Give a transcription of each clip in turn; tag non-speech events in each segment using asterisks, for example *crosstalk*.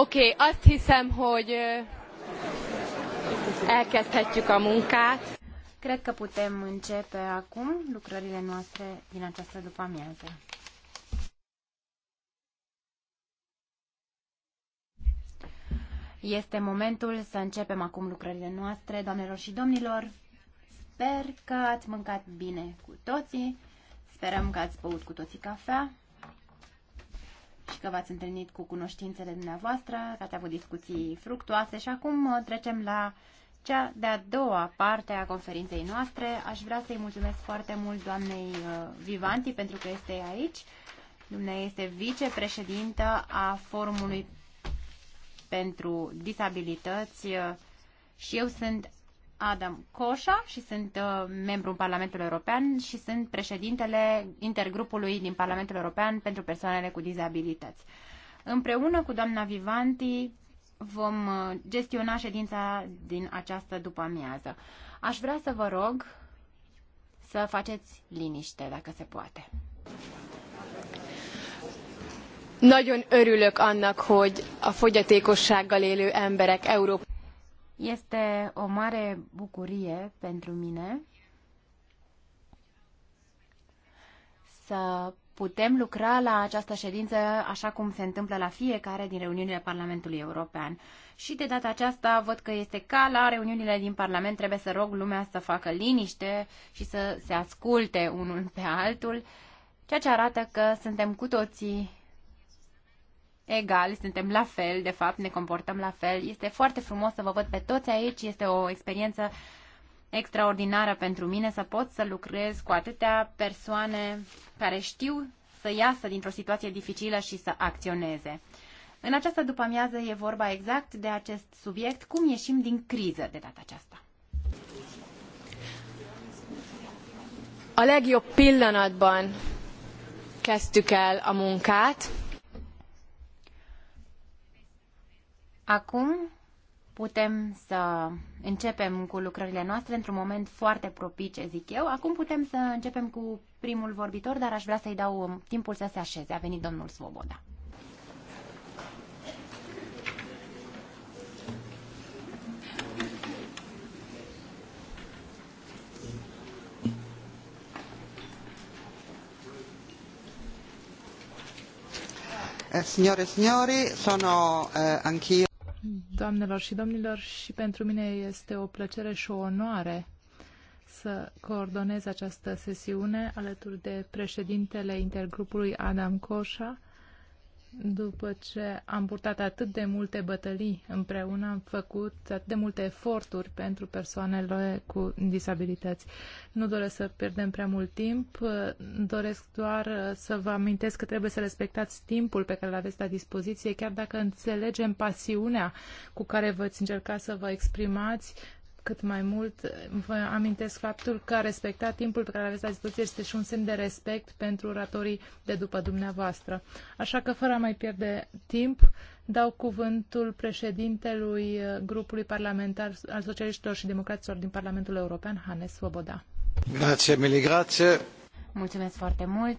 Oké, okay, azt hiszem, hogy elkezdhetjük a munkát. Cred că putem începe acum lucrările noastre din această după-amiază. Este momentul să începem acum lucrările noastre, doamnelor și domnilor. Sper că ați mâncat bine cu toții. Sperăm că ați băut cu toții cafea și că v-ați întâlnit cu cunoștințele dumneavoastră, că ați avut discuții fructuoase și acum uh, trecem la cea de-a doua parte a conferinței noastre. Aș vrea să-i mulțumesc foarte mult doamnei uh, Vivanti pentru că este aici. Dumnezeu este vicepreședintă a Forumului pentru Disabilități uh, și eu sunt Adam Coșa și sunt uh, membru în Parlamentul European și sunt președintele intergrupului din Parlamentul European pentru persoanele cu dizabilități. Împreună cu doamna Vivanti vom uh, gestiona ședința din această după-amiază. Aș vrea să vă rog să faceți liniște, dacă se poate. Nagyon örülök annak, hogy a fogyatékossággal élő emberek Európa este o mare bucurie pentru mine să putem lucra la această ședință așa cum se întâmplă la fiecare din reuniunile Parlamentului European. Și de data aceasta văd că este ca la reuniunile din Parlament, trebuie să rog lumea să facă liniște și să se asculte unul pe altul, ceea ce arată că suntem cu toții egali, suntem la fel, de fapt, ne comportăm la fel. Este foarte frumos să vă văd pe toți aici, este o experiență extraordinară pentru mine să pot să lucrez cu atâtea persoane care știu să iasă dintr-o situație dificilă și să acționeze. În această după-amiază e vorba exact de acest subiect, cum ieșim din criză de data aceasta. A legjobb pillanatban kezdtük el a munkát, Acum putem să începem cu lucrările noastre într-un moment foarte propice, zic eu. Acum putem să începem cu primul vorbitor, dar aș vrea să-i dau um, timpul să se așeze. A venit domnul Svoboda. Eh, signore e signori, sono eh, anch'io doamnelor și domnilor, și pentru mine este o plăcere și o onoare să coordonez această sesiune alături de președintele intergrupului Adam Coșa, după ce am purtat atât de multe bătălii împreună, am făcut atât de multe eforturi pentru persoanele cu disabilități. Nu doresc să pierdem prea mult timp, doresc doar să vă amintesc că trebuie să respectați timpul pe care îl aveți la dispoziție, chiar dacă înțelegem pasiunea cu care vă încerca să vă exprimați, cât mai mult. Vă amintesc faptul că a respecta timpul pe care aveți la dispoziție este și un semn de respect pentru oratorii de după dumneavoastră. Așa că, fără a mai pierde timp, dau cuvântul președintelui grupului parlamentar al socialiștilor și democraților din Parlamentul European, Hannes Svoboda. Grație, mili, grație. Mulțumesc foarte mult.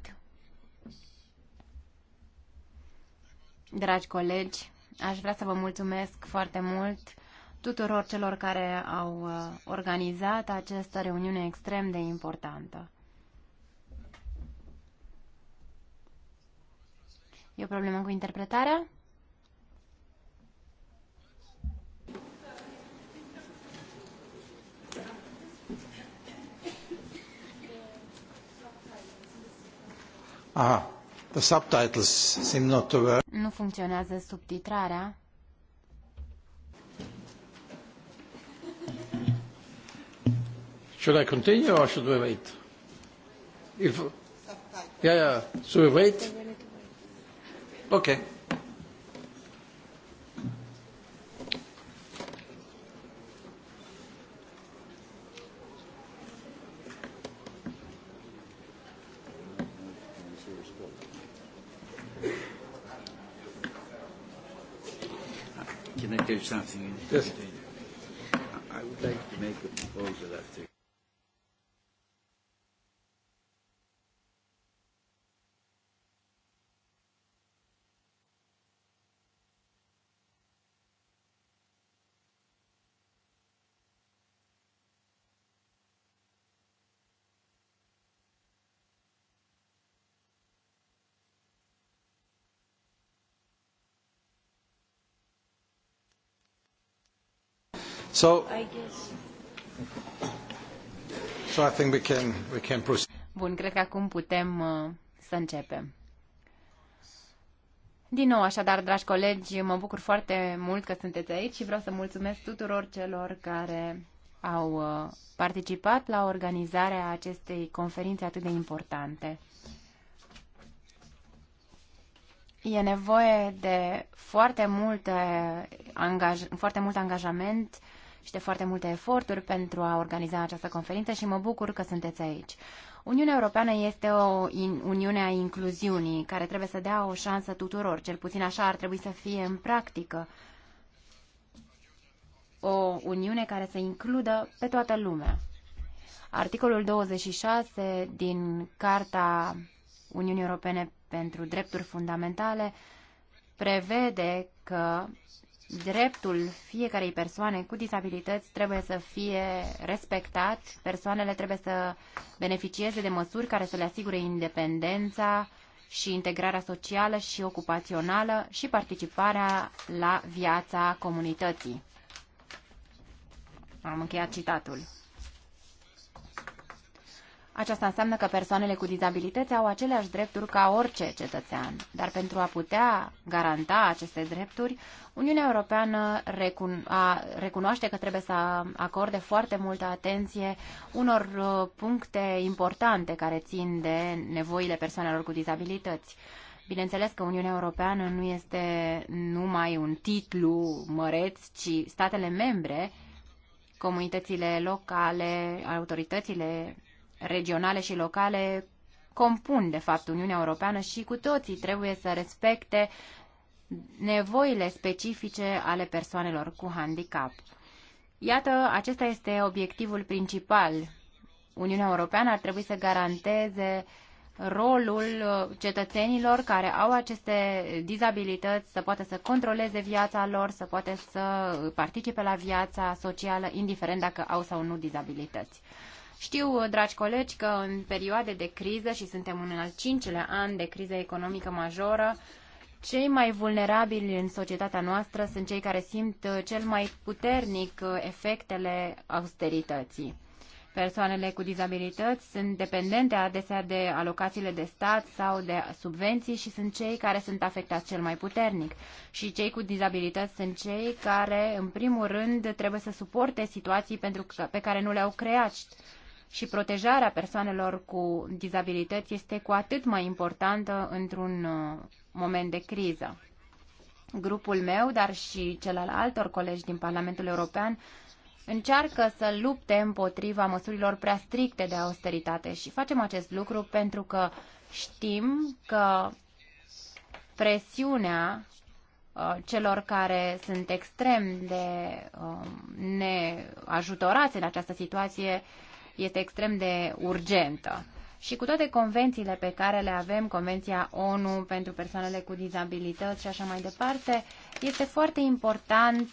Dragi colegi, aș vrea să vă mulțumesc foarte mult tuturor celor care au uh, organizat această reuniune extrem de importantă. E o problemă cu interpretarea? Aha, the subtitles seem not to work. Nu funcționează subtitrarea. Should I continue or should we wait? If, yeah, yeah. Should we wait? Okay. Can I tell you something? Yes. I would like to make a proposal after. So, I guess. So I think we can, we can proceed. Bun, cred că acum putem uh, să începem. Din nou, așadar, dragi colegi, mă bucur foarte mult că sunteți aici și vreau să mulțumesc tuturor celor care au uh, participat la organizarea acestei conferințe atât de importante. E nevoie de foarte, multe angaj, foarte mult angajament și de foarte multe eforturi pentru a organiza această conferință și mă bucur că sunteți aici. Uniunea Europeană este o uniune a incluziunii care trebuie să dea o șansă tuturor, cel puțin așa ar trebui să fie în practică. O uniune care să includă pe toată lumea. Articolul 26 din Carta Uniunii Europene pentru Drepturi Fundamentale prevede că dreptul fiecarei persoane cu disabilități trebuie să fie respectat, persoanele trebuie să beneficieze de măsuri care să le asigure independența și integrarea socială și ocupațională și participarea la viața comunității. Am încheiat citatul. Aceasta înseamnă că persoanele cu dizabilități au aceleași drepturi ca orice cetățean, dar pentru a putea garanta aceste drepturi, Uniunea Europeană recun- a, recunoaște că trebuie să acorde foarte multă atenție unor uh, puncte importante care țin de nevoile persoanelor cu dizabilități. Bineînțeles că Uniunea Europeană nu este numai un titlu măreț, ci statele membre, comunitățile locale, autoritățile regionale și locale compun, de fapt, Uniunea Europeană și cu toții trebuie să respecte nevoile specifice ale persoanelor cu handicap. Iată, acesta este obiectivul principal. Uniunea Europeană ar trebui să garanteze rolul cetățenilor care au aceste dizabilități să poată să controleze viața lor, să poată să participe la viața socială, indiferent dacă au sau nu dizabilități. Știu, dragi colegi, că în perioade de criză, și suntem în al cincelea an de criză economică majoră, cei mai vulnerabili în societatea noastră sunt cei care simt uh, cel mai puternic uh, efectele austerității. Persoanele cu dizabilități sunt dependente adesea de alocațiile de stat sau de subvenții și sunt cei care sunt afectați cel mai puternic. Și cei cu dizabilități sunt cei care, în primul rând, trebuie să suporte situații pentru că, pe care nu le-au creat și protejarea persoanelor cu dizabilități este cu atât mai importantă într-un uh, moment de criză. Grupul meu, dar și cel al altor colegi din Parlamentul European, încearcă să lupte împotriva măsurilor prea stricte de austeritate și facem acest lucru pentru că știm că presiunea uh, celor care sunt extrem de uh, neajutorați în această situație este extrem de urgentă. Și cu toate convențiile pe care le avem, Convenția ONU pentru persoanele cu dizabilități și așa mai departe, este foarte important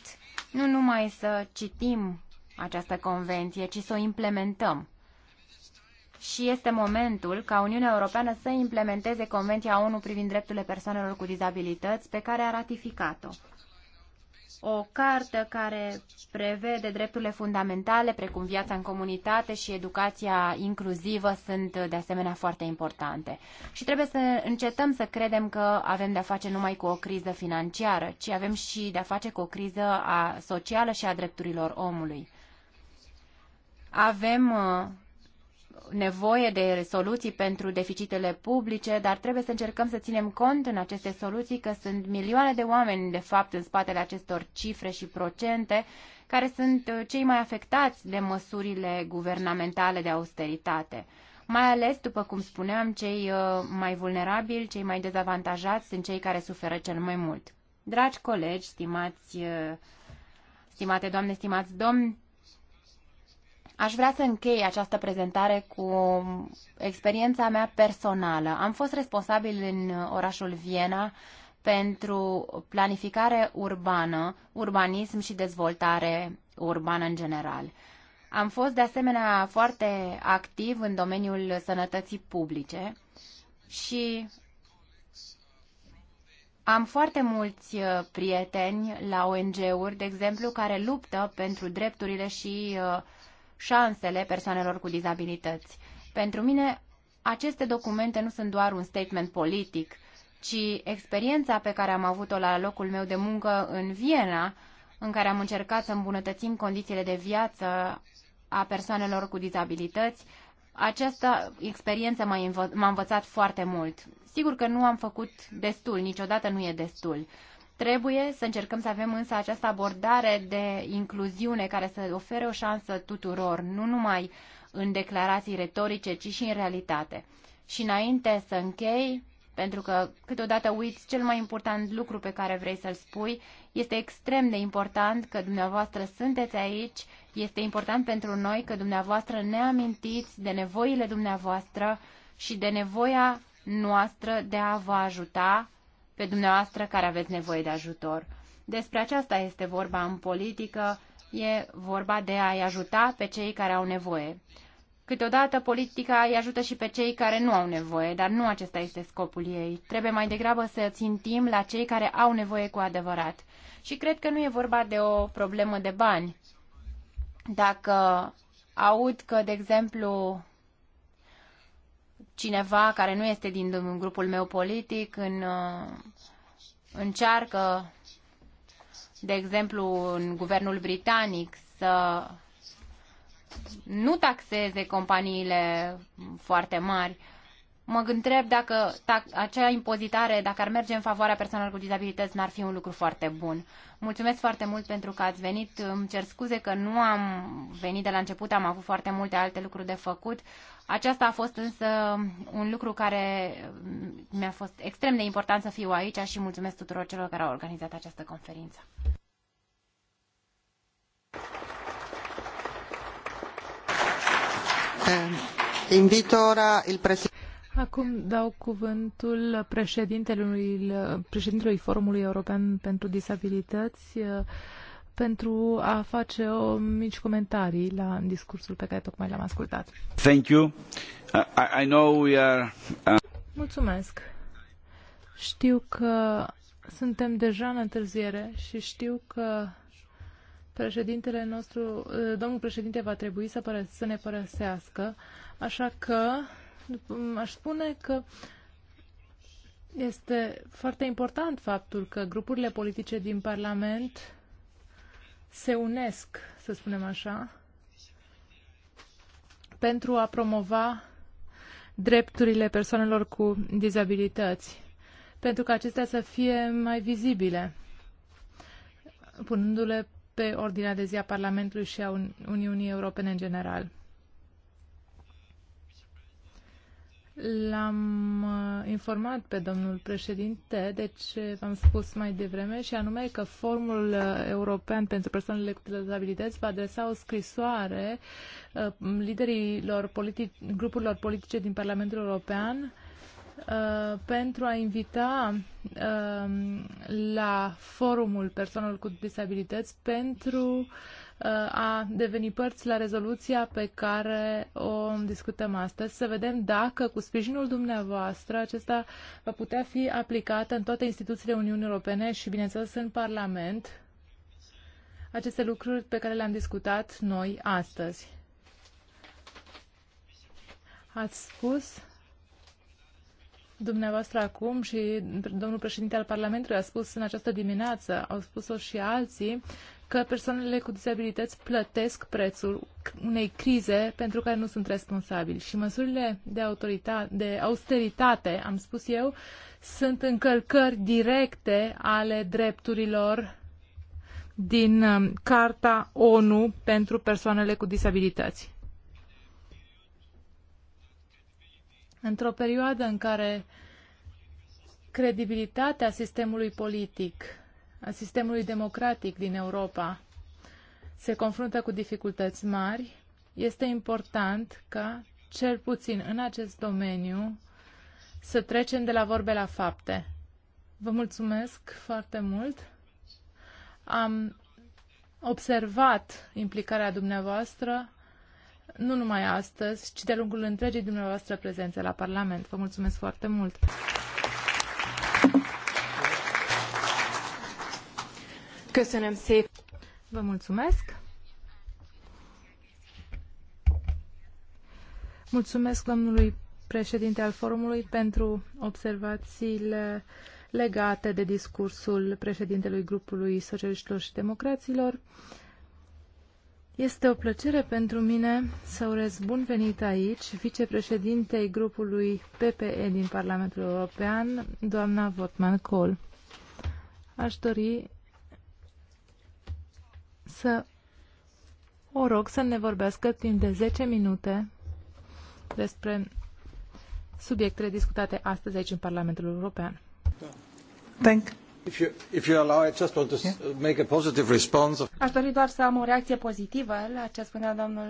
nu numai să citim această convenție, ci să o implementăm. Și este momentul ca Uniunea Europeană să implementeze Convenția ONU privind drepturile persoanelor cu dizabilități pe care a ratificat-o o carte care prevede drepturile fundamentale, precum viața în comunitate și educația inclusivă, sunt de asemenea foarte importante. Și trebuie să încetăm să credem că avem de-a face numai cu o criză financiară, ci avem și de-a face cu o criză a socială și a drepturilor omului. Avem uh, nevoie de soluții pentru deficitele publice, dar trebuie să încercăm să ținem cont în aceste soluții că sunt milioane de oameni, de fapt, în spatele acestor cifre și procente, care sunt uh, cei mai afectați de măsurile guvernamentale de austeritate. Mai ales, după cum spuneam, cei uh, mai vulnerabili, cei mai dezavantajați sunt cei care suferă cel mai mult. Dragi colegi, stimați, uh, stimate doamne, stimați domni, Aș vrea să închei această prezentare cu experiența mea personală. Am fost responsabil în orașul Viena pentru planificare urbană, urbanism și dezvoltare urbană în general. Am fost de asemenea foarte activ în domeniul sănătății publice și am foarte mulți uh, prieteni la ONG-uri, de exemplu, care luptă pentru drepturile și uh, șansele persoanelor cu dizabilități. Pentru mine, aceste documente nu sunt doar un statement politic, ci experiența pe care am avut-o la locul meu de muncă în Viena, în care am încercat să îmbunătățim condițiile de viață a persoanelor cu dizabilități, această experiență m-a, învățat foarte mult. Sigur că nu am făcut destul, niciodată nu e destul. Trebuie să încercăm să avem însă această abordare de incluziune care să ofere o șansă tuturor, nu numai în declarații retorice, ci și în realitate. Și înainte să închei, pentru că câteodată uiți cel mai important lucru pe care vrei să-l spui, este extrem de important că dumneavoastră sunteți aici, este important pentru noi că dumneavoastră ne amintiți de nevoile dumneavoastră și de nevoia noastră de a vă ajuta pe dumneavoastră care aveți nevoie de ajutor. Despre aceasta este vorba în politică, e vorba de a-i ajuta pe cei care au nevoie. Câteodată politica îi ajută și pe cei care nu au nevoie, dar nu acesta este scopul ei. Trebuie mai degrabă să țintim la cei care au nevoie cu adevărat. Și cred că nu e vorba de o problemă de bani. Dacă aud că, de exemplu, cineva care nu este din grupul meu politic în, uh, încearcă, de exemplu, în guvernul britanic să nu taxeze companiile foarte mari, Mă întreb dacă acea impozitare, dacă ar merge în favoarea persoanelor cu dizabilități, n-ar fi un lucru foarte bun. Mulțumesc foarte mult pentru că ați venit. Îmi cer scuze că nu am venit de la început, am avut foarte multe alte lucruri de făcut. Aceasta a fost însă un lucru care mm, mi-a fost extrem de important să fiu aici și mulțumesc tuturor celor care au organizat această conferință. Invito ora il Presidente. Acum dau cuvântul președintelui, președintelui Forumului European pentru Disabilități uh, pentru a face o mici comentarii la discursul pe care tocmai l-am ascultat. Thank you. I, I know we are, uh... Mulțumesc. Știu că suntem deja în întârziere și știu că președintele nostru, uh, domnul președinte va trebui să, pără, să ne părăsească, așa că aș spune că este foarte important faptul că grupurile politice din Parlament se unesc, să spunem așa, pentru a promova drepturile persoanelor cu dizabilități, pentru că acestea să fie mai vizibile, punându-le pe ordinea de zi a Parlamentului și a Uniunii Europene în general. L-am uh, informat pe domnul președinte, deci v-am spus mai devreme, și anume că Formul uh, European pentru Persoanele cu Dizabilități va adresa o scrisoare uh, liderilor politici, grupurilor politice din Parlamentul European pentru a invita la forumul persoanelor cu dizabilități pentru a deveni părți la rezoluția pe care o discutăm astăzi, să vedem dacă, cu sprijinul dumneavoastră, acesta va putea fi aplicată în toate instituțiile Uniunii Europene și, bineînțeles, în Parlament, aceste lucruri pe care le-am discutat noi astăzi. Ați spus dumneavoastră acum și domnul președinte al Parlamentului a spus în această dimineață, au spus-o și alții, că persoanele cu dizabilități plătesc prețul unei crize pentru care nu sunt responsabili. Și măsurile de, de austeritate, am spus eu, sunt încălcări directe ale drepturilor din um, Carta ONU pentru persoanele cu disabilități. într-o perioadă în care credibilitatea sistemului politic, a sistemului democratic din Europa se confruntă cu dificultăți mari, este important ca, cel puțin în acest domeniu, să trecem de la vorbe la fapte. Vă mulțumesc foarte mult. Am observat implicarea dumneavoastră nu numai astăzi, ci de-a lungul întregii dumneavoastră prezențe la Parlament. Vă mulțumesc foarte mult! Köszönöm szép. Vă mulțumesc! Mulțumesc domnului președinte al forumului pentru observațiile legate de discursul președintelui grupului socialiștilor și democraților. Este o plăcere pentru mine să urez bun venit aici vicepreședintei grupului PPE din Parlamentul European, doamna Votman Kohl. Aș dori să o rog să ne vorbească timp de 10 minute despre subiectele discutate astăzi aici în Parlamentul European. Thank. Aș dori doar să am o reacție pozitivă la ce spunea domnul,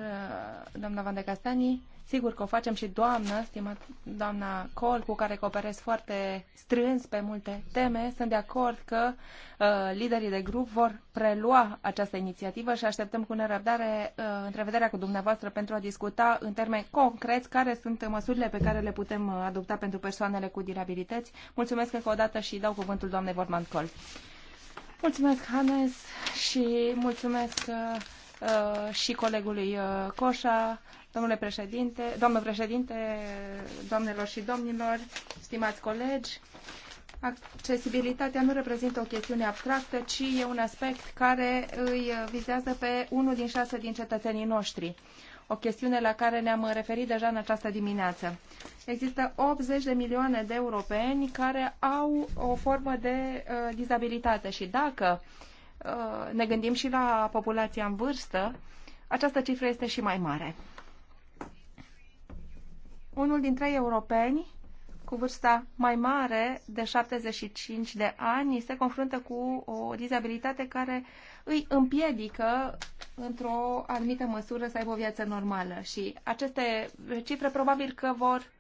doamna Van de Castani Sigur că o facem și doamnă, stimat doamna Col, cu care cooperez foarte strâns pe multe teme. Sunt de acord că uh, liderii de grup vor prelua această inițiativă și așteptăm cu nerăbdare uh, întrevederea cu dumneavoastră pentru a discuta în termeni concreți care sunt măsurile pe care le putem uh, adopta pentru persoanele cu dirabilități. Mulțumesc încă o dată și dau cuvântul doamnei Vorman Col. Mulțumesc, Hannes, și mulțumesc uh, uh și colegului uh, Coșa Domnule președinte, domnul președinte, doamnelor și domnilor, stimați colegi, accesibilitatea nu reprezintă o chestiune abstractă, ci e un aspect care îi vizează pe unul din șase din cetățenii noștri o chestiune la care ne-am referit deja în această dimineață. Există 80 de milioane de europeni care au o formă de uh, dizabilitate și dacă uh, ne gândim și la populația în vârstă, această cifră este și mai mare unul din trei europeni cu vârsta mai mare de 75 de ani se confruntă cu o dizabilitate care îi împiedică într-o anumită măsură să aibă o viață normală și aceste cifre probabil că vor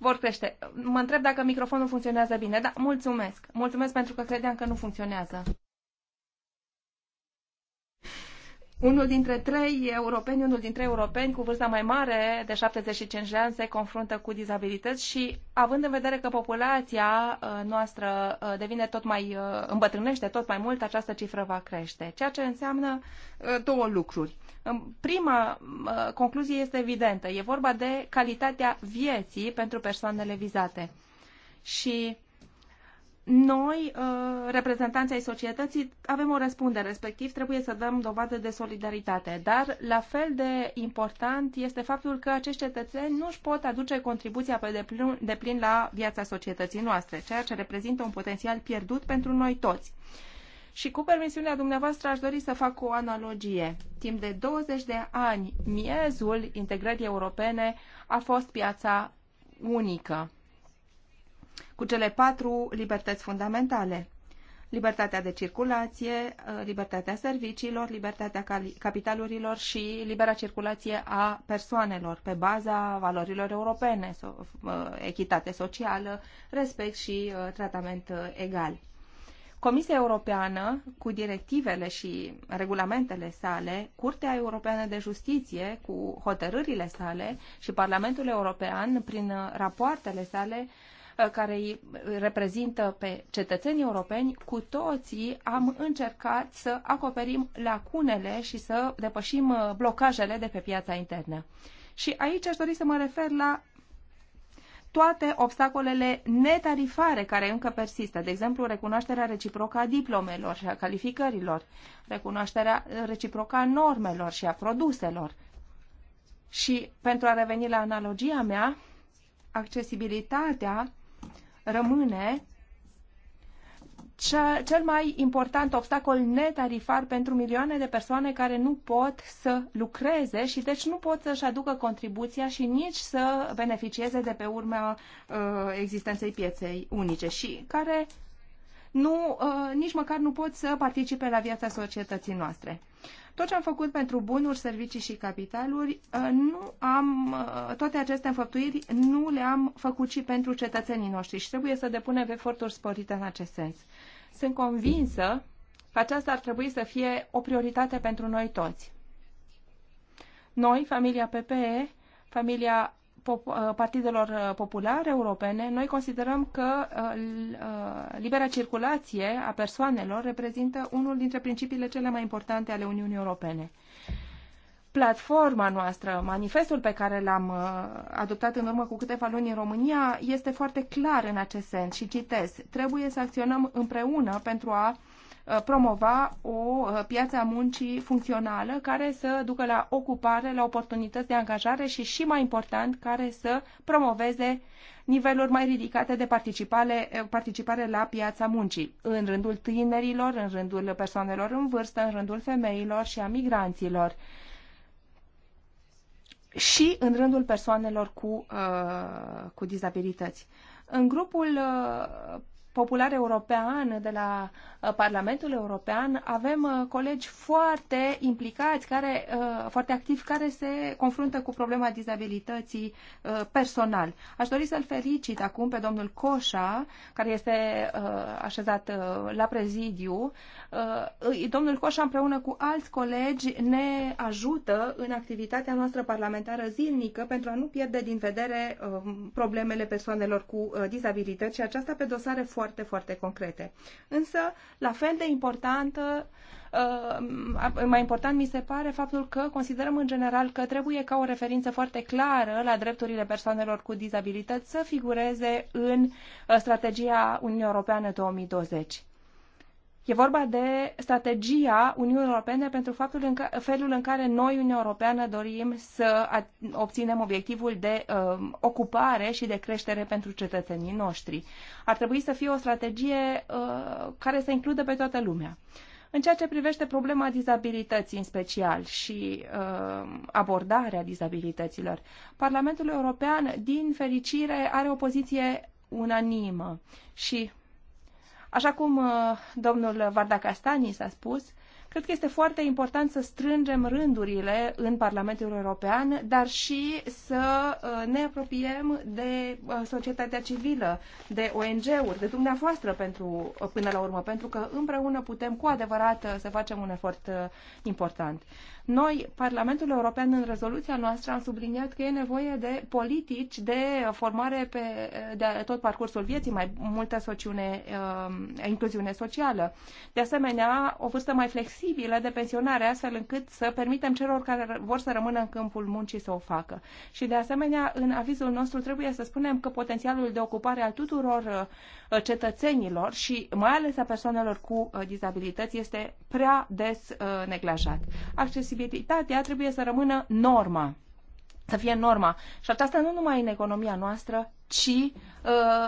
vor crește. Mă întreb dacă microfonul funcționează bine. Da, mulțumesc. Mulțumesc pentru că credeam că nu funcționează. Unul dintre trei europeni, unul dintre europeni cu vârsta mai mare de 75 de ani se confruntă cu dizabilități și având în vedere că populația uh, noastră uh, devine tot mai uh, îmbătrânește tot mai mult, această cifră va crește, ceea ce înseamnă două lucruri. Prima concluzie este evidentă, e vorba de calitatea vieții pentru persoanele vizate. Și noi, uh, reprezentanții ai societății, avem o răspundere, respectiv trebuie să dăm dovadă de solidaritate. Dar la fel de important este faptul că acești cetățeni nu își pot aduce contribuția pe deplin, deplin la viața societății noastre, ceea ce reprezintă un potențial pierdut pentru noi toți. Și cu permisiunea dumneavoastră aș dori să fac o analogie. Timp de 20 de ani, miezul integrării europene a fost piața unică cu cele patru libertăți fundamentale. Libertatea de circulație, uh, libertatea serviciilor, libertatea capitalurilor și libera circulație a persoanelor pe baza valorilor europene, uh, echitate socială, respect și uh, tratament egal. Comisia Europeană, cu directivele și regulamentele sale, Curtea Europeană de Justiție, cu hotărârile sale și Parlamentul European, prin rapoartele sale, Uh, care îi reprezintă pe cetățenii europeni, cu toții am încercat să acoperim lacunele și să depășim uh, blocajele de pe piața internă. Și aici aș dori să mă refer la toate obstacolele netarifare care încă persistă, de exemplu recunoașterea reciprocă a diplomelor și a calificărilor, recunoașterea reciprocă a normelor și a produselor. Și pentru a reveni la analogia mea, accesibilitatea rămâne cel mai important obstacol netarifar pentru milioane de persoane care nu pot să lucreze și deci nu pot să-și aducă contribuția și nici să beneficieze de pe urma uh, existenței pieței unice și care nu, uh, nici măcar nu pot să participe la viața societății noastre. Uh, tot ce am făcut pentru bunuri, servicii și capitaluri, uh, nu am, uh, toate aceste înfăptuiri nu le-am făcut și pentru cetățenii noștri și trebuie să depunem eforturi sporite în acest sens. Sunt convinsă că aceasta ar trebui să fie o prioritate pentru noi toți. Noi, familia PPE, familia Uh, partidelor uh, populare europene, noi considerăm că uh, libera circulație a persoanelor reprezintă unul dintre principiile cele mai importante ale Uniunii Europene. Platforma noastră, manifestul pe care l-am adoptat în urmă cu câteva luni în România, este foarte clar în acest sens și citez. Trebuie să acționăm împreună pentru a Uh, promova o uh, piață a muncii funcțională care să ducă la ocupare, la oportunități de angajare și, și mai important, care să promoveze niveluri mai ridicate de participare, uh, participare la piața muncii, în rândul tinerilor, în rândul persoanelor în vârstă, în rândul femeilor și a migranților și în rândul persoanelor cu, uh, cu dizabilități. În grupul uh, Popular European, de la uh, Parlamentul European, avem uh, colegi foarte implicați, care, uh, foarte activi, care se confruntă cu problema dizabilității personal. Aș dori să-l felicit acum pe domnul Coșa, care este așezat la prezidiu. Domnul Coșa împreună cu alți colegi ne ajută în activitatea noastră parlamentară zilnică pentru a nu pierde din vedere problemele persoanelor cu dizabilități și aceasta pe dosare foarte foarte, foarte concrete. Însă, la fel de importantă, uh, mai important mi se pare faptul că considerăm în general că trebuie ca o referință foarte clară la drepturile persoanelor cu dizabilități să figureze în uh, strategia Uniunii Europeană 2020. E vorba de strategia Uniunii Europene pentru faptul în ca, felul în care noi, Uniunea Europeană, dorim să obținem obiectivul de um, ocupare și de creștere pentru cetățenii noștri. Ar trebui să fie o strategie uh, care să includă pe toată lumea. În ceea ce privește problema dizabilității în special și uh, abordarea dizabilităților, Parlamentul European, din fericire, are o poziție unanimă și Așa cum uh, domnul Varda Castani s-a spus, cred că este foarte important să strângem rândurile în Parlamentul European, dar și să uh, ne apropiem de uh, societatea civilă, de ONG-uri, de dumneavoastră pentru, până la urmă, pentru că împreună putem cu adevărat să facem un efort important. Noi, Parlamentul European, în rezoluția noastră am subliniat că e nevoie de politici de formare pe de tot parcursul vieții, mai multă sociune, um, incluziune socială. De asemenea, o vârstă mai flexibilă de pensionare, astfel încât să permitem celor care vor să rămână în câmpul muncii să o facă. Și de asemenea, în avizul nostru trebuie să spunem că potențialul de ocupare al tuturor Uh, cetățenilor și mai ales a persoanelor cu uh, dizabilități este prea des uh, neglijat. Accesibilitatea trebuie să rămână norma să fie norma. Și aceasta nu numai în economia noastră, ci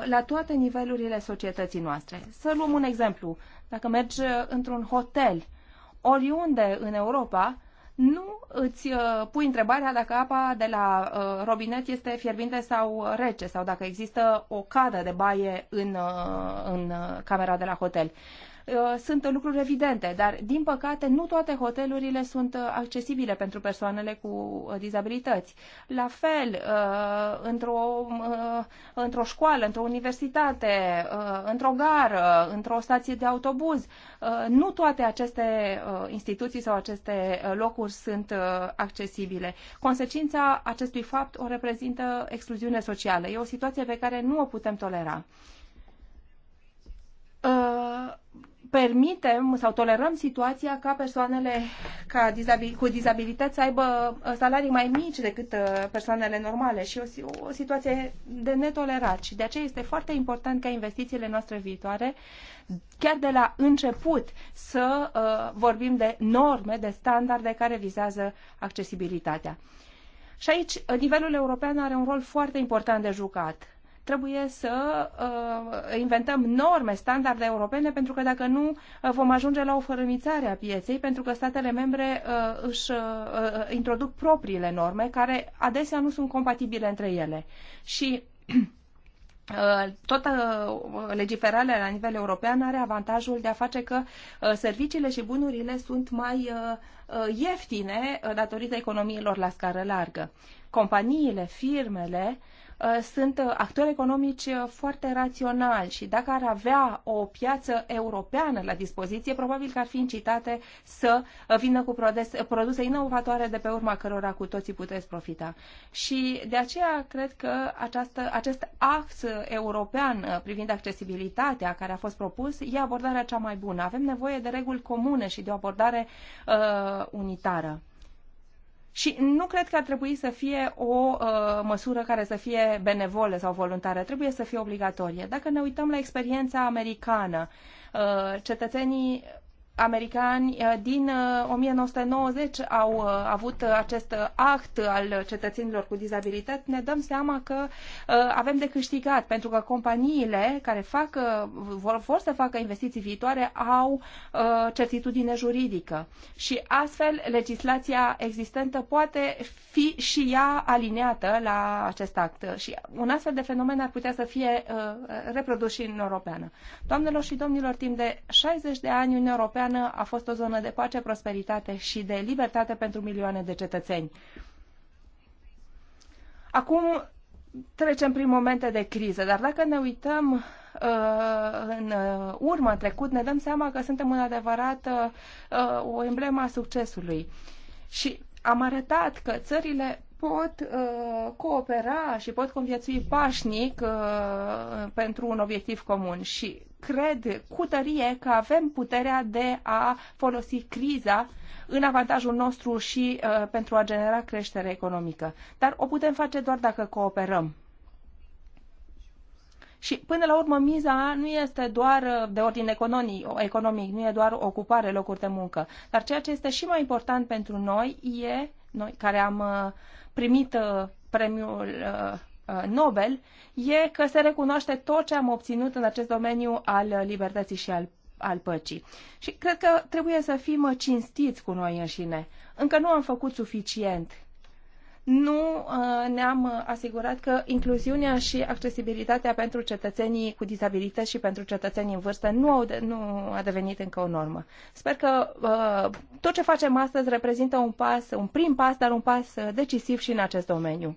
la toate nivelurile societății noastre. Să luăm un exemplu. Dacă mergi într-un hotel, oriunde în Europa, nu îți uh, pui întrebarea dacă apa de la uh, robinet este fierbinte sau rece sau dacă există o cadă de baie în, uh, în camera de la hotel. Uh, sunt lucruri evidente, dar din păcate nu toate hotelurile sunt uh, accesibile pentru persoanele cu uh, dizabilități. La fel, într-o, într-o școală, într-o universitate, într-o gară, într-o stație de autobuz, nu toate aceste instituții sau aceste locuri sunt accesibile. Consecința acestui fapt o reprezintă excluziune socială. E o situație pe care nu o putem tolera permitem sau tolerăm situația ca persoanele ca dizabil, cu dizabilități să aibă uh, salarii mai mici decât uh, persoanele normale și o, o situație de netolerat. Și de aceea este foarte important ca investițiile noastre viitoare, chiar de la început, să uh, vorbim de norme, de standarde care vizează accesibilitatea. Și aici uh, nivelul european are un rol foarte important de jucat trebuie să uh, inventăm norme, standarde europene, pentru că dacă nu uh, vom ajunge la o fărâmițare a pieței, pentru că statele membre uh, își uh, uh introduc propriile norme, care adesea nu sunt compatibile între ele. Și *clears throat* uh, tot legiferarea la nivel european are avantajul de a face că serviciile și bunurile sunt mai ieftine datorită economiilor la scară largă. Companiile, firmele, Uh, sunt uh, actori economici uh, foarte raționali și dacă ar avea o piață europeană la dispoziție, probabil că ar fi incitate să vină cu produse inovatoare de pe urma cărora cu toții puteți profita. Și de aceea cred că această, acest act european privind accesibilitatea care a fost propus e abordarea cea mai bună. Avem nevoie de reguli comune și de o abordare uh, unitară. Și nu cred că ar trebui să fie o uh, măsură care să fie benevolă sau voluntară, trebuie să fie obligatorie. Dacă ne uităm la experiența americană, uh, cetățenii americani uh, din 1990 uh, au uh, avut acest act al cetățenilor cu dizabilități, ne dăm seama că avem de câștigat, pentru că companiile care fac, vor, vor să facă investiții viitoare au certitudine juridică și astfel legislația existentă poate fi și ea alineată la acest act și un astfel de fenomen ar putea să fie reprodus și în Europeană. Doamnelor și domnilor, timp de 60 de ani Uniunea Europeană Europeană a fost o zonă de pace, prosperitate și de libertate pentru milioane de cetățeni. Acum trecem prin momente de criză, dar dacă ne uităm uh, în uh, urmă, în trecut, ne dăm seama că suntem un adevărat uh, uh o emblema succesului. Și am arătat că țările pot uh, coopera și pot conviețui pașnic uh, pentru un obiectiv comun și cred cu tărie că avem puterea de a folosi criza în avantajul nostru și uh, pentru a genera creștere economică. Dar o putem face doar dacă cooperăm. Și până la urmă miza nu este doar uh, de ordin economic, economic, nu e doar ocupare locuri de muncă, dar ceea ce este și mai important pentru noi e noi care am uh, primit premiul uh, uh, Nobel e că se recunoaște tot ce am obținut în acest domeniu al libertății și al, al păcii. Și cred că trebuie să fim cinstiți cu noi înșine. Încă nu am făcut suficient nu uh, ne-am uh, asigurat că incluziunea și accesibilitatea pentru cetățenii cu dizabilități și pentru cetățenii în vârstă nu, au de, nu a devenit încă o normă. Sper că uh, tot ce facem astăzi reprezintă un pas, un prim pas, dar un pas decisiv și în acest domeniu.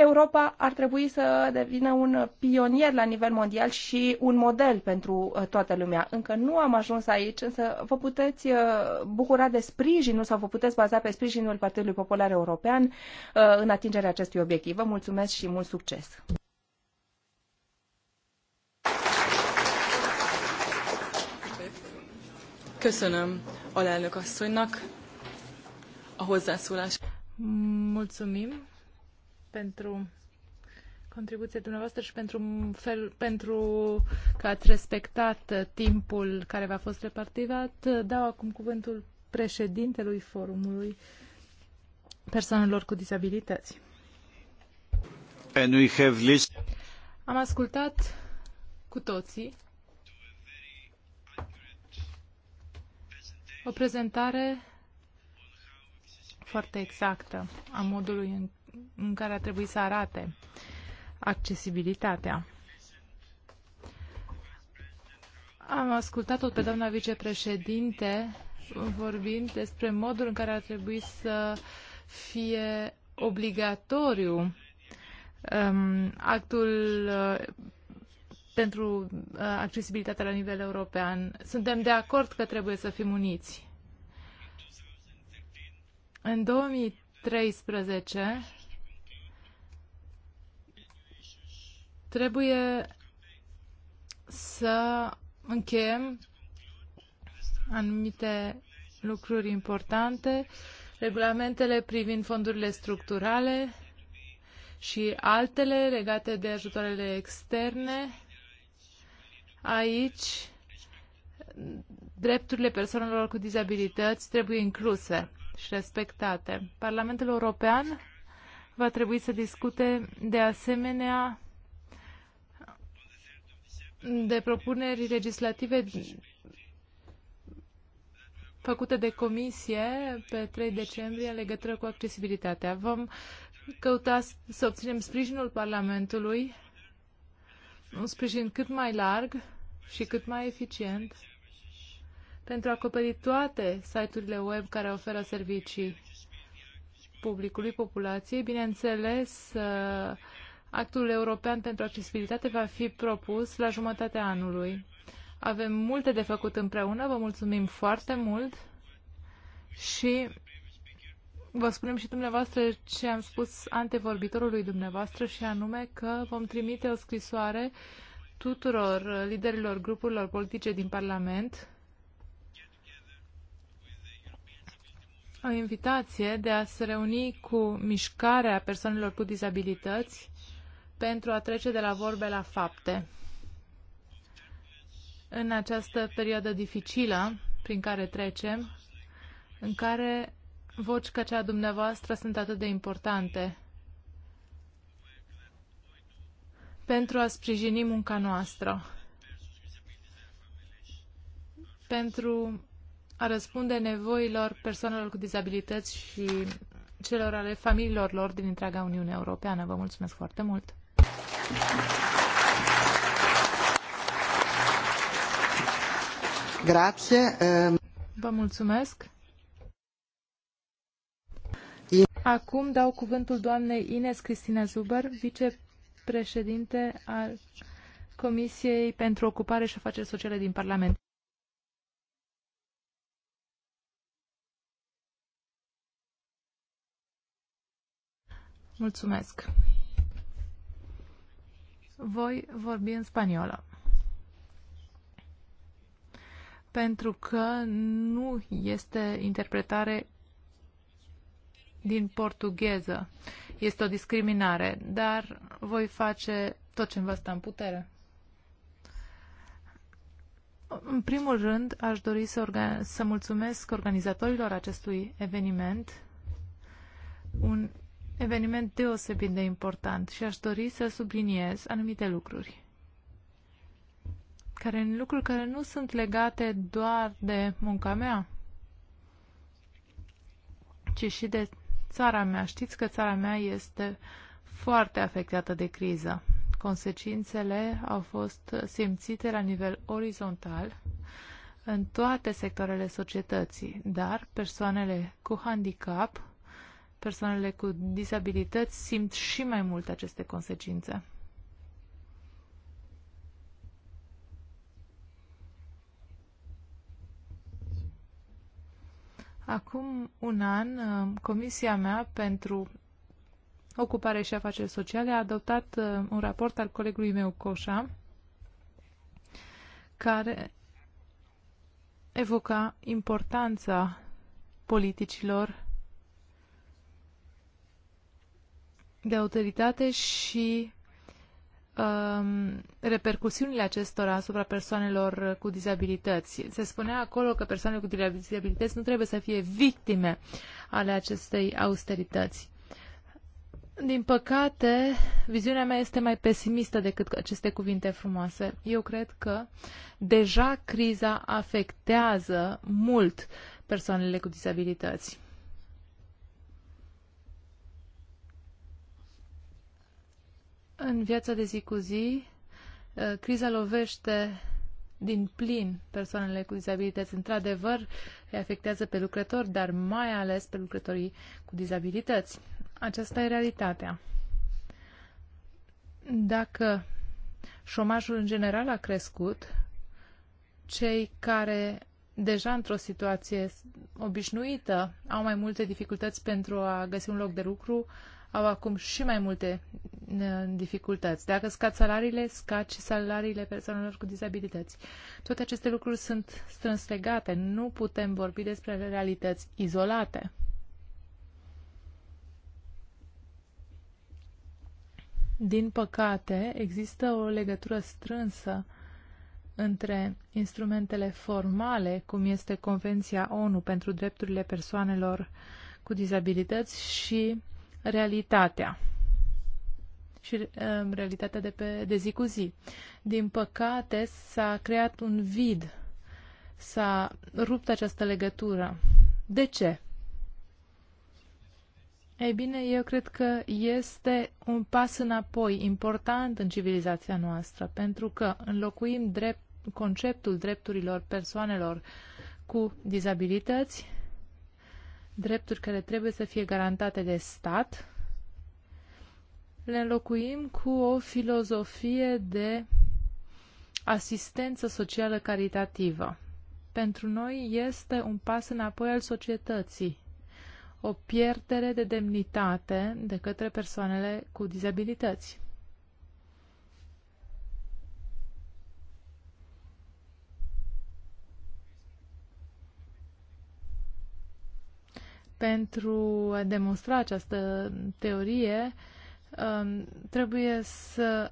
Europa ar trebui să devină un pionier la nivel mondial și un model pentru uh, toată lumea. Încă nu am ajuns aici, însă vă puteți uh, bucura de sprijinul sau vă puteți baza pe sprijinul Partidului Popular European uh, în atingerea acestui obiectiv. Vă mulțumesc și mult succes! Köszönöm alelnök asszonynak a hozzászólást. Mulțumim pentru contribuția dumneavoastră și pentru, fel, pentru că ați respectat timpul care v-a fost repartizat. Dau acum cuvântul președintelui forumului persoanelor cu dizabilități. And we have list- Am ascultat cu toții o prezentare foarte exactă a modului în în care ar trebui să arate accesibilitatea. Am ascultat-o pe doamna vicepreședinte vorbind despre modul în care ar trebui să fie obligatoriu um, actul uh, pentru uh, accesibilitatea la nivel european. Suntem de acord că trebuie să fim uniți. În 2013, Trebuie să încheiem anumite lucruri importante, regulamentele privind fondurile structurale și altele legate de ajutoarele externe. Aici, drepturile persoanelor cu dizabilități trebuie incluse și respectate. Parlamentul European va trebui să discute de asemenea de propuneri legislative făcute de comisie pe 3 decembrie în legătură cu accesibilitatea. Vom căuta să obținem sprijinul Parlamentului, un sprijin cât mai larg și cât mai eficient pentru a acoperi toate site-urile web care oferă servicii publicului, populației, bineînțeles uh, Actul european pentru accesibilitate va fi propus la jumătatea anului. Avem multe de făcut împreună, vă mulțumim foarte mult și vă spunem și dumneavoastră ce am spus antevorbitorului dumneavoastră și anume că vom trimite o scrisoare tuturor liderilor grupurilor politice din Parlament o invitație de a se reuni cu mișcarea persoanelor cu dizabilități pentru a trece de la vorbe la fapte. În această perioadă dificilă prin care trecem, în care voci ca cea dumneavoastră sunt atât de importante pentru a sprijini munca noastră, pentru a răspunde nevoilor persoanelor cu dizabilități și celor ale familiilor lor din întreaga Uniune Europeană. Vă mulțumesc foarte mult! Grazie. Ehm. Vă mulțumesc. Acum dau cuvântul doamnei Ines Cristina Zuber, vicepreședinte al Comisiei pentru Ocupare și Afaceri Sociale din Parlament. Mulțumesc voi vorbi în spaniolă. Pentru că nu este interpretare din portugheză. Este o discriminare, dar voi face tot ce îmi va sta în putere. În primul rând, aș dori să, organ- să mulțumesc organizatorilor acestui eveniment, un eveniment deosebit de important și aș dori să subliniez anumite lucruri. Care, lucruri care nu sunt legate doar de munca mea, ci și de țara mea. Știți că țara mea este foarte afectată de criză. Consecințele au fost simțite la nivel orizontal în toate sectoarele societății, dar persoanele cu handicap persoanele cu dizabilități simt și mai mult aceste consecințe. Acum un an, Comisia mea pentru Ocupare și Afaceri Sociale a adoptat uh, un raport al colegului meu, Coșa, care evoca importanța politicilor de autoritate și um, repercusiunile acestora asupra persoanelor cu dizabilități. Se spunea acolo că persoanele cu dizabilități nu trebuie să fie victime ale acestei austerități. Din păcate, viziunea mea este mai pesimistă decât aceste cuvinte frumoase. Eu cred că deja criza afectează mult persoanele cu dizabilități. În viața de zi cu zi, uh, criza lovește din plin persoanele cu dizabilități. Într-adevăr, îi afectează pe lucrători, dar mai ales pe lucrătorii cu dizabilități. Aceasta e realitatea. Dacă șomajul în general a crescut, cei care deja într-o situație obișnuită au mai multe dificultăți pentru a găsi un loc de lucru, au acum și mai multe uh, dificultăți. Dacă scad salariile, scad și salariile persoanelor cu dizabilități. Toate aceste lucruri sunt strâns legate. Nu putem vorbi despre realități izolate. Din păcate, există o legătură strânsă între instrumentele formale, cum este Convenția ONU pentru drepturile persoanelor cu dizabilități și realitatea și uh, realitatea de, pe, de zi cu zi. Din păcate, s-a creat un vid, s-a rupt această legătură. De ce? Ei bine, eu cred că este un pas înapoi important în civilizația noastră, pentru că înlocuim drept, conceptul drepturilor persoanelor cu dizabilități drepturi care trebuie să fie garantate de stat, le înlocuim cu o filozofie de asistență socială caritativă. Pentru noi este un pas înapoi al societății, o pierdere de demnitate de către persoanele cu dizabilități. Pentru a demonstra această teorie, um, trebuie să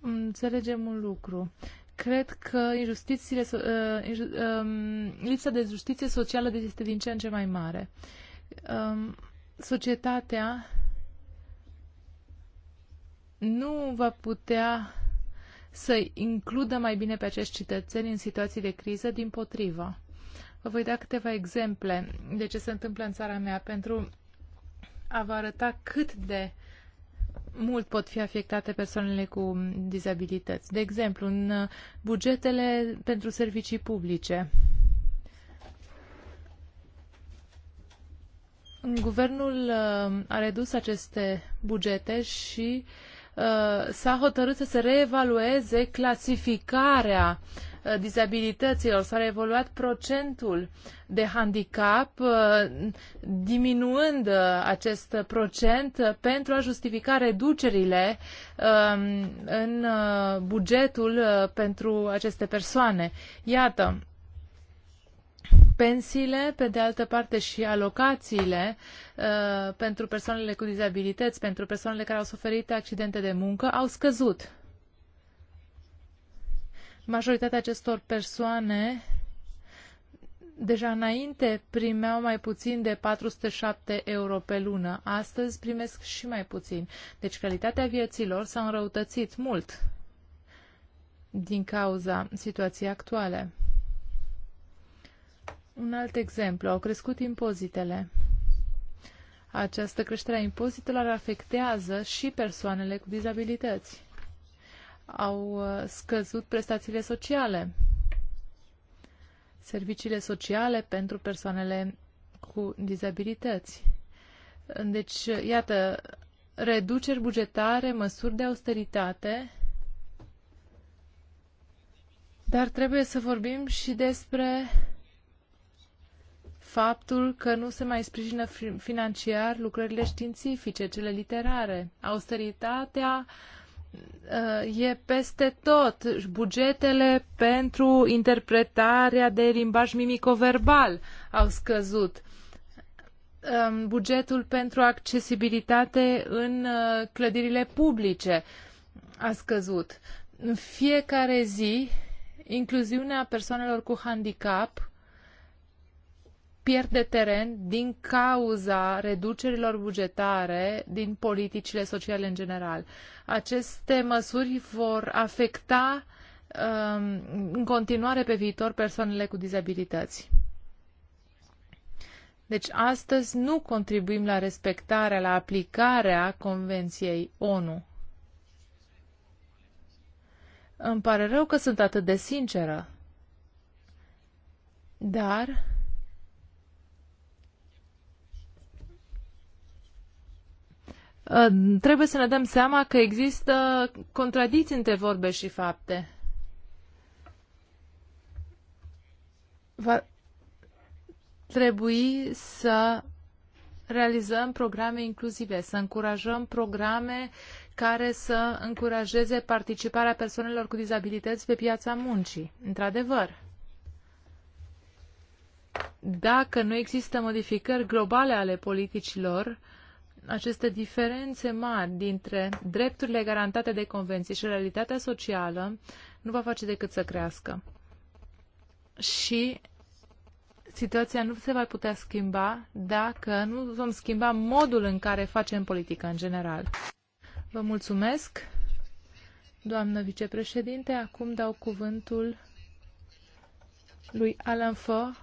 înțelegem un lucru. Cred că injustițiile, uh, um, lipsa de justiție socială este din ce în ce mai mare. Um, societatea nu va putea să includă mai bine pe acești cetățeni în situații de criză, din potrivă. Vă voi da câteva exemple de ce se întâmplă în țara mea pentru a vă arăta cât de mult pot fi afectate persoanele cu dizabilități. De exemplu, în bugetele pentru servicii publice. Guvernul uh, a redus aceste bugete și uh, s-a hotărât să se reevalueze clasificarea uh, Uh, dizabilităților, s-a evoluat procentul de handicap, uh, diminuând uh, acest procent pentru a justifica reducerile um, în bugetul pentru aceste persoane. Iată, pensiile, pe de altă parte și alocațiile pentru persoanele cu dizabilități, pentru persoanele care au suferit accidente de muncă, au scăzut. Majoritatea acestor persoane deja înainte primeau mai puțin de 407 euro pe lună. Astăzi primesc și mai puțin. Deci calitatea vieților s-a înrăutățit mult din cauza situației actuale. Un alt exemplu, au crescut impozitele. Această creștere a impozitelor afectează și persoanele cu dizabilități au uh, scăzut prestațiile sociale, serviciile sociale pentru persoanele cu dizabilități. Deci, iată, reduceri bugetare, măsuri de austeritate, dar trebuie să vorbim și despre faptul că nu se mai sprijină financiar lucrările științifice, cele literare. Austeritatea uh, e peste tot. Bugetele pentru interpretarea de limbaj mimico-verbal au scăzut. Bugetul pentru accesibilitate în uh, clădirile publice a scăzut. În fiecare zi, incluziunea persoanelor cu handicap pierde teren din cauza reducerilor bugetare din politicile sociale în general. Aceste măsuri vor afecta um, în continuare pe viitor persoanele cu dizabilități. Deci astăzi nu contribuim la respectarea, la aplicarea Convenției ONU. Îmi pare rău că sunt atât de sinceră, dar Uh, trebuie să ne dăm seama că există contradicții între vorbe și fapte. Va trebui să realizăm programe inclusive, să încurajăm programe care să încurajeze participarea persoanelor cu dizabilități pe piața muncii. Într-adevăr, dacă nu există modificări globale ale politicilor, aceste diferențe mari dintre drepturile garantate de convenție și realitatea socială nu va face decât să crească. Și situația nu se va putea schimba dacă nu vom schimba modul în care facem politică în general. Vă mulțumesc, doamnă vicepreședinte. Acum dau cuvântul lui Alain Faure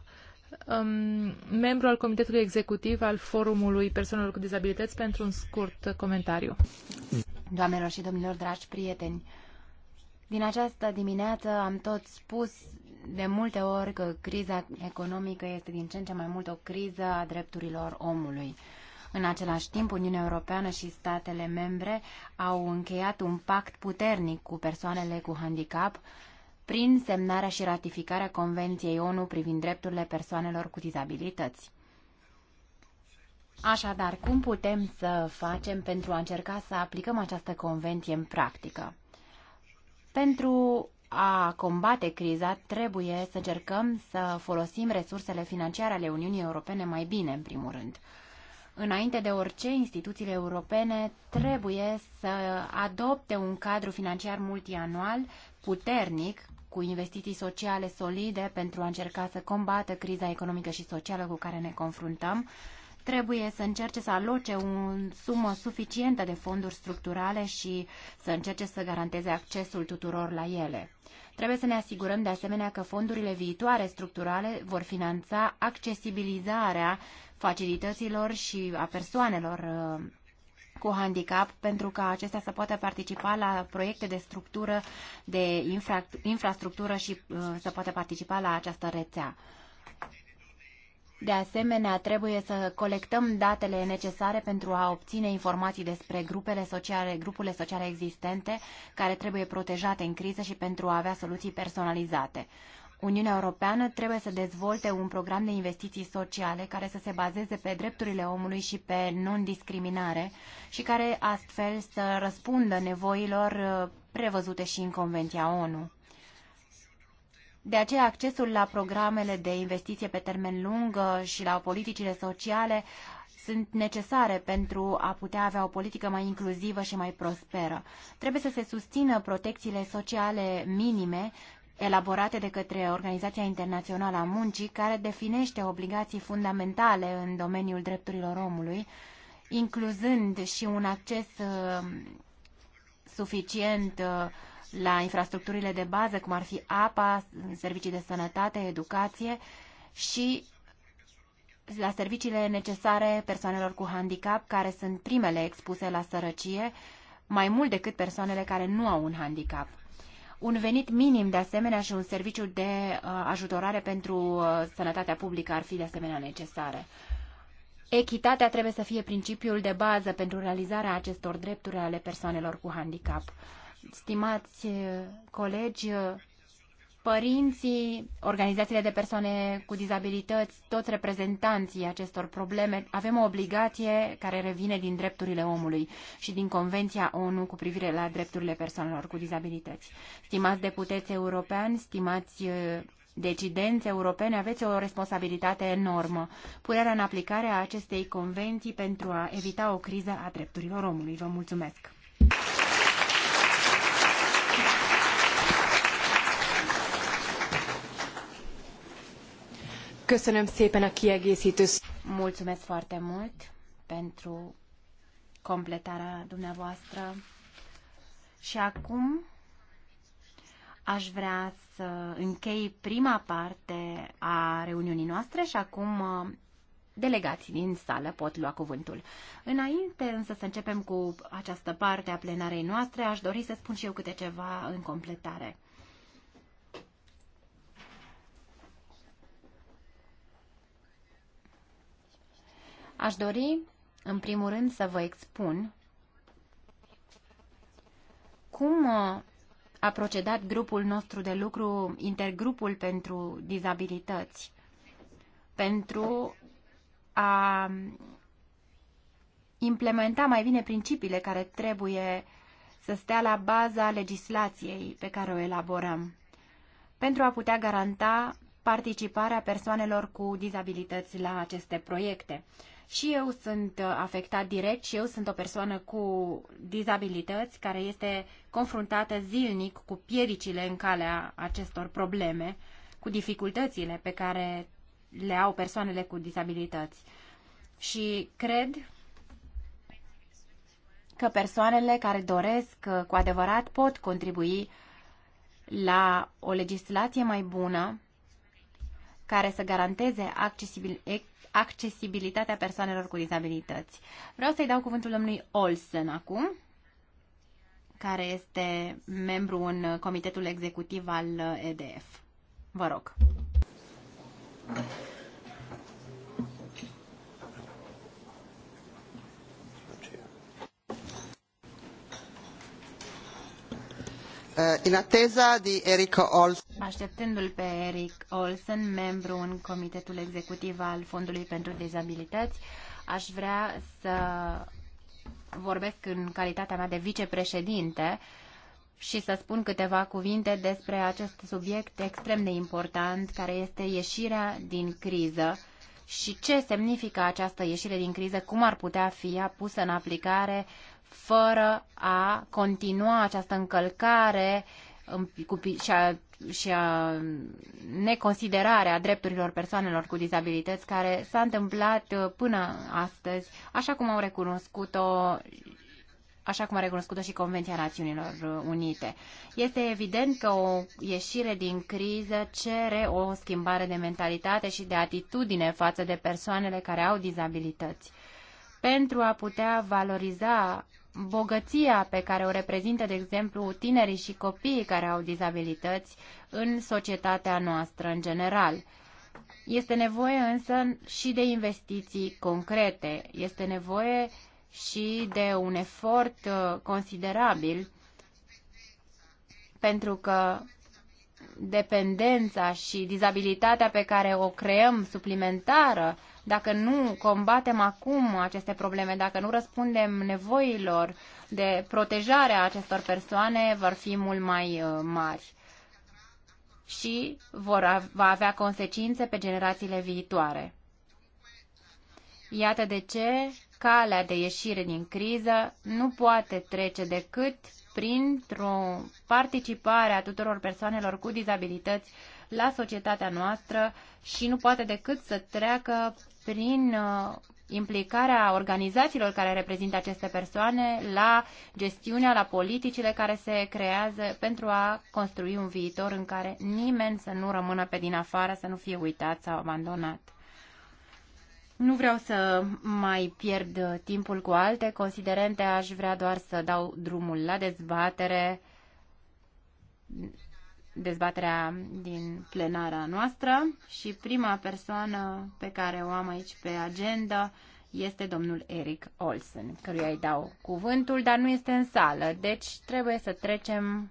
um, membru al Comitetului Executiv al Forumului Persoanelor cu Dizabilități, pentru un scurt comentariu. Doamnelor și domnilor, dragi prieteni, din această dimineață am tot spus de multe ori că criza economică este din ce în ce mai mult o criză a drepturilor omului. În același timp, Uniunea Europeană și statele membre au încheiat un pact puternic cu persoanele cu handicap prin semnarea și ratificarea Convenției ONU privind drepturile persoanelor cu dizabilități. Așadar, cum putem să facem pentru a încerca să aplicăm această convenție în practică? Pentru a combate criza, trebuie să încercăm să folosim resursele financiare ale Uniunii Europene mai bine, în primul rând. Înainte de orice, instituțiile europene trebuie să adopte un cadru financiar multianual puternic cu investiții sociale solide pentru a încerca să combată criza economică și socială cu care ne confruntăm, trebuie să încerce să aloce o sumă suficientă de fonduri structurale și să încerce să garanteze accesul tuturor la ele. Trebuie să ne asigurăm de asemenea că fondurile viitoare structurale vor finanța accesibilizarea facilităților și a persoanelor uh, cu handicap pentru ca acestea să poată participa la proiecte de structură, de infra, infrastructură și uh, să poată participa la această rețea. De asemenea, trebuie să colectăm datele necesare pentru a obține informații despre grupele sociale, grupurile sociale existente care trebuie protejate în criză și pentru a avea soluții personalizate. Uniunea Europeană trebuie să dezvolte un program de investiții sociale care să se bazeze pe drepturile omului și pe non-discriminare și care astfel să răspundă nevoilor uh, prevăzute și în Convenția ONU. De aceea, accesul la programele de investiție pe termen lung uh, și la politicile sociale sunt necesare pentru a putea avea o politică mai inclusivă și mai prosperă. Trebuie să se susțină protecțiile sociale minime elaborate de către Organizația Internațională a Muncii, care definește obligații fundamentale în domeniul drepturilor omului, incluzând și un acces uh, suficient uh, la infrastructurile de bază, cum ar fi apa, servicii de sănătate, educație și la serviciile necesare persoanelor cu handicap, care sunt primele expuse la sărăcie, mai mult decât persoanele care nu au un handicap un venit minim de asemenea și un serviciu de uh, ajutorare pentru uh, sănătatea publică ar fi de asemenea necesare. Echitatea trebuie să fie principiul de bază pentru realizarea acestor drepturi ale persoanelor cu handicap. Stimați uh, colegi, părinții, organizațiile de persoane cu dizabilități, toți reprezentanții acestor probleme, avem o obligație care revine din drepturile omului și din Convenția ONU cu privire la drepturile persoanelor cu dizabilități. Stimați deputeți europeni, stimați uh, decidenți europene, aveți o responsabilitate enormă. Punerea în aplicare a acestei convenții pentru a evita o criză a drepturilor omului. Vă mulțumesc! Köszönöm szépen a kiegészítő. Mulțumesc foarte mult pentru completarea dumneavoastră. Și acum aș vrea să închei prima parte a reuniunii noastre și acum uh, delegații din sală pot lua cuvântul. Înainte însă să începem cu această parte a plenarei noastre, aș dori să spun și eu câte ceva în completare. Aș dori, în primul rând, să vă expun cum uh, a procedat grupul nostru de lucru, intergrupul pentru dizabilități, pentru a implementa mai bine principiile care trebuie să stea la baza legislației pe care o elaborăm, pentru a putea garanta participarea persoanelor cu dizabilități la aceste proiecte. Și eu sunt uh, afectat direct și eu sunt o persoană cu dizabilități care este confruntată zilnic cu piericile în calea acestor probleme, cu dificultățile pe care le au persoanele cu dizabilități. Și cred că persoanele care doresc uh, cu adevărat pot contribui la o legislație mai bună care să garanteze accesibil, accesibilitatea persoanelor cu dizabilități. Vreau să-i dau cuvântul domnului Olsen acum, care este membru în comitetul executiv al EDF. Vă rog. Uh, Eric Olsen. Așteptându-l pe Eric Olsen, membru în Comitetul Executiv al Fondului pentru Dizabilități, aș vrea să vorbesc în calitatea mea de vicepreședinte și să spun câteva cuvinte despre acest subiect extrem de important, care este ieșirea din criză și ce semnifică această ieșire din criză, cum ar putea fi pusă în aplicare fără a continua această încălcare și a, și a neconsiderarea drepturilor persoanelor cu dizabilități care s-a întâmplat uh, până astăzi, așa cum au recunoscut-o așa cum a recunoscut-o și Convenția Națiunilor uh, Unite. Este evident că o ieșire din criză cere o schimbare de mentalitate și de atitudine față de persoanele care au dizabilități pentru a putea valoriza bogăția pe care o reprezintă, de exemplu, tinerii și copiii care au dizabilități în societatea noastră în general. Este nevoie însă și de investiții concrete, este nevoie și de un efort uh, considerabil pentru că dependența și dizabilitatea pe care o creăm suplimentară dacă nu combatem acum aceste probleme, dacă nu răspundem nevoilor de protejare a acestor persoane, vor fi mult mai uh, mari și vor, va avea consecințe pe generațiile viitoare. Iată de ce calea de ieșire din criză nu poate trece decât printr-o participare a tuturor persoanelor cu dizabilități la societatea noastră și nu poate decât să treacă prin uh, implicarea organizațiilor care reprezintă aceste persoane la gestiunea, la politicile care se creează pentru a construi un viitor în care nimeni să nu rămână pe din afară, să nu fie uitat sau abandonat. Nu vreau să mai pierd timpul cu alte considerente, aș vrea doar să dau drumul la dezbatere dezbaterea din plenara noastră și prima persoană pe care o am aici pe agenda este domnul Eric Olsen, căruia îi dau cuvântul, dar nu este în sală, deci trebuie să trecem.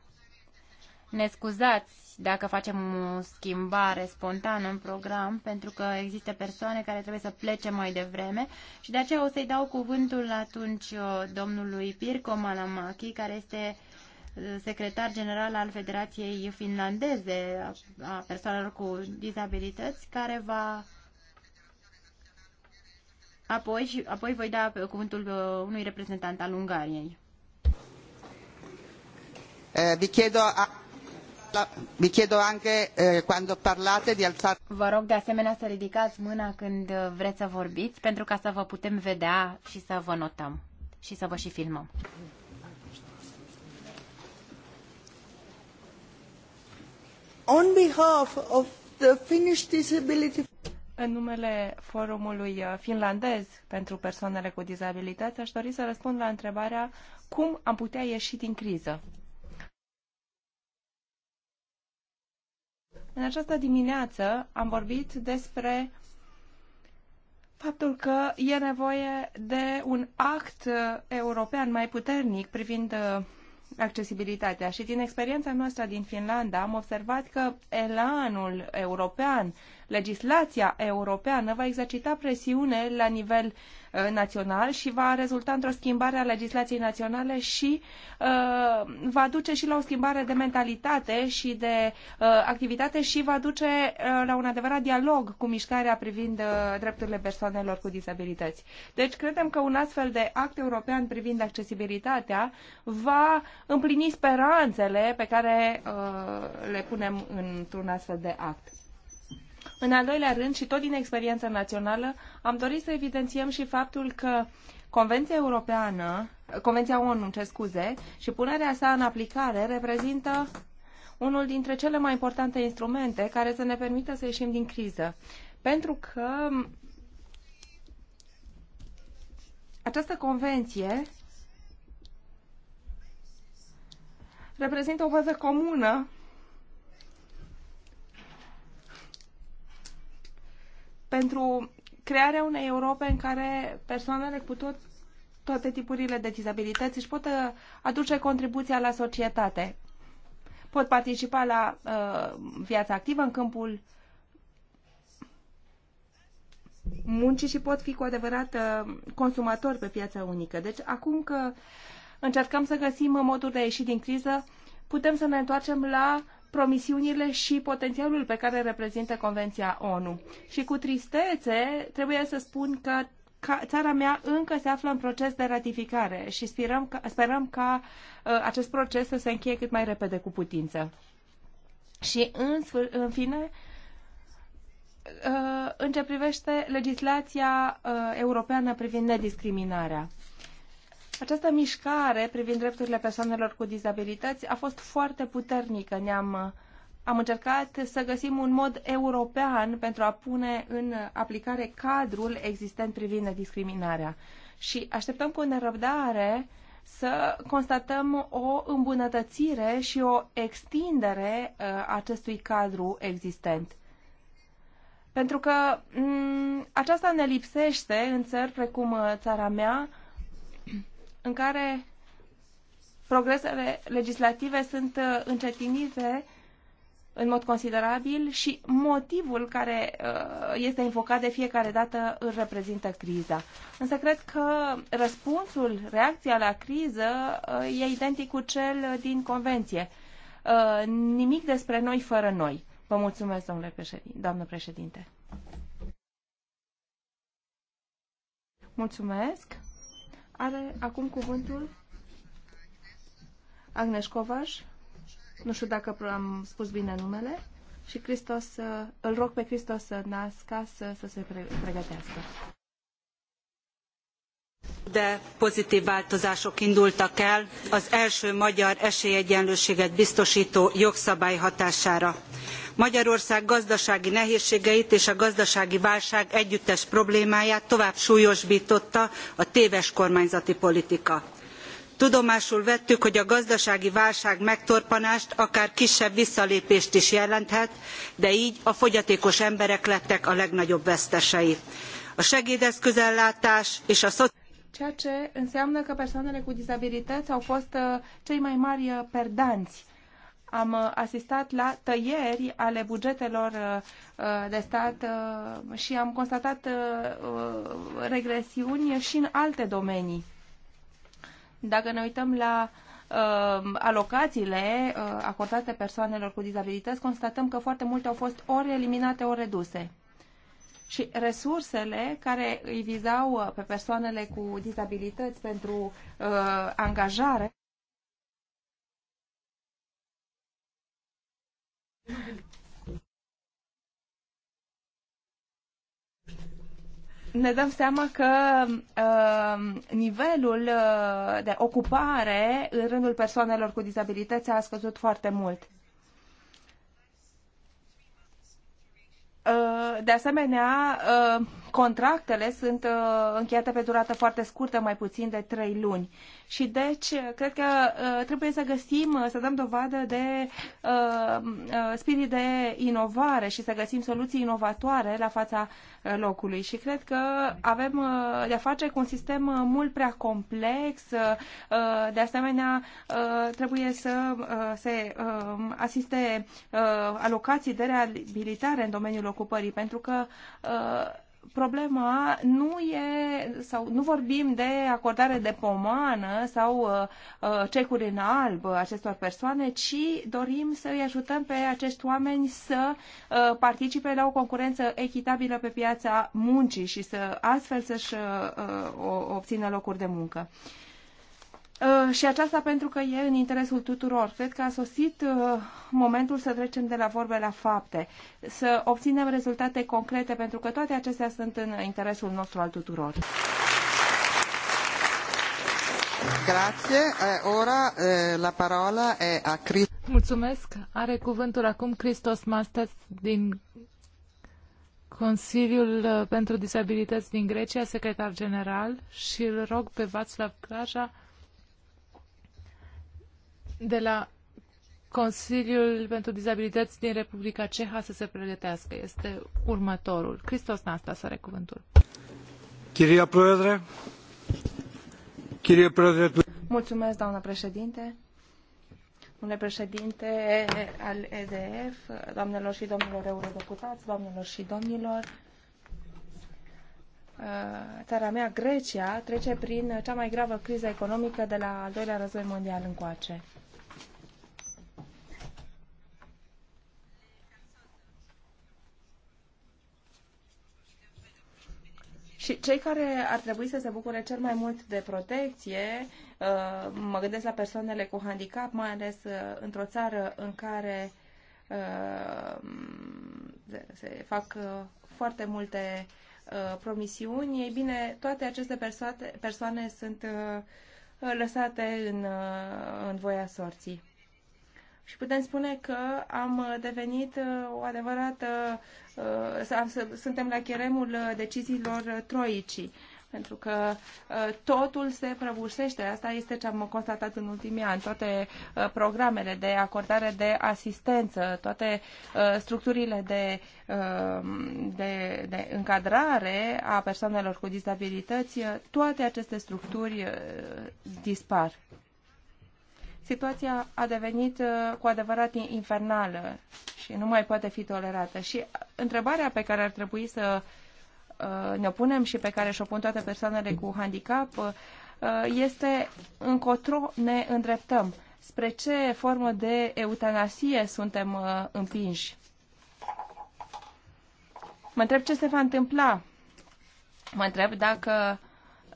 Ne scuzați dacă facem o schimbare spontană în program, pentru că există persoane care trebuie să plece mai devreme și de aceea o să-i dau cuvântul atunci uh, domnului Pirco Malamaki, care este secretar general al Federației Finlandeze a persoanelor cu dizabilități, care va apoi, și apoi voi da cuvântul uh, unui reprezentant al Ungariei. Eh, vi chiedo, anche eh, quando parlate di alzare... Vă rog de asemenea să ridicați mâna când vreți să vorbiți pentru ca să vă putem vedea și să vă notăm și să vă și filmăm. în numele forumului uh, finlandez pentru persoanele cu dizabilități, aș dori să răspund la întrebarea cum am putea ieși din criză. În această dimineață am vorbit despre faptul că e nevoie de un act uh, european mai puternic privind uh, accesibilitatea și din experiența noastră din Finlanda am observat că elanul european legislația europeană va exercita presiune la nivel uh, național și va rezulta într-o schimbare a legislației naționale și uh, va duce și la o schimbare de mentalitate și de uh, activitate și va duce uh, la un adevărat dialog cu mișcarea privind uh, drepturile persoanelor cu dizabilități. Deci credem că un astfel de act european privind accesibilitatea va împlini speranțele pe care uh, le punem într-un astfel de act. În al doilea rând, și tot din experiența națională, am dorit să evidențiem și faptul că Convenția Europeană, Convenția ONU, ce scuze, și punerea sa în aplicare reprezintă unul dintre cele mai importante instrumente care să ne permită să ieșim din criză. Pentru că această convenție reprezintă o bază comună pentru crearea unei Europe în care persoanele cu tot, toate tipurile de dizabilități își pot uh, aduce contribuția la societate. Pot participa la uh, viața activă în câmpul muncii și pot fi cu adevărat uh, consumatori pe piața unică. Deci acum că încercăm să găsim modul de a din criză, putem să ne întoarcem la promisiunile și potențialul pe care reprezintă Convenția ONU. Și cu tristețe trebuie să spun că țara mea încă se află în proces de ratificare și sperăm ca, sperăm ca uh, acest proces să se încheie cât mai repede cu putință. Și în, în fine, uh, în ce privește legislația uh, europeană privind nediscriminarea. Această mișcare privind drepturile persoanelor cu dizabilități a fost foarte puternică. Ne-am uh, am încercat să găsim un mod european pentru a pune în aplicare cadrul existent privind discriminarea. Și așteptăm cu nerăbdare să constatăm o îmbunătățire și o extindere a uh, acestui cadru existent. Pentru că mm, aceasta ne lipsește în țări precum uh, țara mea, în care progresele legislative sunt uh, încetinite în mod considerabil și motivul care uh, este invocat de fiecare dată îl reprezintă criza. Însă cred că răspunsul, reacția la criză uh, e identic cu cel din convenție. Nimic despre noi fără noi. Vă mulțumesc, domnule președinte, doamnă președinte. Mulțumesc. Are acum cuvântul Agnes Covaș, nu știu dacă am spus bine numele, și Christos, uh, îl rog pe Cristos să nască, să, să se pregătească. De pozitív változások indultak el az első magyar esélyegyenlőséget biztosító jogszabály hatására magyarország gazdasági nehézségeit és a gazdasági válság együttes problémáját tovább súlyosbtotta a téves kormányzati politika. tudomásul vettük hogy a gazdasági válság megtorpanást akár kisebb visszalépést is jelenthet de gy a fogyatékos emberek lettek a legnagyobb vesztesei. a segédeszközellátás és a szociális ceea ce înseamnă că persoanele cu dizabilități au fost uh, cei mai mari uh, perdanți am uh, asistat la tăieri ale bugetelor uh, uh, de stat și am constatat regresiuni și în alte domenii. Dacă ne uităm la alocațiile acordate persoanelor cu dizabilități, constatăm că foarte multe au fost ori eliminate, ori reduse. Și resursele care îi vizau pe persoanele cu dizabilități pentru uh, angajare ne dăm seama că uh, nivelul uh, de ocupare în rândul persoanelor cu dizabilități a scăzut foarte mult. Uh, de asemenea, uh, contractele sunt uh, încheiate pe durată foarte scurtă, mai puțin de trei luni. Și deci, cred că uh, trebuie să găsim, uh, să dăm dovadă de spirit de inovare și să găsim soluții inovatoare la fața locului. Și cred că avem de-a face cu un sistem mult prea complex. De asemenea, trebuie să se asiste alocații de reabilitare în domeniul ocupării, pentru că problema nu e, sau nu vorbim de acordare de pomană sau uh, uh cecuri în alb acestor persoane, ci dorim să îi ajutăm pe acești oameni să uh, participe la o concurență echitabilă pe piața muncii și să astfel să-și uh, uh obțină locuri de muncă. Uh, Uh, și aceasta pentru că e în interesul tuturor. Cred că a sosit uh, momentul să trecem de la vorbe la fapte, să obținem rezultate concrete, pentru că toate acestea sunt în interesul nostru al tuturor. Grazie. Eh, ora eh, la parola e a Cristos. Mulțumesc. Are cuvântul acum Christos Masters din Consiliul eh, pentru Disabilități din Grecia, secretar general, și îl rog pe Václav Claja de la Consiliul pentru Dizabilități din Republica Ceha să se pregătească. Este următorul. Cristos Nasta, să are cuvântul. Chiria Proedre. Chiria Proedre. Mulțumesc, doamnă președinte. Domnule președinte al EDF, doamnelor și domnilor eurodeputați, doamnelor și domnilor, uh, țara mea, Grecia, trece prin cea mai gravă criză economică de la al doilea război mondial încoace. Și cei care ar trebui să se bucure cel mai mult de protecție, uh, mă gândesc la persoanele cu handicap, mai ales uh, într-o țară în care uh, se fac foarte multe promisiuni, ei bine, toate aceste persoane, sunt lăsate în, în voia sorții și putem spune că am uh, devenit uh, o adevărată, uh, suntem la cheremul deciziilor troicii, pentru că totul se prăbușește. Asta este ce am constatat în ultimii ani. Toate programele de acordare de asistență, toate structurile de, de, de încadrare a persoanelor cu dizabilități, toate aceste structuri dispar situația a devenit uh, cu adevărat infernală și nu mai poate fi tolerată. Și întrebarea pe care ar trebui să uh, ne punem și pe care și-o pun toate persoanele cu handicap uh, este încotro ne îndreptăm. Spre ce formă de eutanasie suntem împinși? Mă întreb ce se va întâmpla. Mă întreb dacă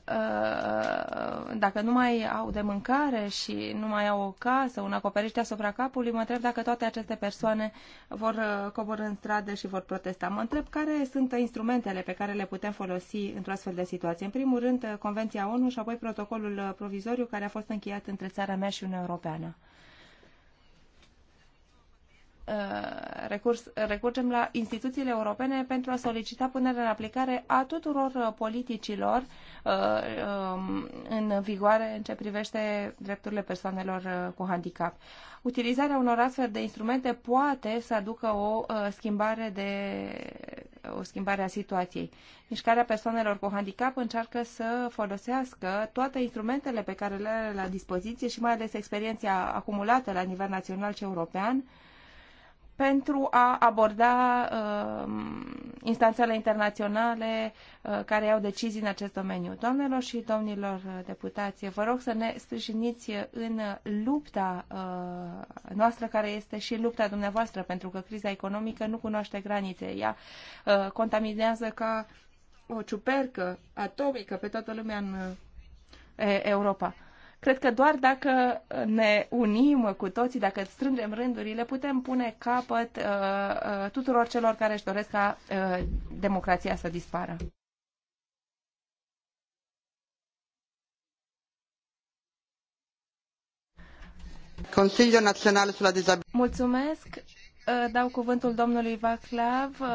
Uh, dacă nu mai au de mâncare și nu mai au o casă, un acoperiș deasupra capului, mă întreb dacă toate aceste persoane vor uh, coborâ în stradă și vor protesta. Mă întreb care sunt instrumentele pe care le putem folosi într-o astfel de situație. În primul rând, uh, Convenția ONU și apoi protocolul provizoriu care a fost încheiat între țara mea și Uniunea Europeană. Uh, recurs, recurgem la instituțiile europene pentru a solicita punerea în aplicare a tuturor uh, politicilor uh, um, în vigoare în ce privește drepturile persoanelor cu handicap. Utilizarea unor astfel de instrumente poate să aducă o schimbare de o schimbare a situației. Mișcarea persoanelor cu handicap încearcă să folosească toate instrumentele pe care le are la dispoziție și mai ales experiența acumulată la nivel național și european pentru a aborda uh, instanțele internaționale uh, care au decizii în acest domeniu. Doamnelor și domnilor deputați, vă rog să ne sprijiniți în lupta uh, noastră, care este și lupta dumneavoastră, pentru că criza economică nu cunoaște granițe. Ea uh, contaminează ca o ciupercă atomică pe toată lumea în uh, Europa. Cred că doar dacă ne unim cu toții, dacă strângem rândurile, putem pune capăt uh, uh, tuturor celor care își doresc ca uh, democrația să dispară. Consiliul Național sulla Disabilità. Mulțumesc. Uh, dau cuvântul domnului Vaclav uh,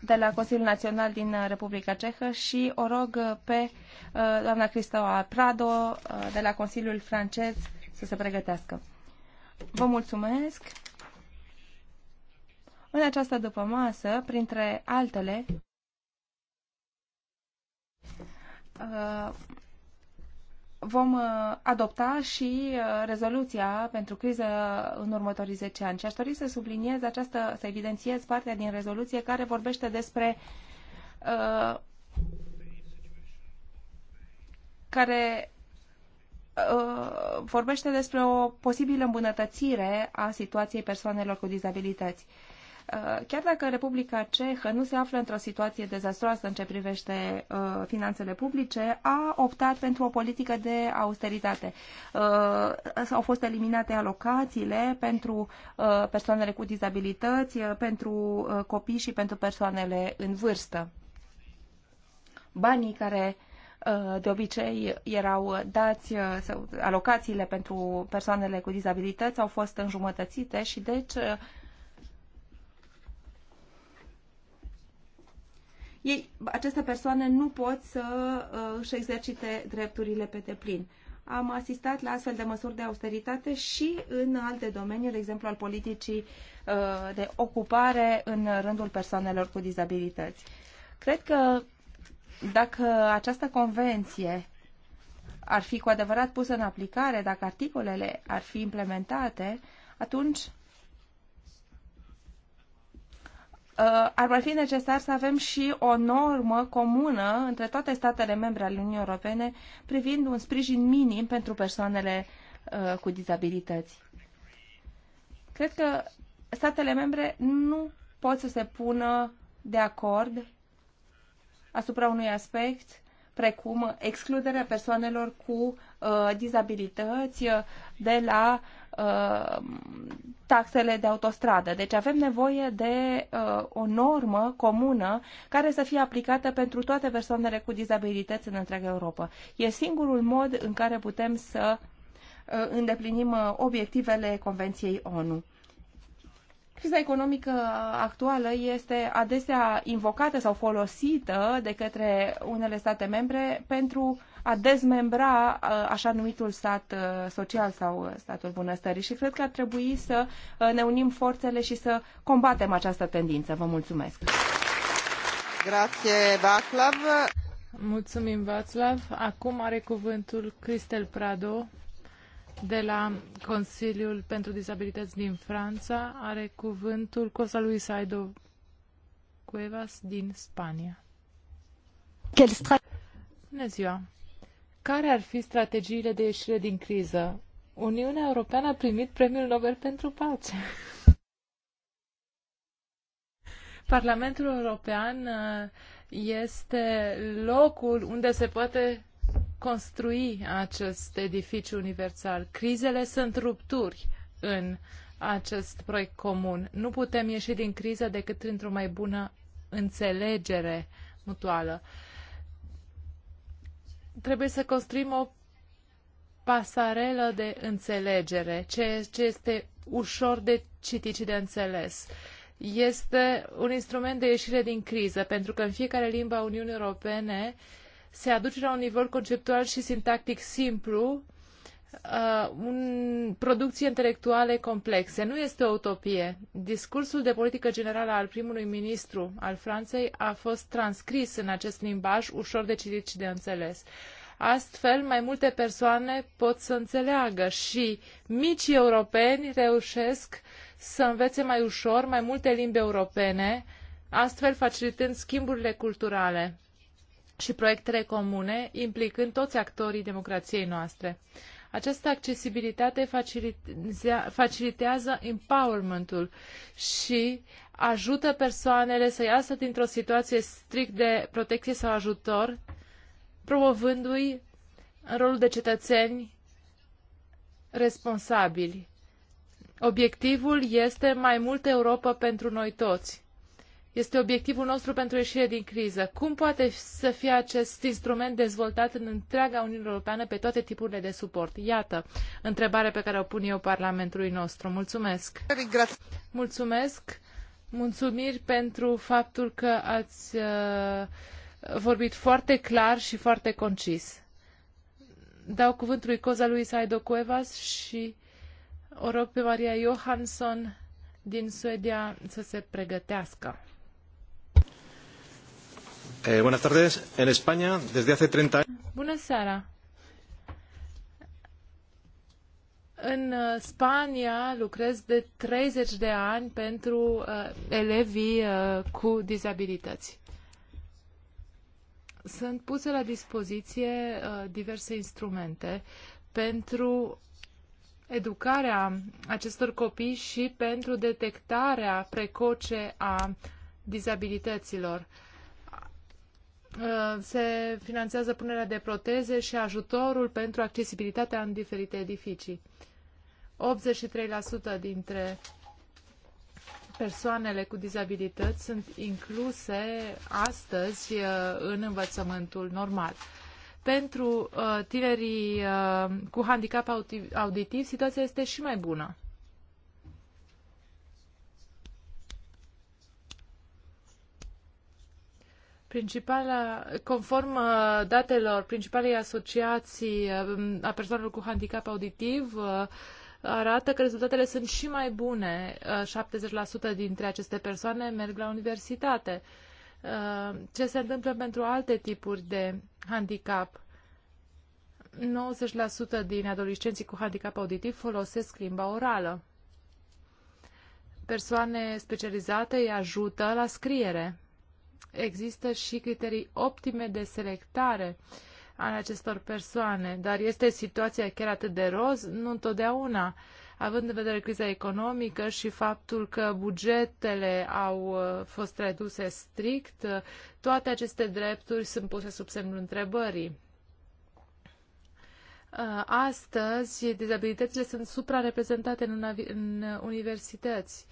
de la Consiliul Național din uh, Republica Cehă și o rog pe Uh, doamna Cristoa Prado uh, de la Consiliul francez să se pregătească. Vă mulțumesc! În această dupămasă, printre altele, uh, vom adopta și rezoluția pentru criză în următorii 10 ani. Și aș dori să subliniez această, să evidențiez partea din rezoluție care vorbește despre uh, care uh, vorbește despre o posibilă îmbunătățire a situației persoanelor cu dizabilități. Uh, chiar dacă Republica Cehă nu se află într-o situație dezastroasă în ce privește uh, finanțele publice, a optat pentru o politică de austeritate. Uh, au fost eliminate alocațiile pentru uh, persoanele cu dizabilități, uh, pentru uh, copii și pentru persoanele în vârstă. Banii care uh, Uh, de obicei erau dați uh, sau alocațiile pentru persoanele cu dizabilități au fost înjumătățite și deci uh, ei, aceste persoane nu pot să își exercite drepturile pe deplin. Am asistat la astfel de măsuri de austeritate și în alte domenii, de exemplu al politicii de ocupare în rândul persoanelor cu dizabilități. Cred că dacă această convenție ar fi cu adevărat pusă în aplicare, dacă articolele ar fi implementate, atunci uh, ar mai fi necesar să avem și o normă comună între toate statele membre ale Uniunii Europene privind un sprijin minim pentru persoanele uh, cu dizabilități. Cred că statele membre nu pot să se pună de acord asupra unui aspect precum excluderea persoanelor cu uh, dizabilități uh, de la uh, taxele de autostradă. Deci avem nevoie de uh, o normă comună care să fie aplicată pentru toate persoanele cu dizabilități în întreaga Europa. E singurul mod în care putem să uh, îndeplinim uh, obiectivele Convenției ONU. Criza economică actuală este adesea invocată sau folosită de către unele state membre pentru a dezmembra uh, așa numitul stat uh, social sau uh, statul bunăstării și cred că ar trebui să ne unim forțele și să combatem această tendință. Vă mulțumesc! Grație, Vaclav! Mulțumim, Vaclav! Acum are cuvântul Cristel Prado de la Consiliul pentru Disabilități din Franța are cuvântul Cosa lui Saido Cuevas din Spania. Bună ziua! Care ar fi strategiile de ieșire din criză? Uniunea Europeană a primit premiul Nobel pentru pace. Parlamentul European uh, este locul unde se poate construi acest edificiu universal. Crizele sunt rupturi în acest proiect comun. Nu putem ieși din criză decât într o mai bună înțelegere mutuală. Trebuie să construim o pasarelă de înțelegere, ceea ce este ușor de citit și de înțeles. Este un instrument de ieșire din criză, pentru că în fiecare limba Uniunii Europene uh, se aduce la un nivel conceptual și sintactic simplu uh, un, producții intelectuale complexe. Nu este o utopie. Discursul de politică generală al primului ministru al Franței a fost transcris în acest limbaj ușor de citit și de înțeles. Astfel, mai multe persoane pot să înțeleagă și micii europeni reușesc să învețe mai ușor mai multe limbi europene, astfel facilitând schimburile culturale și proiectele comune, implicând toți actorii democrației noastre. Această accesibilitate facilitează empowermentul și ajută persoanele să iasă dintr-o situație strict de protecție sau ajutor, promovându-i în rolul de cetățeni responsabili. Obiectivul este mai multă Europa pentru noi toți. Este obiectivul nostru pentru ieșire din criză. Cum poate să fie acest instrument dezvoltat în întreaga Uniune Europeană pe toate tipurile de suport? Iată, întrebare pe care o pun eu Parlamentului nostru. Mulțumesc! Mulțumesc! Mulțumiri pentru faptul că ați uh, vorbit foarte clar și foarte concis. Dau cuvântul lui Coza lui Saido Cuevas și o rog pe Maria Johansson din Suedia să se pregătească. Eh, buenas tardes. En España, desde hace 30 años. Bună seara. În uh, Spania lucrez de 30 de ani pentru uh, elevii uh, cu dizabilități. Sunt puse la dispoziție uh, diverse instrumente pentru educarea acestor copii și pentru detectarea precoce a dizabilităților. Uh, se finanțează punerea de proteze și ajutorul pentru accesibilitatea în diferite edificii. 83% dintre persoanele cu dizabilități sunt incluse astăzi uh, în învățământul normal. Pentru uh, tinerii cu handicap auditiv, situația este și mai bună. Principala, conform uh, datelor principalei asociații uh, a persoanelor cu handicap auditiv, uh, arată că rezultatele sunt și mai bune. 70% dintre aceste persoane merg la universitate. Ce se întâmplă pentru alte tipuri de handicap? 90% din adolescenții cu handicap auditiv folosesc limba orală. Persoane specializate îi ajută la scriere există și criterii optime de selectare al acestor persoane, dar este situația chiar atât de roz? Nu întotdeauna având în vedere criza economică și faptul că bugetele au uh, fost reduse strict, uh, toate aceste drepturi sunt puse sub semnul întrebării. Uh, astăzi, dizabilitățile sunt suprareprezentate în, în universități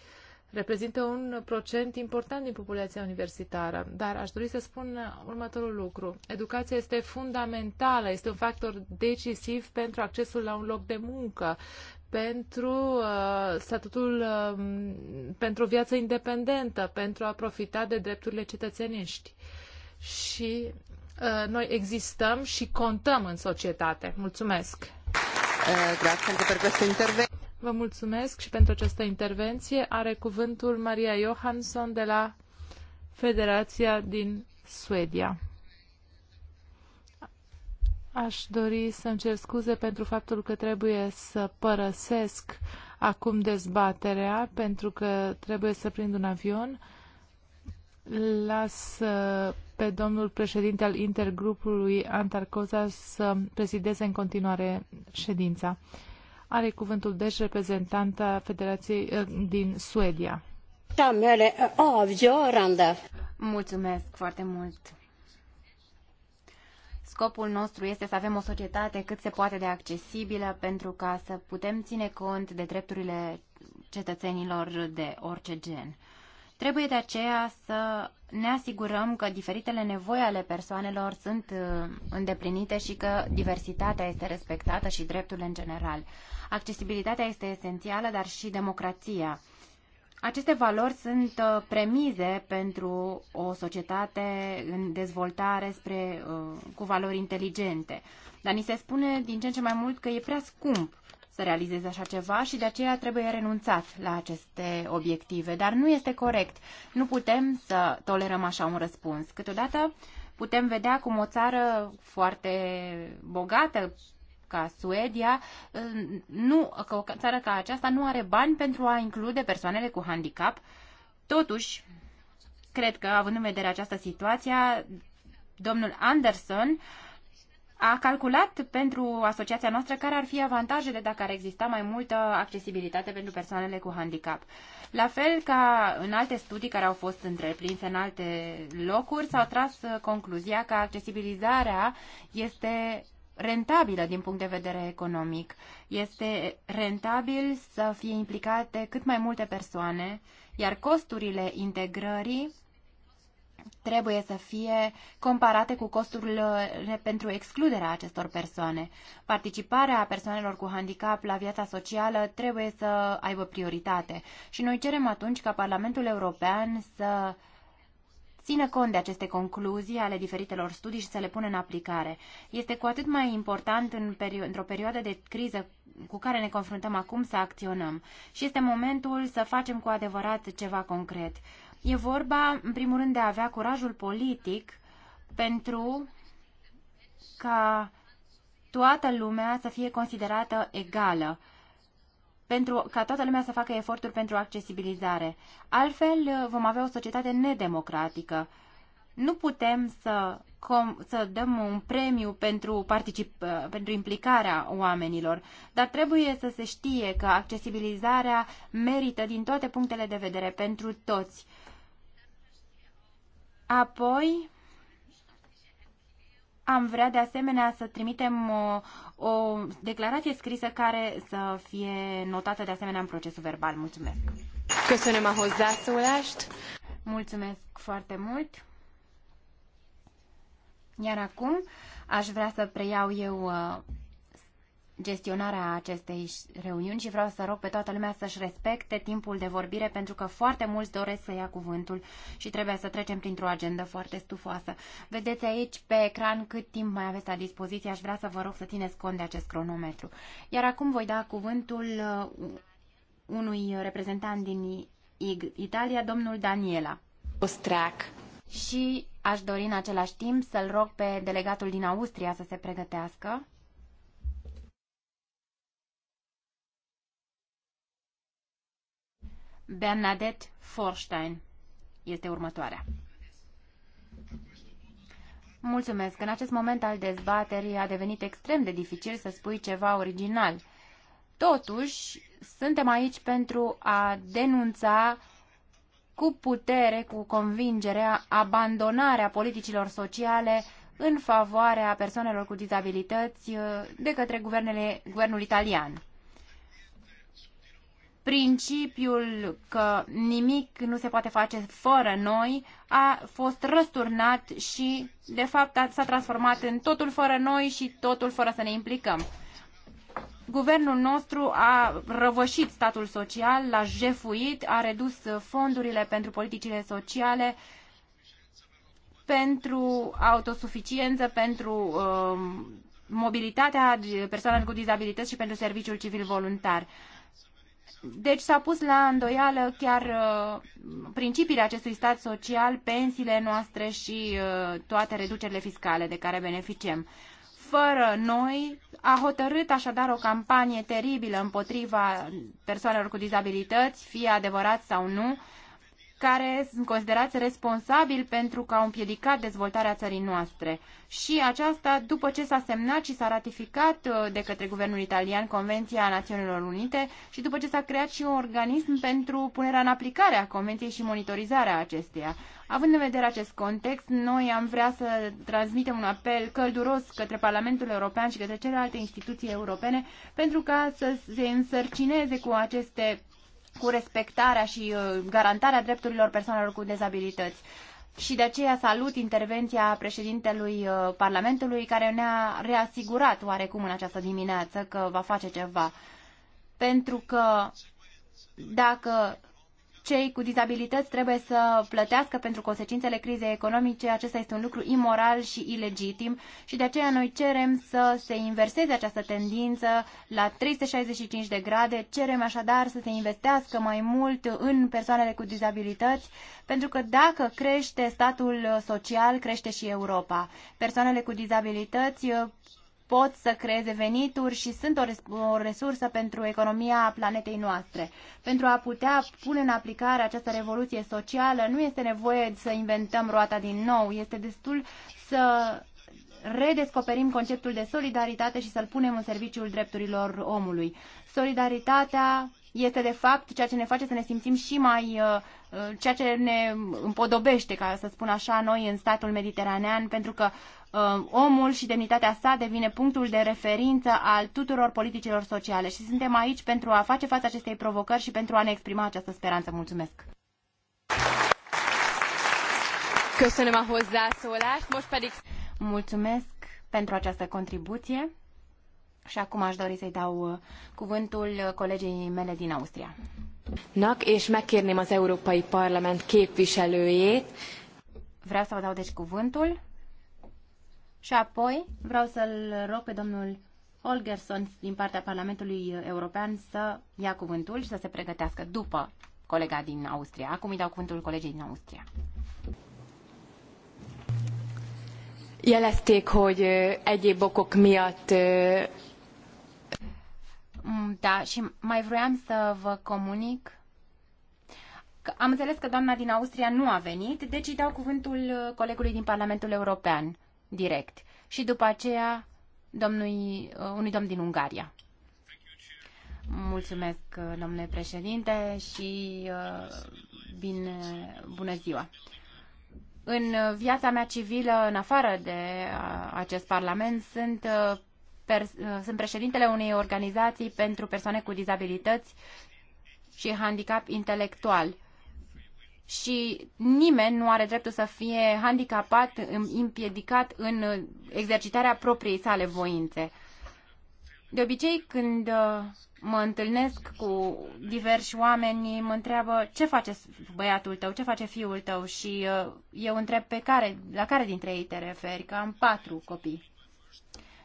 reprezintă un procent important din populația universitară. Dar aș dori să spun următorul lucru. Educația este fundamentală, este un factor decisiv pentru accesul la un loc de muncă, pentru uh, statutul, uh, pentru o viață independentă, pentru a profita de drepturile cetățeniști. Și uh, noi existăm și contăm în societate. Mulțumesc! Eh, grazie pentru per questo Vă mulțumesc și pentru această intervenție. Are cuvântul Maria Johansson de la Federația din Suedia. Aș dori să-mi cer scuze pentru faptul că trebuie să părăsesc acum dezbaterea, pentru că trebuie să prind un avion. Las uh, pe domnul președinte al intergrupului Antarcoza să prezideze în continuare ședința. Are cuvântul deci reprezentanta Federației eh, din Suedia. Mulțumesc foarte mult! Scopul nostru este să avem o societate cât se poate de accesibilă pentru ca să putem ține cont de drepturile cetățenilor de orice gen. Trebuie de aceea să ne asigurăm că diferitele nevoi ale persoanelor sunt eh, îndeplinite și că diversitatea este respectată și dreptul în general. Accesibilitatea este esențială, dar și democrația. Aceste valori sunt uh, premize pentru o societate în dezvoltare spre, uh, cu valori inteligente. Dar ni se spune din ce în ce mai mult că e prea scump să realizezi așa ceva și de aceea trebuie renunțat la aceste obiective. Dar nu este corect. Nu putem să tolerăm așa un răspuns. Câteodată putem vedea cum o țară foarte bogată ca Suedia, nu, că o țară ca aceasta nu are bani pentru a include persoanele cu handicap. Totuși, cred că, având în vedere această situație, domnul Anderson a calculat pentru asociația noastră care ar fi avantajele dacă ar exista mai multă accesibilitate pentru persoanele cu handicap. La fel ca în alte studii care au fost întreprinse în alte locuri, s-au tras uh, concluzia că accesibilizarea este rentabilă din punct de vedere economic. Este rentabil să fie implicate cât mai multe persoane, iar costurile integrării trebuie să fie comparate cu costurile pentru excluderea acestor persoane. Participarea persoanelor cu handicap la viața socială trebuie să aibă prioritate și noi cerem atunci ca Parlamentul European să țină cont de aceste concluzii ale diferitelor studii și să le pună în aplicare. Este cu atât mai important în perio- într-o perioadă de criză cu care ne confruntăm acum să acționăm și este momentul să facem cu adevărat ceva concret. E vorba, în primul rând, de a avea curajul politic pentru ca toată lumea să fie considerată egală pentru ca toată lumea să facă eforturi pentru accesibilizare. Altfel uh, vom avea o societate nedemocratică. Nu putem să, com, să dăm un premiu pentru, particip, uh, pentru implicarea oamenilor, dar trebuie să se știe că accesibilizarea merită din toate punctele de vedere pentru toți. Apoi, am vrea de asemenea să trimitem o, uh, o declarație scrisă care să fie notată de asemenea în procesul verbal. Mulțumesc! Mulțumesc foarte mult! Iar acum aș vrea să preiau eu uh, gestionarea acestei reuniuni și vreau să rog pe toată lumea să-și respecte timpul de vorbire pentru că foarte mulți doresc să ia cuvântul și trebuie să trecem printr-o agendă foarte stufoasă. Vedeți aici pe ecran cât timp mai aveți la dispoziție. Aș vrea să vă rog să țineți cont de acest cronometru. Iar acum voi da cuvântul uh, unui reprezentant din Italia, domnul Daniela. Ostrac. Și aș dori în același timp să-l rog pe delegatul din Austria să se pregătească. Bernadette Forstein este următoarea. Mulțumesc. În acest moment al dezbaterii a devenit extrem de dificil să spui ceva original. Totuși, suntem aici pentru a denunța cu putere, cu convingerea, abandonarea politicilor sociale în favoarea persoanelor cu dizabilități uh, de către guvernele, guvernul italian principiul că nimic nu se poate face fără noi a fost răsturnat și, de fapt, s-a transformat în totul fără noi și totul fără să ne implicăm. Guvernul nostru a răvășit statul social, l-a jefuit, a redus fondurile pentru politicile sociale, pentru autosuficiență, pentru uh, mobilitatea persoanelor cu dizabilități și pentru serviciul civil voluntar. Deci s-a pus la îndoială chiar uh, principiile acestui stat social, pensiile noastre și uh, toate reducerile fiscale de care beneficiem. Fără noi, a hotărât așadar o campanie teribilă împotriva persoanelor cu dizabilități, fie adevărat sau nu, care sunt considerați responsabili pentru că au împiedicat dezvoltarea țării noastre. Și aceasta după ce s-a semnat și s-a ratificat uh, de către guvernul italian Convenția Națiunilor Unite și după ce s-a creat și un organism pentru punerea în aplicare a Convenției și monitorizarea acesteia. Având în vedere acest context, noi am vrea să transmitem un apel călduros către Parlamentul European și către celelalte instituții europene pentru ca să se însărcineze cu aceste cu respectarea și uh, garantarea drepturilor persoanelor cu dezabilități. Și de aceea salut intervenția președintelui uh, Parlamentului care ne-a reasigurat oarecum în această dimineață că va face ceva. Pentru că dacă cei cu dizabilități trebuie să plătească pentru consecințele crizei economice, acesta este un lucru imoral și ilegitim și de aceea noi cerem să se inverseze această tendință la 365 de grade, cerem așadar să se investească mai mult în persoanele cu dizabilități, pentru că dacă crește statul social, crește și Europa. Persoanele cu dizabilități pot să creeze venituri și sunt o, res- o resursă pentru economia planetei noastre. Pentru a putea pune în aplicare această revoluție socială, nu este nevoie să inventăm roata din nou, este destul să redescoperim conceptul de solidaritate și să-l punem în serviciul drepturilor omului. Solidaritatea este de fapt ceea ce ne face să ne simțim și mai, uh, uh, ceea ce ne împodobește, ca să spun așa, noi în statul mediteranean, pentru că uh, omul și demnitatea sa devine punctul de referință al tuturor politicilor sociale și suntem aici pentru a face față acestei provocări și pentru a ne exprima această speranță. Mulțumesc! Mulțumesc pentru această contribuție. Și acum aș dori să-i dau uh, cuvântul uh, colegii mele din Austria. Nak, és megkérném az Európai Parlament képviselőjét. Vreau să vă dau deci cuvântul și apoi vreau să-l rog pe domnul Holgersson din partea Parlamentului European să ia cuvântul și să se pregătească după colega din Austria. Acum îi dau cuvântul colegii din Austria. Jelezték, hogy uh, egyéb okok miatt Mm, da, și mai vroiam să vă comunic că am înțeles că doamna din Austria nu a venit, deci îi dau cuvântul uh, colegului din Parlamentul European direct și după aceea domnului, uh, unui domn din Ungaria. Mulțumesc, uh, domnule președinte, și bine, bună ziua! În viața mea civilă, în afară de acest parlament, sunt Uh, sunt președintele unei organizații pentru persoane cu dizabilități și handicap intelectual. Și nimeni nu are dreptul să fie handicapat, împiedicat în exercitarea propriei sale voințe. De obicei, când uh, mă întâlnesc cu diversi oameni, mă întreabă ce face băiatul tău, ce face fiul tău și uh, eu întreb pe care, la care dintre ei te referi, că am patru copii.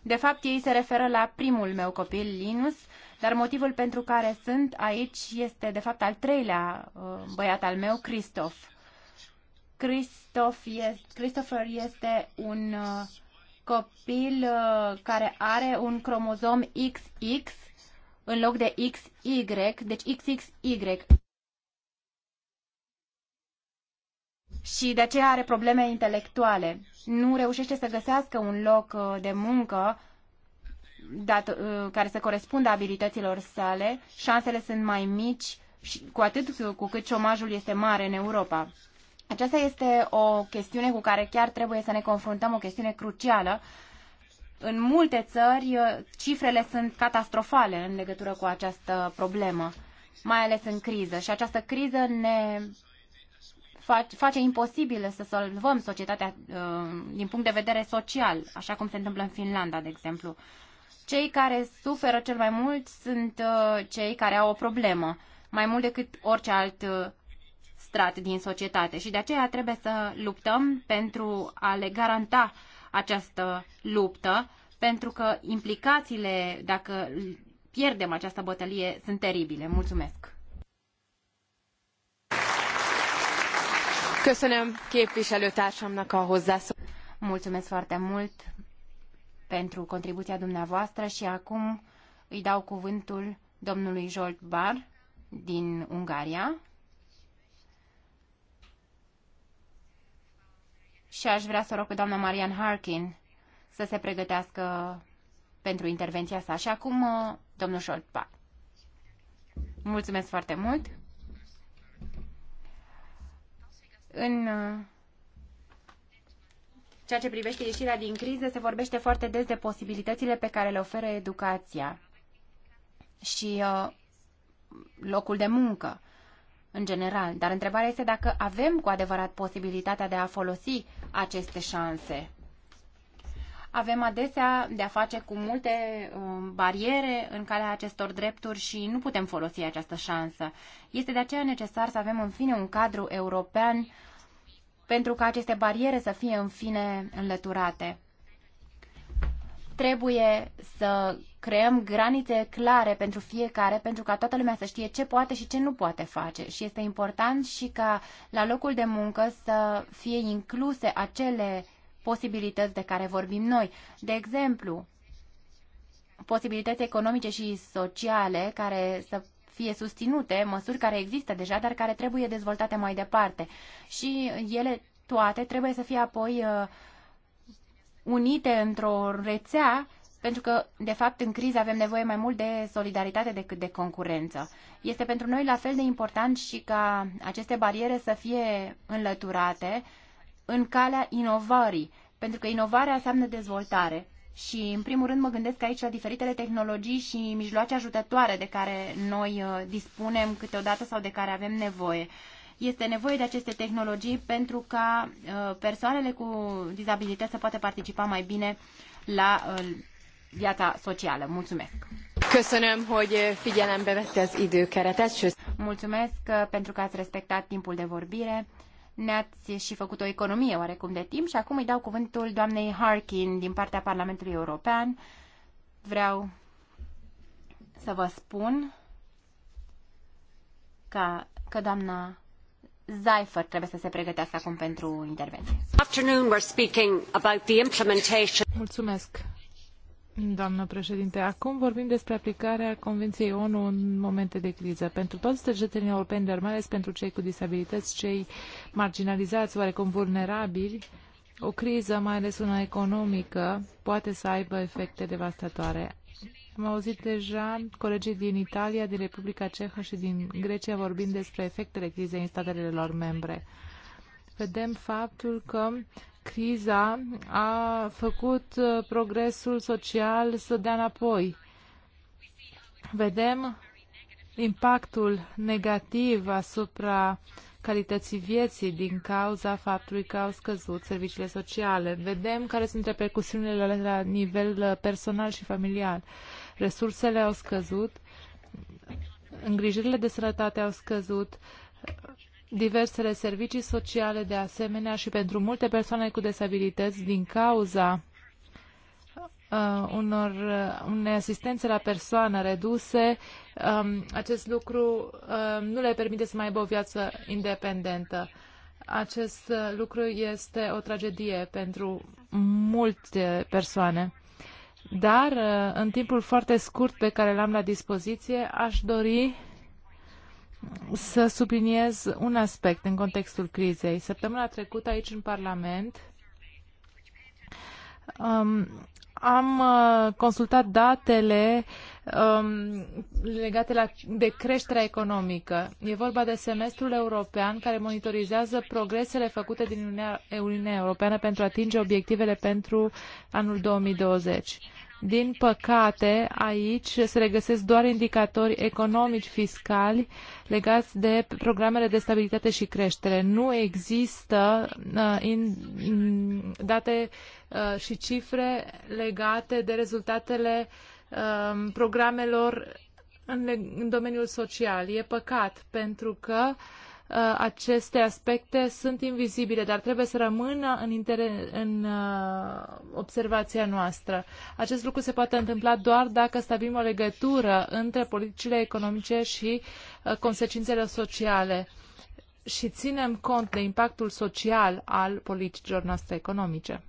De fapt, ei se referă la primul meu copil, Linus, dar motivul pentru care sunt aici este, de fapt, al treilea uh, băiat al meu, Christoph. Christoph este, Christopher este un uh, copil uh, care are un cromozom XX în loc de XY, deci XXY. și de aceea are probleme intelectuale. Nu reușește să găsească un loc uh, de muncă dat, uh, care să corespundă abilităților sale, șansele sunt mai mici, și, cu atât cu cât șomajul este mare în Europa. Aceasta este o chestiune cu care chiar trebuie să ne confruntăm, o chestiune crucială. În multe țări, uh, cifrele sunt catastrofale în legătură cu această problemă, mai ales în criză. Și această criză ne face imposibil să salvăm societatea uh, din punct de vedere social, așa cum se întâmplă în Finlanda, de exemplu. Cei care suferă cel mai mult sunt uh, cei care au o problemă, mai mult decât orice alt uh, strat din societate și de aceea trebuie să luptăm pentru a le garanta această luptă, pentru că implicațiile, dacă pierdem această bătălie, sunt teribile. Mulțumesc! Köszönöm képviselőtársamnak a hozzászólást. Mulțumesc foarte mult pentru contribuția dumneavoastră și acum îi dau cuvântul domnului Jolt Bar din Ungaria. Și aș vrea să rog pe doamna Marian Harkin să se pregătească pentru intervenția sa. Și acum, domnul Jolt Bar. Mulțumesc foarte mult! În uh, ceea ce privește ieșirea din criză, se vorbește foarte des de posibilitățile pe care le oferă educația și uh, locul de muncă în general. Dar întrebarea este dacă avem cu adevărat posibilitatea de a folosi aceste șanse avem adesea de a face cu multe um, bariere în calea acestor drepturi și nu putem folosi această șansă. Este de aceea necesar să avem în fine un cadru european pentru ca aceste bariere să fie în fine înlăturate. Trebuie să creăm granițe clare pentru fiecare, pentru ca toată lumea să știe ce poate și ce nu poate face. Și este important și ca la locul de muncă să fie incluse acele posibilități de care vorbim noi. De exemplu, posibilități economice și sociale care să fie susținute, măsuri care există deja, dar care trebuie dezvoltate mai departe. Și ele toate trebuie să fie apoi uh, unite într-o rețea pentru că, de fapt, în criză avem nevoie mai mult de solidaritate decât de concurență. Este pentru noi la fel de important și ca aceste bariere să fie înlăturate, uh, în calea inovării, pentru că inovarea înseamnă dezvoltare. Și, în primul rând, mă gândesc aici la diferitele tehnologii și mijloace ajutătoare de care noi uh, dispunem câteodată sau de care avem nevoie. Este nevoie de aceste tehnologii pentru ca uh, persoanele cu dizabilități să poată participa mai bine la uh, viața socială. Mulțumesc! Köszönöm, hogy figyelembe vette az időkeretet. Mulțumesc pentru că ați respectat timpul de vorbire. Ne-ați și făcut o economie oarecum de timp și acum îi dau cuvântul doamnei Harkin din partea Parlamentului European. Vreau să vă spun ca, că doamna Zaifer trebuie să se pregătească acum pentru intervenție. Mulțumesc. Doamnă președinte, acum vorbim despre aplicarea Convenției ONU în momente de criză. Pentru toți cetățenii europeni, dar mai ales pentru cei cu disabilități, cei marginalizați, oarecum vulnerabili, o criză, mai ales una economică, poate să aibă efecte devastatoare. Am auzit deja colegii din Italia, din Republica Cehă și din Grecia vorbind despre efectele crizei în statele lor membre. Vedem faptul că criza a făcut uh, progresul social să dea înapoi. Vedem impactul negativ asupra calității vieții din cauza faptului că au scăzut serviciile sociale. Vedem care sunt repercusiunile la nivel uh, personal și familial. Resursele au scăzut, îngrijirile de sănătate au scăzut, diversele servicii sociale de asemenea și pentru multe persoane cu disabilități din cauza uh, unor, uh, unei asistențe la persoană reduse, um, acest lucru uh, nu le permite să mai aibă o viață independentă. Acest uh, lucru este o tragedie pentru multe persoane. Dar, uh, în timpul foarte scurt pe care l-am la dispoziție, aș dori să subliniez un aspect în contextul crizei. Săptămâna trecută aici în Parlament um, am uh, consultat datele um, legate la, de creșterea economică. E vorba de semestrul european care monitorizează progresele făcute din Uniunea, Uniunea Europeană pentru a atinge obiectivele pentru anul 2020. Din păcate, aici se regăsesc doar indicatori economici fiscali legați de programele de stabilitate și creștere. Nu există uh, in, mm, date uh, și cifre legate de rezultatele uh, programelor în, în domeniul social. E păcat pentru că uh, Uh, aceste aspecte sunt invizibile, dar trebuie să rămână în, inter- în uh, observația noastră. Acest lucru se poate întâmpla doar dacă stabilim o legătură între politicile economice și uh, consecințele sociale și ținem cont de impactul social al politicilor noastre economice.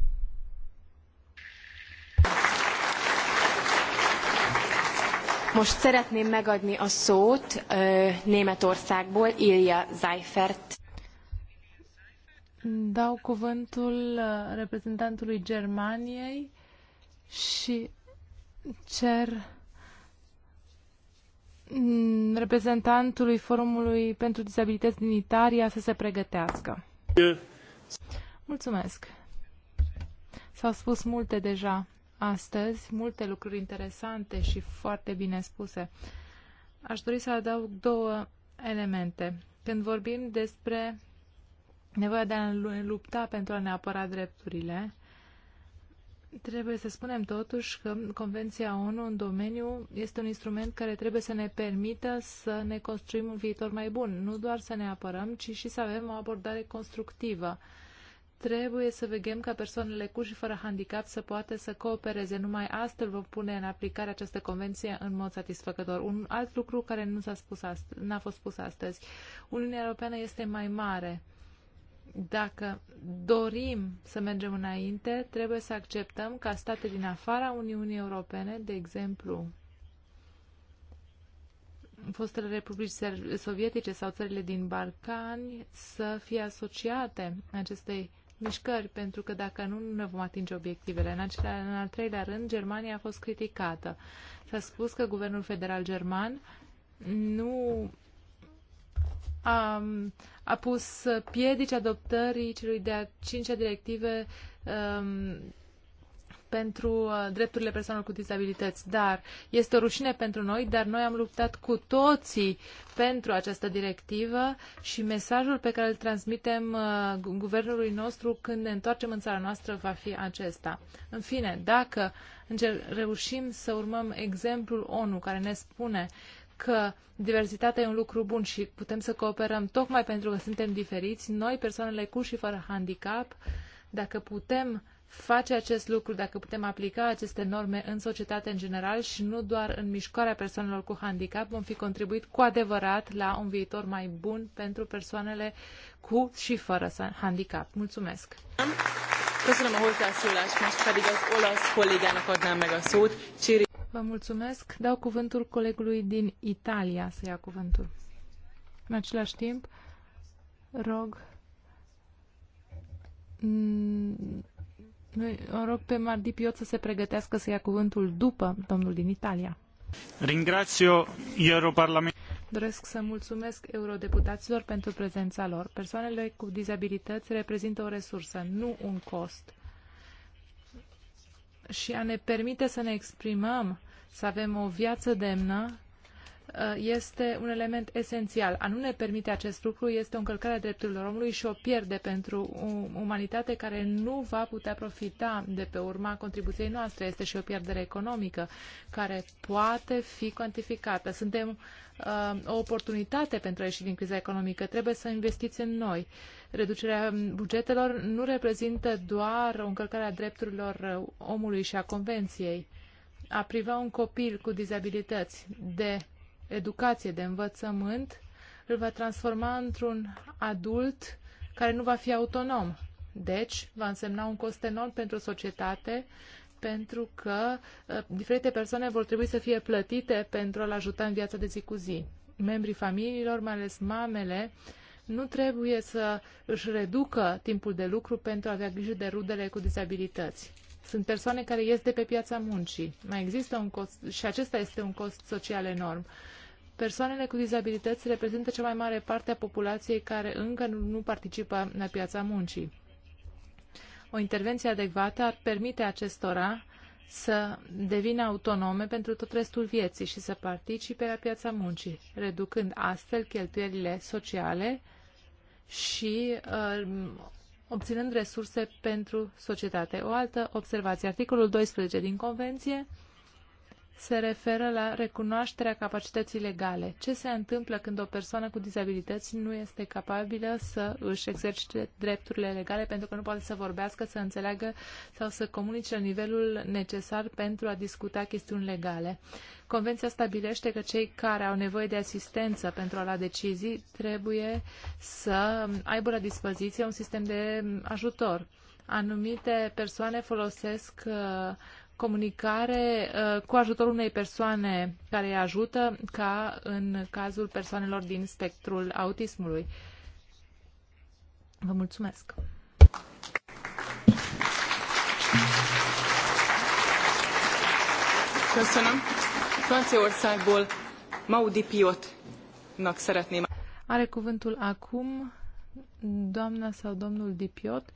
Most szeretném megadni a szót Németországból Ilja Seifert. Dau cuvântul reprezentantului Germaniei și cer mm, reprezentantului Forumului pentru Dizabilități din Italia să se pregătească. Mulțumesc. S-au spus multe deja astăzi multe lucruri interesante și foarte bine spuse. Aș dori să adaug două elemente. Când vorbim despre nevoia de a lupta pentru a ne apăra drepturile, trebuie să spunem totuși că Convenția ONU în domeniu este un instrument care trebuie să ne permită să ne construim un viitor mai bun, nu doar să ne apărăm, ci și să avem o abordare constructivă. Uh, trebuie să vegem ca persoanele cu și fără handicap să poată să coopereze. Numai astfel vom pune în aplicare această convenție în mod satisfăcător. Un alt lucru care nu s-a spus astăzi, n-a fost spus astăzi. Uniunea Europeană este mai mare. Dacă dorim să mergem înainte, trebuie să acceptăm ca state din afara Uniunii Europene, de exemplu, fostele republici sovietice sau țările din Balcani să fie asociate acestei mișcări, pentru că dacă nu, nu ne vom atinge obiectivele. În, acelea, în al treilea rând, Germania a fost criticată. S-a spus că guvernul federal german nu a, a pus piedici adoptării celui de-a cincea directive um, pentru uh, drepturile persoanelor cu dizabilități, dar este o rușine pentru noi, dar noi am luptat cu toții pentru această directivă și mesajul pe care îl transmitem uh, guvernului nostru când ne întoarcem în țara noastră va fi acesta. În fine, dacă reușim să urmăm exemplul ONU care ne spune că diversitatea e un lucru bun și putem să cooperăm tocmai pentru că suntem diferiți, noi, persoanele cu și fără handicap, dacă putem face acest lucru, dacă putem aplica aceste norme în societate în general și nu doar în mișcarea persoanelor cu handicap, vom fi contribuit cu adevărat la un viitor mai bun pentru persoanele cu și fără handicap. Mulțumesc! Köszönöm a most pedig az olasz kollégának adnám meg a szót. Csiri. Vă mulțumesc. Dau cuvântul colegului din Italia să ia cuvântul. În același timp, rog o rog pe Mardi Piot să se pregătească să ia cuvântul după domnul din Italia. Ringrazio Europarlament. Doresc să mulțumesc eurodeputaților pentru prezența lor. Persoanele cu dizabilități reprezintă o resursă, nu un cost. Și a ne permite să ne exprimăm, să avem o viață demnă, Uh, este un element esențial. A nu ne permite acest lucru este o încălcare a drepturilor omului și o pierde pentru o umanitate care nu va putea profita de pe urma contribuției noastre. Este și o pierdere economică care poate fi cuantificată. Suntem uh, o oportunitate pentru a ieși din criza economică. Trebuie să investiți în noi. Reducerea bugetelor nu reprezintă doar o încălcare a drepturilor uh, omului și a convenției a priva un copil cu dizabilități de educație, de învățământ, îl va transforma într-un adult care nu va fi autonom. Deci, va însemna un cost enorm pentru societate, pentru că uh, diferite persoane vor trebui să fie plătite pentru a-l ajuta în viața de zi cu zi. Membrii familiilor, mai ales mamele, nu trebuie să își reducă timpul de lucru pentru a avea grijă de rudele cu dizabilități. Sunt persoane care ies de pe piața muncii. Mai există un cost și acesta este un cost social enorm. Uh, Persoanele cu dizabilități reprezintă cea mai mare parte a populației care încă nu participă la piața muncii. O intervenție adecvată ar permite acestora să devină autonome pentru tot restul vieții și să participe la piața muncii, reducând astfel cheltuielile sociale și uh, obținând resurse pentru societate. O altă observație, articolul 12 din Convenție se referă la recunoașterea capacității legale. Ce se întâmplă când o persoană cu dizabilități nu este capabilă să își exercite drepturile legale pentru că nu poate să vorbească, să înțeleagă sau să comunice la nivelul necesar pentru a discuta chestiuni legale. Convenția stabilește că cei care au nevoie de asistență pentru a lua decizii trebuie să aibă la dispoziție un sistem de ajutor anumite persoane folosesc uh, comunicare uh, cu ajutorul unei persoane care îi ajută, ca în cazul persoanelor din spectrul autismului. Vă mulțumesc! Köszönöm. Franciaországból Maudi Piotnak szeretném. Are cuvântul acum doamna sau domnul Dipiot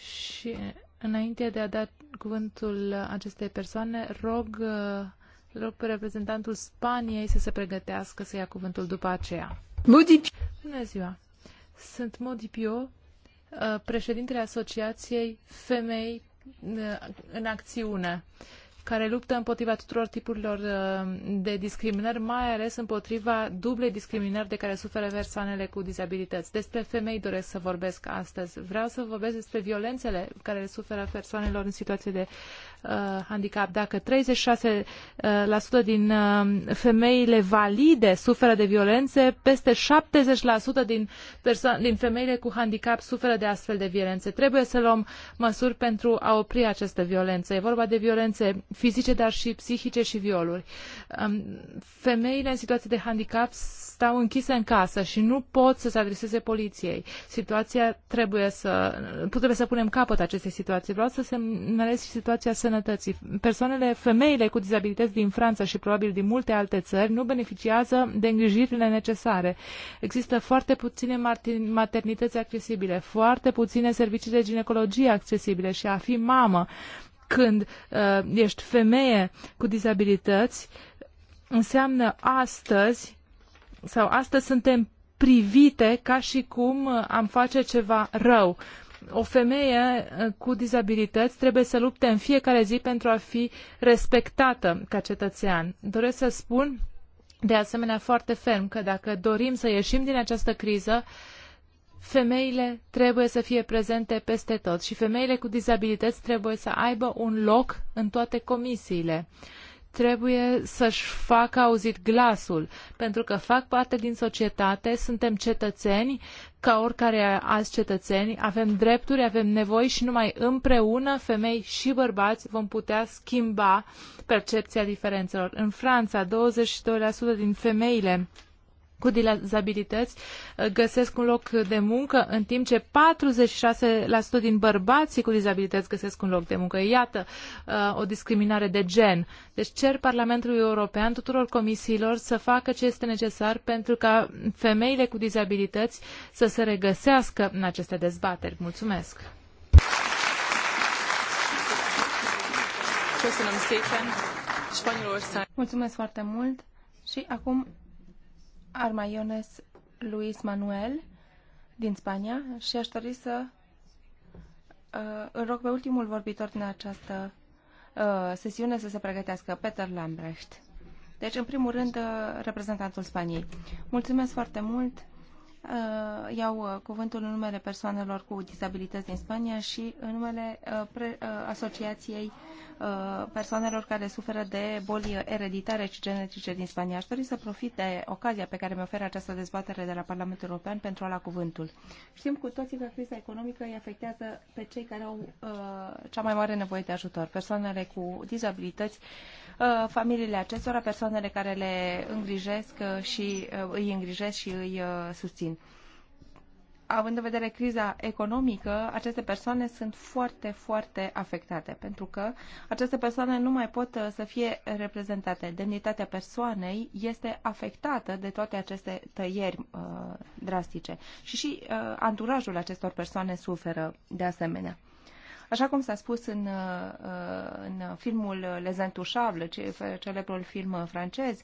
și Înainte de a da cuvântul acestei persoane, rog, uh, rog pe reprezentantul Spaniei să se pregătească să ia cuvântul după aceea. Modi Bună ziua! Sunt Modi Pio, uh, președintele Asociației Femei uh, în Acțiune care luptă împotriva tuturor tipurilor uh, de discriminări, mai ales împotriva dublei discriminări de care suferă persoanele cu dizabilități. Despre femei doresc să vorbesc astăzi. Vreau să vorbesc despre violențele care le suferă persoanelor în situație de uh, handicap. Dacă 36% uh, din uh, femeile valide suferă de violențe, peste 70% din, din femeile cu handicap suferă de astfel de violențe. Trebuie să luăm măsuri pentru a opri aceste violențe. E vorba de violențe fizice, dar și psihice și violuri. Um, femeile în situații de handicap stau închise în casă și nu pot să se adreseze poliției. Situația trebuie să... Trebuie să punem capăt acestei situații. Vreau să semnalez și situația sănătății. Persoanele, femeile cu dizabilități din Franța și probabil din multe alte țări nu beneficiază de îngrijirile necesare. Există foarte puține maternități accesibile, foarte puține servicii de ginecologie accesibile și a fi mamă când uh, ești femeie cu dizabilități înseamnă astăzi sau astăzi suntem privite ca și cum uh, am face ceva rău. O femeie uh, cu dizabilități trebuie să lupte în fiecare zi pentru a fi respectată ca cetățean. Doresc să spun de asemenea foarte ferm că dacă dorim să ieșim din această criză, femeile trebuie să fie prezente peste tot și femeile cu dizabilități trebuie să aibă un loc în toate comisiile. Uh, trebuie să-și facă auzit glasul, pentru că fac parte din societate, suntem cetățeni, ca oricare alți cetățeni, avem drepturi, avem nevoi și numai împreună, femei și bărbați, vom putea schimba percepția diferențelor. În Franța, 22% din femeile cu dizabilități uh, găsesc un loc de muncă, în timp ce 46% din bărbații cu dizabilități găsesc un loc de muncă. Iată uh, o discriminare de gen. Deci cer Parlamentului European, tuturor comisiilor, să facă ce este necesar pentru ca femeile cu dizabilități să se regăsească în aceste dezbateri. Mulțumesc! Mulțumesc foarte mult și acum Armaiones Luis Manuel din Spania și aș dori să uh, îl rog pe ultimul vorbitor din această uh, sesiune să se pregătească, Peter Lambrecht. Deci, în primul rând, uh, reprezentantul Spaniei. Mulțumesc foarte mult! Uh, iau uh, cuvântul în numele persoanelor cu dizabilități din Spania și în numele uh, pre, Asociației Persoanelor care suferă de boli ereditare și genetice din Spania. Aș dori să profit de ocazia pe care mi oferă această dezbatere de la Parlamentul European pentru a lua cuvântul. Știm cu toții că criza economică îi afectează pe cei care au cea mai mare nevoie de ajutor, persoanele cu dizabilități Uh, familiile acestora, persoanele care le îngrijesc uh, și uh, îi îngrijesc și îi susțin. Având în vedere criza economică, aceste persoane sunt foarte, foarte afectate, pentru că aceste persoane nu mai pot să fie reprezentate. Demnitatea persoanei este afectată de toate aceste tăieri uh, drastice și și uh, anturajul acestor persoane suferă de asemenea. Așa cum s-a spus în, uh, în filmul Les Intouchables, celebrul film francez,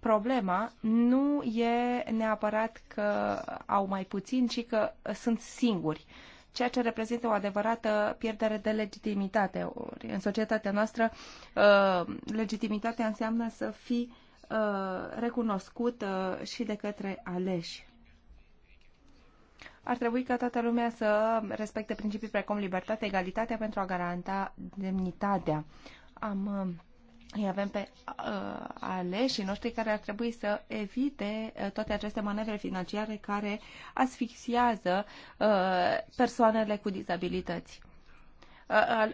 problema nu e neapărat că au mai puțin, ci că sunt singuri ceea ce reprezintă o adevărată pierdere de legitimitate. Ori, în societatea noastră, uh, legitimitatea înseamnă să fii uh, recunoscută și de către aleși ar trebui ca toată lumea să respecte principii precum libertatea, egalitatea pentru a garanta demnitatea. Am, îi avem pe uh, aleșii noștri care ar trebui să evite uh, toate aceste manevre financiare care asfixiază uh, persoanele cu dizabilități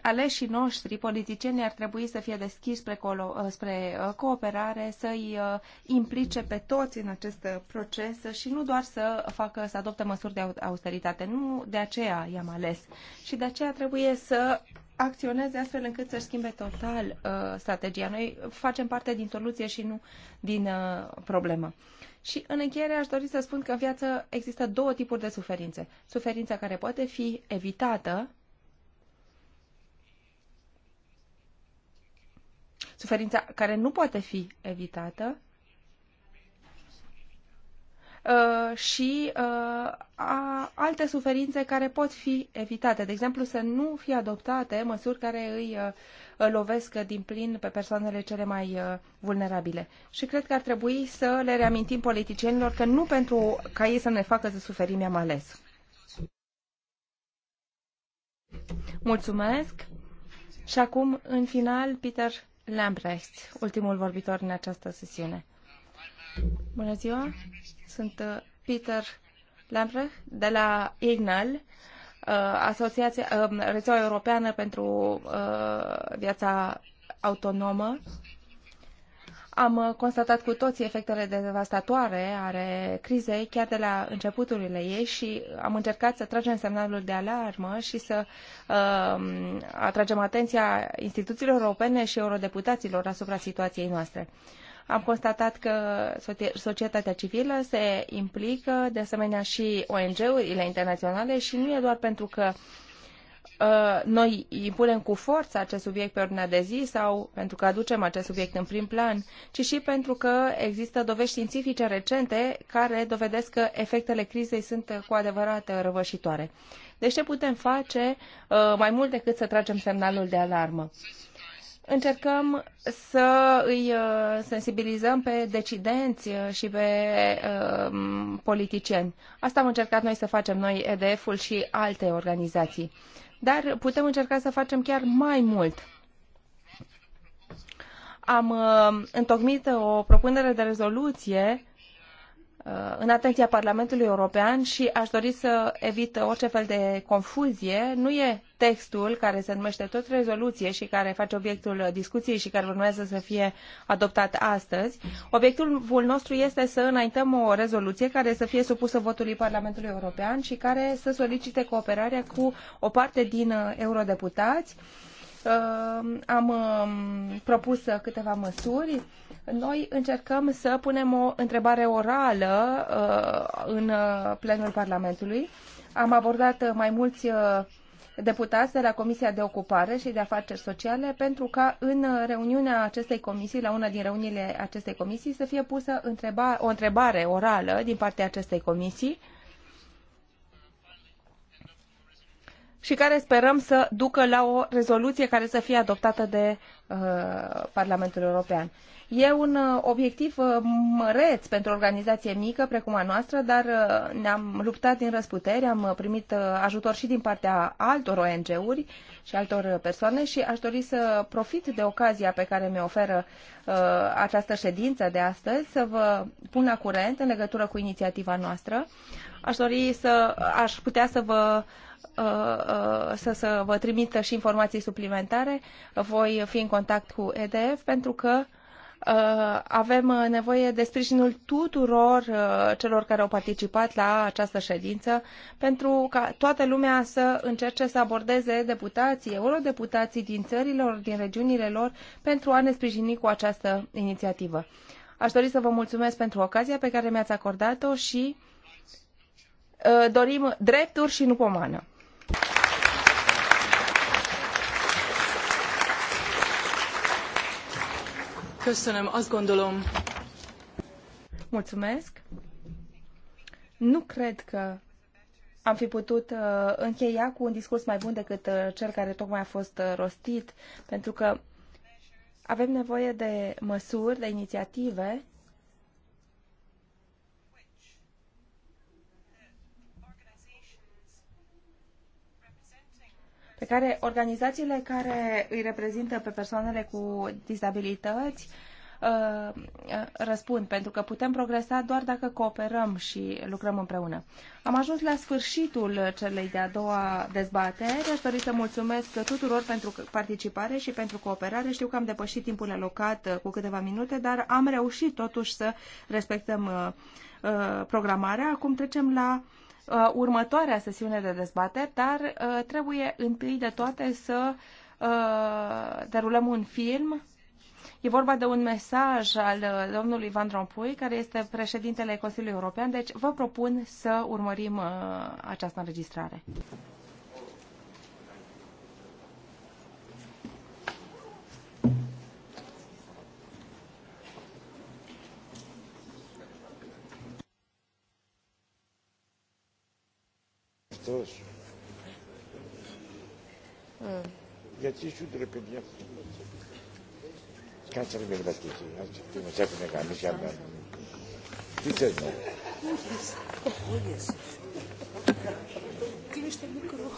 aleșii noștri, politicienii, ar trebui să fie deschiși spre, colo, spre cooperare, să-i implice pe toți în acest proces și nu doar să facă, să adopte măsuri de austeritate. Nu de aceea i-am ales. Și de aceea trebuie să acționeze astfel încât să-și schimbe total uh, strategia. Noi facem parte din soluție și nu din uh, problemă. Și în încheiere aș dori să spun că în viață există două tipuri de suferințe. Suferința care poate fi evitată suferința care nu poate fi evitată uh, și uh, a alte suferințe care pot fi evitate. De exemplu, să nu fie adoptate măsuri care îi uh, lovesc din plin pe persoanele cele mai vulnerabile. Și cred că ar trebui să le reamintim politicienilor că nu pentru ca ei să ne facă să suferim i-am ales. Mulțumesc! Și acum, în final, Peter Lambrecht, ultimul vorbitor în această sesiune. Bună ziua! Sunt uh, Peter Lambrecht de la IGNAL, uh, Asociația, uh, Rețeaua Europeană pentru Viața Autonomă am uh, constatat cu toții efectele devastatoare ale crizei chiar de la începuturile ei și am încercat să tragem semnalul de alarmă și să uh, atragem atenția instituțiilor europene și eurodeputaților asupra situației noastre. Am constatat că societatea civilă se implică, de asemenea și ONG-urile internaționale și nu e doar pentru că Uh, noi impunem cu forță acest subiect pe ordinea de zi sau pentru că aducem acest subiect în prim plan, ci și pentru că există dovești științifice recente care dovedesc că efectele crizei sunt cu adevărat răvășitoare. Deci ce putem face uh, mai mult decât să tragem semnalul de alarmă? Încercăm să îi uh, sensibilizăm pe decidenți și pe uh, politicieni. Asta am încercat noi să facem noi, EDF-ul și alte organizații dar putem încerca să facem chiar mai mult. Am uh, întocmit o propunere de rezoluție în atenția Parlamentului European și aș dori să evit orice fel de confuzie. Nu e textul care se numește tot rezoluție și care face obiectul discuției și care urmează să fie adoptat astăzi. Obiectul nostru este să înaintăm o rezoluție care să fie supusă votului Parlamentului European și care să solicite cooperarea cu o parte din eurodeputați. Uh, am um, propus câteva măsuri noi încercăm să punem o întrebare orală uh, în uh, plenul Parlamentului. Am abordat uh, mai mulți deputați de la Comisia de Ocupare și de Afaceri Sociale pentru ca în reuniunea acestei comisii, la una din reuniile acestei comisii, să fie pusă întreba, o întrebare orală din partea acestei comisii uh, și care sperăm să ducă la o rezoluție care să fie adoptată de uh, Parlamentul European. E un uh, obiectiv uh, măreț pentru o organizație mică precum a noastră, dar uh, ne-am luptat din răsputeri, am uh, primit uh, ajutor și din partea altor ONG-uri și altor uh, persoane și aș dori să profit de ocazia pe care mi-o oferă uh, această ședință de astăzi să vă pun la curent în legătură cu inițiativa noastră. Aș dori să, aș putea să vă Uh, uh, să, să vă trimită și informații suplimentare. Voi fi în contact cu EDF pentru că uh, avem nevoie de sprijinul tuturor celor care au participat la această ședință pentru ca toată lumea să încerce să abordeze deputații, eurodeputații din țărilor, din regiunile lor, pentru a ne sprijini cu această inițiativă. Aș dori să vă mulțumesc pentru ocazia pe care mi-ați acordat-o și dorim drepturi și nu pomană. azt gondolom. Mulțumesc. Nu cred că am fi putut uh, încheia cu un discurs mai bun decât uh, cel care tocmai a fost uh, rostit, pentru că avem nevoie de măsuri, de inițiative pe care organizațiile care îi reprezintă pe persoanele cu dizabilități uh, uh, răspund, pentru că putem progresa doar dacă cooperăm și lucrăm împreună. Am ajuns la sfârșitul celei de-a doua dezbateri. Aș dori să mulțumesc tuturor pentru participare și pentru cooperare. Știu că am depășit timpul alocat uh, cu câteva minute, dar am reușit totuși să respectăm programarea. Acum trecem la uh, următoarea sesiune de dezbateri, dar uh, trebuie întâi de toate să uh, derulăm un film. E vorba de un mesaj al uh, domnului Van Rompuy, care este președintele Consiliului European, deci vă propun să urmărim uh, această înregistrare. αυτός. Mm. Γιατί σου ντρεπε μια αυτή. Κάτσε να μην βαστική. Άσε, τι μας έφυγε κανείς για μένα. Τι θες να Κλείστε μικρό.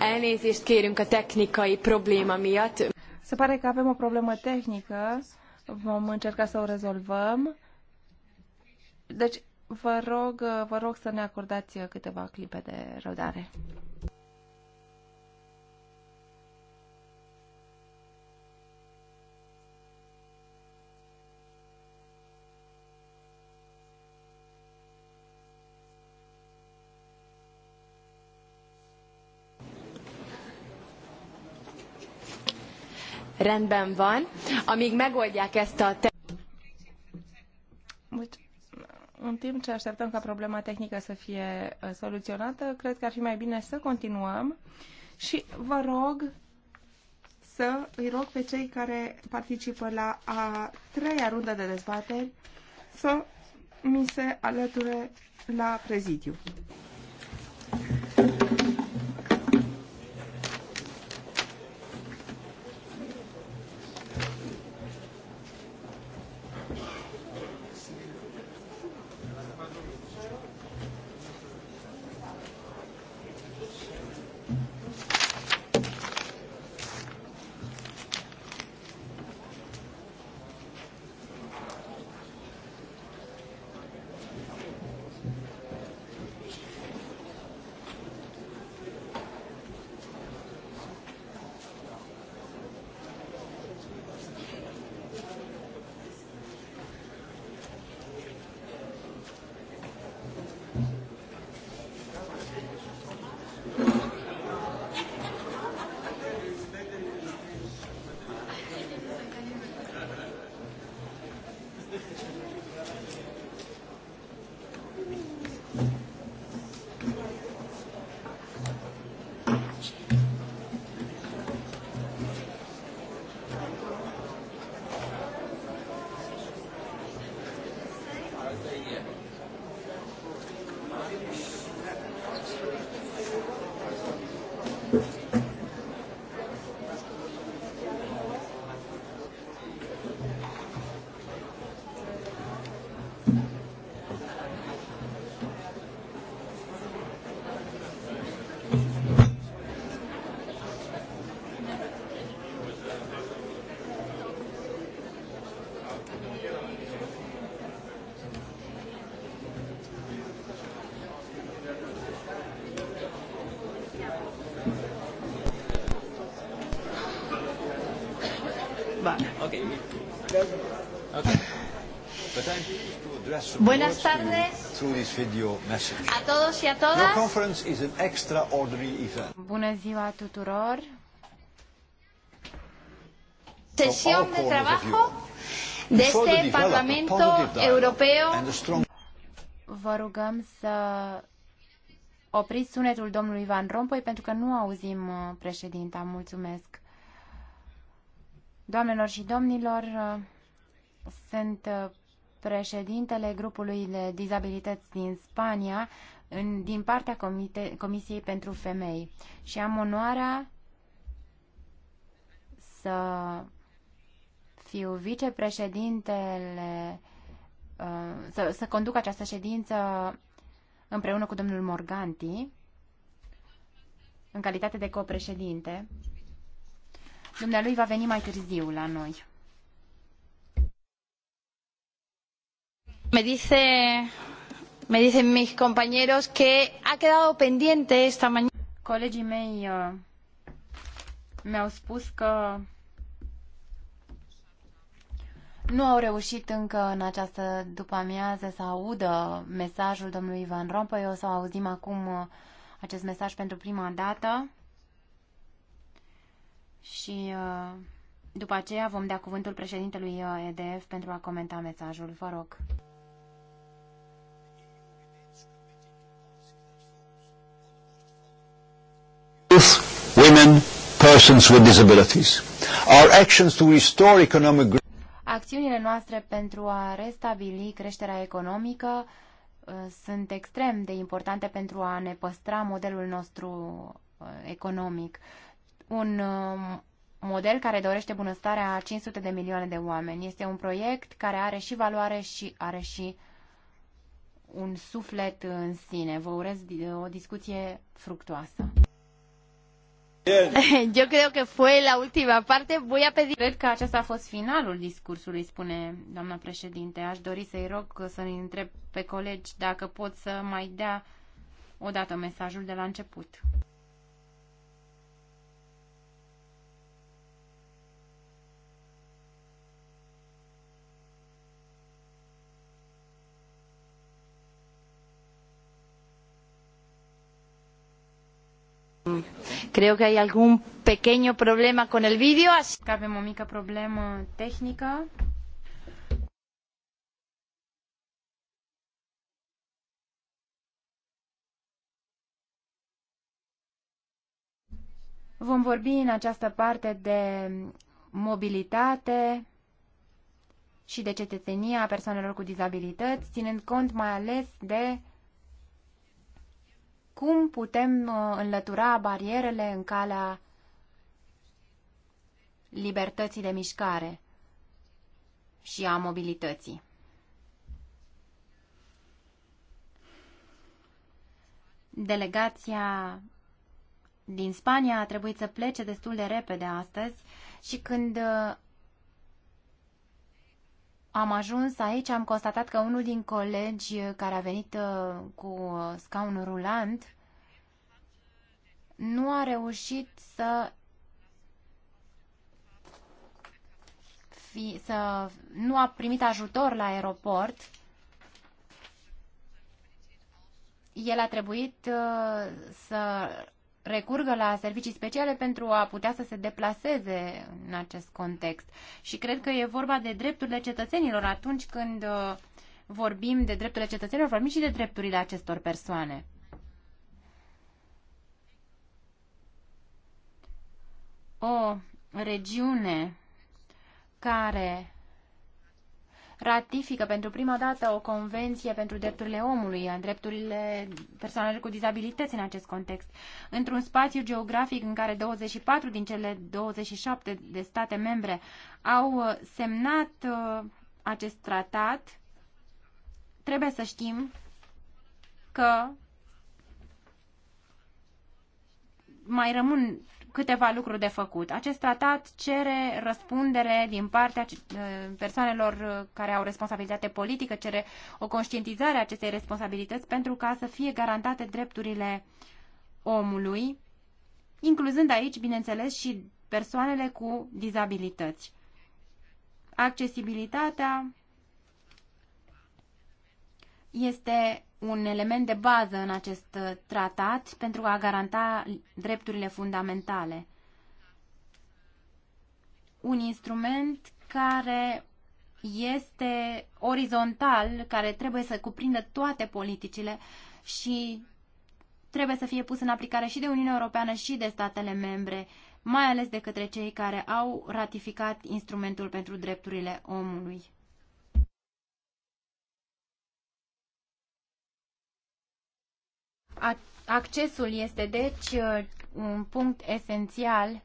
Elnézést kérünk a technikai probléma miatt. Se pare că avem o problemă tehnică. Vom încerca să o rezolvăm. Deci, vă rog, vă rog să ne acordați câteva clipe de răbdare. rendben van. Amíg megoldják ezt a... Te- în timp ce așteptăm ca problema tehnică să fie uh, soluționată, cred că ar fi mai bine să continuăm și vă rog să îi rog pe cei care participă la a treia rundă de dezbateri să mi se alăture la prezidiu. Buenas tardes a todos y a todas. Buenas conference a tuturor. Sesión de trabajo de este Parlamento Europeo. Vă rugăm să opriți sunetul domnului Van Rompuy pentru că nu auzim uh, președinta. Mulțumesc. Doamnelor și domnilor, uh, sunt uh, președintele grupului de dizabilități din Spania în, din partea Comite, Comisiei pentru Femei și am onoarea să fiu vicepreședintele, uh, să, să conduc această ședință împreună cu domnul Morganti în calitate de copreședinte. Dumnealui va veni mai târziu la noi. Me dice, me dicen mis compañeros que ha quedado pendiente esta mañana. Colegii mei uh, mi-au spus că nu au reușit încă în această după-amiază să audă mesajul domnului Ivan Rompuy. O să auzim acum uh, acest mesaj pentru prima dată și uh, după aceea vom da cuvântul președintelui uh, EDF pentru a comenta mesajul. Vă rog. persons with disabilities. Our actions to restore economic growth Acțiunile noastre pentru a restabili creșterea economică uh, sunt extrem de importante pentru a ne păstra modelul nostru uh, economic. Un um, model care dorește bunăstarea a 500 de milioane de oameni. Este un proiect care are și valoare și are și un suflet în sine. Vă urez o discuție fructuoasă. Eu cred că fue la ultima parte. Voi a Cred că acesta a fost finalul discursului, spune doamna președinte. Aș dori să-i rog să-i întreb pe colegi dacă pot să mai dea odată mesajul de la început. Cred că hay algún pequeño problema con el video. Că avem o mică problemă tehnică. Vom vorbi în această parte de mobilitate și de cetățenia a persoanelor cu dizabilități, ținând cont mai ales de cum putem uh, înlătura barierele în calea libertății de mișcare și a mobilității. Delegația din Spania a trebuit să plece destul de repede astăzi și când uh, am ajuns aici, am constatat că unul din colegi care a venit uh, cu scaun rulant nu a reușit să fi, să nu a primit ajutor la aeroport. El a trebuit uh, să recurgă la servicii speciale pentru a putea să se deplaseze în acest context. Și cred că e vorba de drepturile cetățenilor atunci când uh, vorbim de drepturile cetățenilor, vorbim și de drepturile acestor persoane. O regiune care ratifică pentru prima dată o convenție pentru drepturile omului, drepturile persoanelor cu dizabilități în acest context. Într-un spațiu geografic în care 24 din cele 27 de state membre au uh, semnat uh, acest tratat, trebuie să știm că mai rămân câteva lucruri de făcut. Acest tratat cere răspundere din partea uh, persoanelor uh, care au responsabilitate politică, cere o conștientizare a acestei responsabilități pentru ca să fie garantate drepturile omului, incluzând aici, bineînțeles, și persoanele cu dizabilități. Accesibilitatea este un element de bază în acest uh, tratat pentru a garanta drepturile fundamentale. Un instrument care este orizontal, care trebuie să cuprindă toate politicile și trebuie să fie pus în aplicare și de Uniunea Europeană și de statele membre, mai ales de către cei care au ratificat instrumentul pentru drepturile omului. Accesul este deci uh, un punct esențial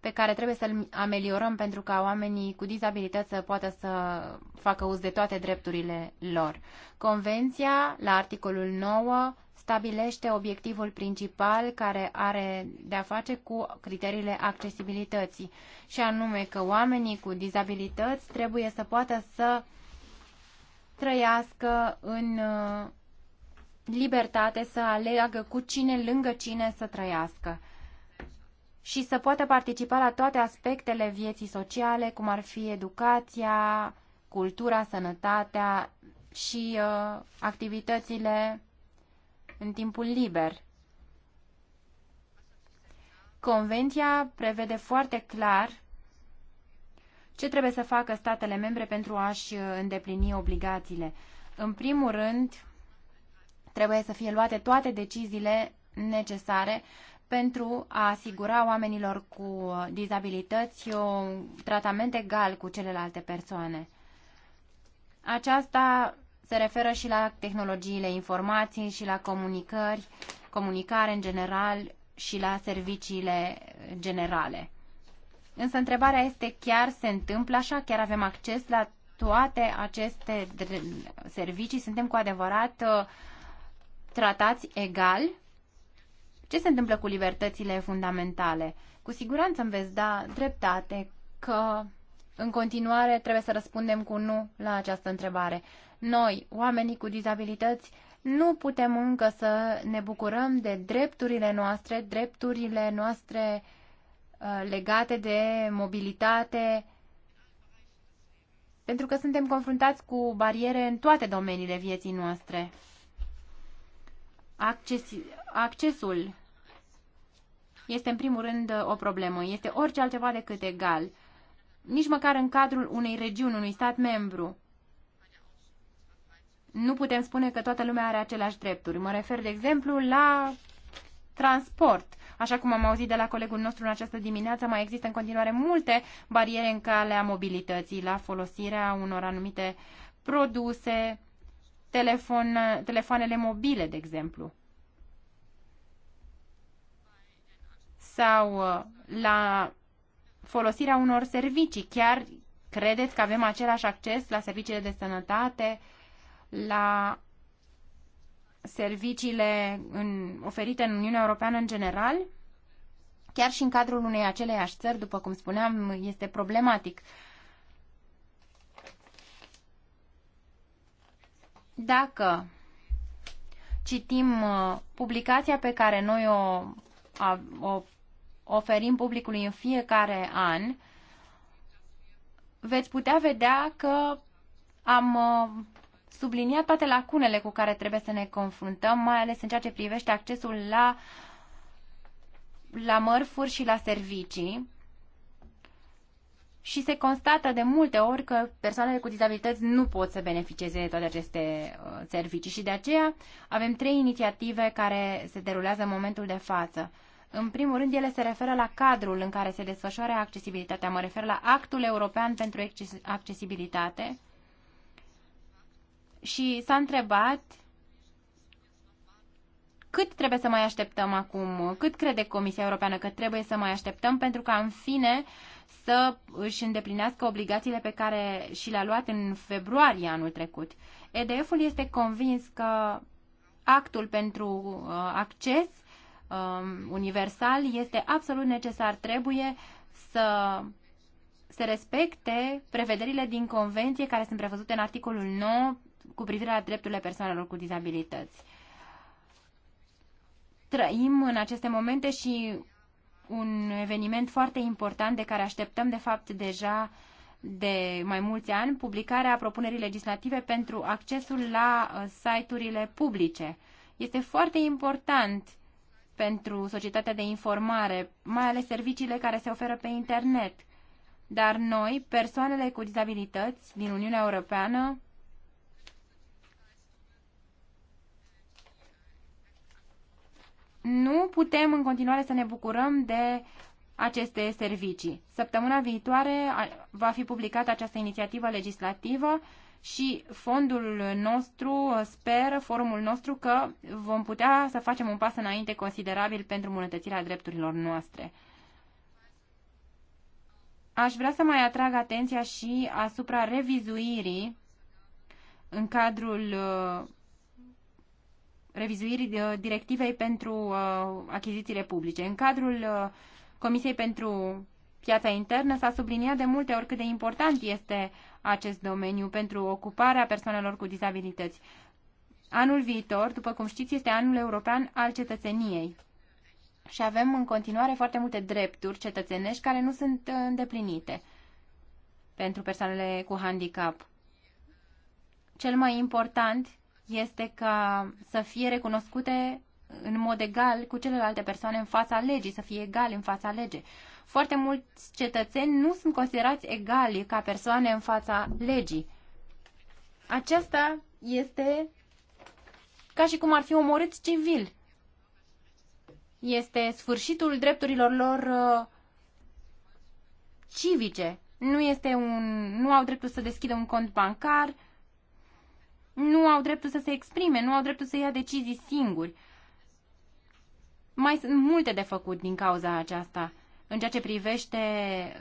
pe care trebuie să-l ameliorăm pentru ca oamenii cu dizabilități să poată să facă uz de toate drepturile lor. Convenția, la articolul 9, stabilește obiectivul principal care are de-a face cu criteriile accesibilității, și anume că oamenii cu dizabilități trebuie să poată să trăiască în uh, libertate să aleagă cu cine, lângă cine să trăiască și să poată participa la toate aspectele vieții sociale, cum ar fi educația, cultura, sănătatea și uh, activitățile în timpul liber. Convenția prevede foarte clar ce trebuie să facă statele membre pentru a-și uh, îndeplini obligațiile. În primul rând, Trebuie să fie luate toate deciziile necesare pentru a asigura oamenilor cu dizabilități un tratament egal cu celelalte persoane. Aceasta se referă și la tehnologiile informației și la comunicări, comunicare în general și la serviciile generale. Însă întrebarea este chiar se întâmplă așa? Chiar avem acces la toate aceste servicii? Suntem cu adevărat uh, tratați egal? Ce se întâmplă cu libertățile fundamentale? Cu siguranță îmi veți da dreptate că în continuare trebuie să răspundem cu nu la această întrebare. Noi, oamenii cu dizabilități, nu putem încă să ne bucurăm de drepturile noastre, drepturile noastre uh, legate de mobilitate, pentru că suntem confruntați cu bariere în toate domeniile vieții noastre accesi, accesul este în primul rând o problemă. Este orice altceva decât egal. Nici măcar în cadrul unei regiuni, unui stat membru. Nu putem spune că toată lumea are aceleași drepturi. Mă refer, de exemplu, la transport. Așa cum am auzit de la colegul nostru în această dimineață, mai există în continuare multe bariere în calea mobilității, la folosirea unor anumite produse, telefon, telefoanele mobile, de exemplu. Sau uh, la folosirea unor servicii. Chiar credeți că avem același acces la serviciile de sănătate, la serviciile în, oferite în Uniunea Europeană în general? Chiar și în cadrul unei aceleiași țări, după cum spuneam, este problematic. Dacă citim uh, publicația pe care noi o, o oferim publicului în fiecare an, veți putea vedea că am uh, subliniat toate lacunele cu care trebuie să ne confruntăm, mai ales în ceea ce privește accesul la, la mărfuri și la servicii și se constată de multe ori că persoanele cu dizabilități nu pot să beneficieze de toate aceste uh, servicii și de aceea avem trei inițiative care se derulează în momentul de față. În primul rând, ele se referă la cadrul în care se desfășoară accesibilitatea. Mă refer la Actul European pentru Accesibilitate. Și s-a întrebat cât trebuie să mai așteptăm acum? Cât crede Comisia Europeană că trebuie să mai așteptăm pentru ca în fine să își îndeplinească obligațiile pe care și le-a luat în februarie anul trecut? EDF-ul este convins că actul pentru uh, acces um, universal este absolut necesar. Trebuie să se respecte prevederile din convenție care sunt prevăzute în articolul 9 cu privire la drepturile persoanelor cu dizabilități trăim în aceste momente și un eveniment foarte important de care așteptăm de fapt deja de mai mulți ani, publicarea propunerii legislative pentru accesul la uh, site-urile publice. Este foarte important pentru societatea de informare, mai ales serviciile care se oferă pe internet. Dar noi, persoanele cu dizabilități din Uniunea Europeană, nu putem în continuare să ne bucurăm de aceste servicii. Săptămâna viitoare va fi publicată această inițiativă legislativă și fondul nostru, sper, forumul nostru, că vom putea să facem un pas înainte considerabil pentru îmbunătățirea drepturilor noastre. Aș vrea să mai atrag atenția și asupra revizuirii în cadrul uh, revizuirii uh, directivei pentru uh, achizițiile publice. În cadrul uh, Comisiei pentru Piața Internă s-a subliniat de multe ori cât de important este acest domeniu pentru ocuparea persoanelor cu dizabilități. Anul viitor, după cum știți, este anul european al cetățeniei. Și avem în continuare foarte multe drepturi cetățenești care nu sunt îndeplinite pentru persoanele cu handicap. Cel mai important este ca să fie recunoscute în mod egal cu celelalte persoane în fața legii, să fie egali în fața legii. Foarte mulți cetățeni nu sunt considerați egali ca persoane în fața legii. Aceasta este ca și cum ar fi omorât civil. Este sfârșitul drepturilor lor uh, civice. Nu, este un, nu au dreptul să deschidă un cont bancar, nu au dreptul să se exprime, nu au dreptul să ia decizii singuri. Mai sunt multe de făcut din cauza aceasta în ceea ce privește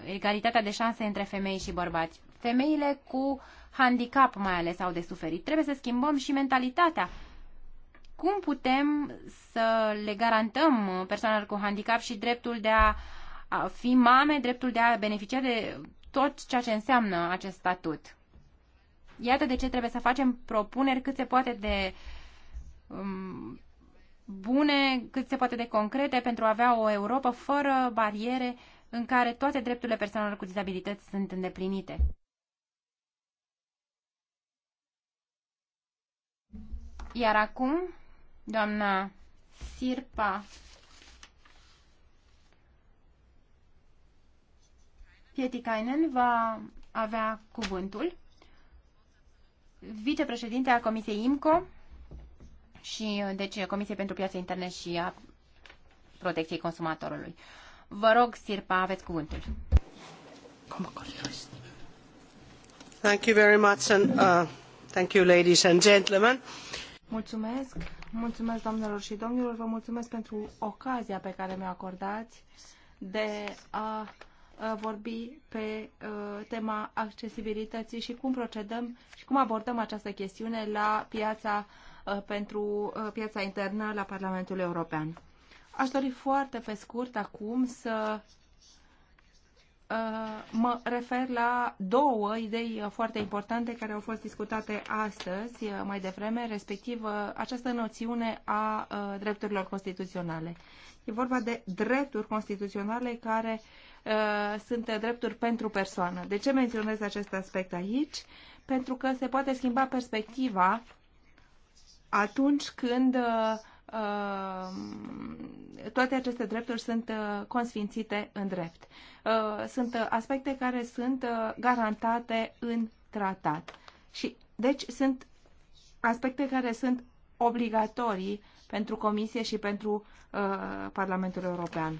egalitatea de șanse între femei și bărbați. Femeile cu handicap mai ales au de suferit. Trebuie să schimbăm și mentalitatea. Cum putem să le garantăm persoanelor cu handicap și dreptul de a fi mame, dreptul de a beneficia de tot ceea ce înseamnă acest statut? Iată de ce trebuie să facem propuneri cât se poate de um, bune, cât se poate de concrete pentru a avea o Europa fără bariere în care toate drepturile persoanelor cu dizabilități sunt îndeplinite. Iar acum, doamna Sirpa Pietikainen va avea cuvântul vicepreședinte a Comisiei IMCO și deci Comisiei pentru Piața Interne și a Protecției Consumatorului. Vă rog, Sirpa, aveți cuvântul. Thank you very much and uh, thank you ladies and gentlemen. Mulțumesc, mulțumesc doamnelor și domnilor, vă mulțumesc pentru ocazia pe care mi-o acordați de a vorbi pe tema accesibilității și cum procedăm și cum abordăm această chestiune la piața pentru piața internă la Parlamentul European. Aș dori foarte pe scurt acum să mă refer la două idei foarte importante care au fost discutate astăzi, mai devreme, respectiv această noțiune a drepturilor constituționale. E vorba de drepturi constituționale care Uh, sunt drepturi pentru persoană. De ce menționez acest aspect aici? Pentru că se poate schimba perspectiva atunci când uh, uh, toate aceste drepturi sunt consfințite în drept. Sunt aspecte care sunt garantate în tratat. Și, deci, sunt aspecte care sunt obligatorii pentru Comisie și pentru Parlamentul European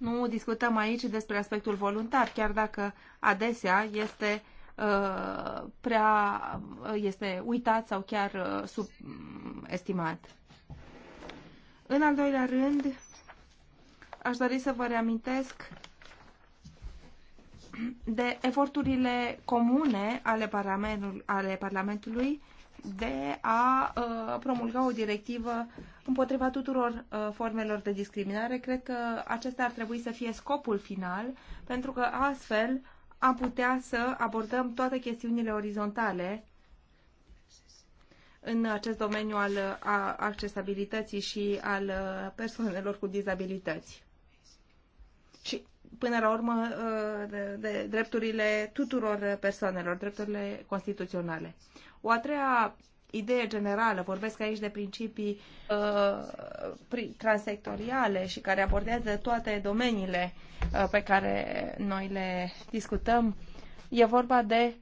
nu discutăm aici despre aspectul voluntar, chiar dacă adesea este uh, prea uh, este uitat sau chiar uh, subestimat. În al doilea rând, aș dori să vă reamintesc de eforturile comune ale, ale Parlamentului de a uh, promulga o directivă împotriva tuturor uh, formelor de discriminare. Cred că acesta ar trebui să fie scopul final, pentru că astfel am putea să abordăm toate chestiunile orizontale în acest domeniu al accesibilității și al uh, persoanelor cu dizabilități. Și până la urmă de, de drepturile tuturor persoanelor, drepturile constituționale. O a treia idee generală, vorbesc aici de principii uh, transectoriale și care abordează toate domeniile uh, pe care noi le discutăm, e vorba de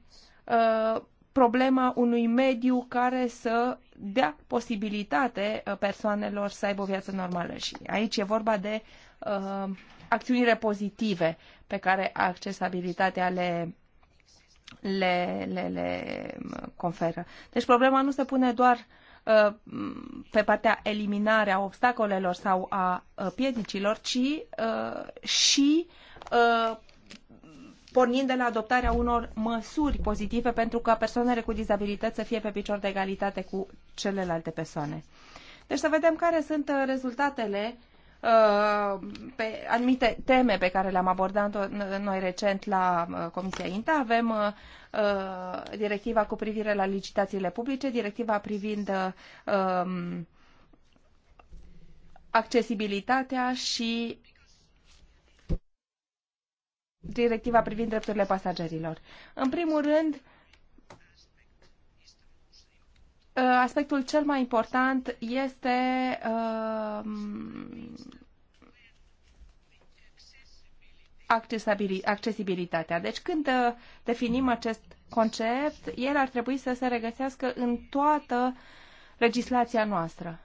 uh, problema unui mediu care să dea posibilitate uh, persoanelor să aibă o viață normală. Și aici e vorba de uh, acțiunile pozitive pe care accesabilitatea le le, le, le conferă. Deci problema nu se pune doar uh, pe partea eliminarea obstacolelor sau a uh, piedicilor, ci uh, și uh, pornind de la adoptarea unor măsuri pozitive pentru ca persoanele cu dizabilități să fie pe picior de egalitate cu celelalte persoane. Deci să vedem care sunt rezultatele Uh, pe anumite teme pe care le-am abordat noi recent la uh, Comisia INTA. Avem uh, directiva cu privire la licitațiile publice, directiva privind um, accesibilitatea și directiva privind drepturile pasagerilor. În primul rând, Uh, aspectul cel mai important este uh, accesibilitatea. Deci când uh, definim acest concept, el ar trebui să se regăsească în toată legislația noastră.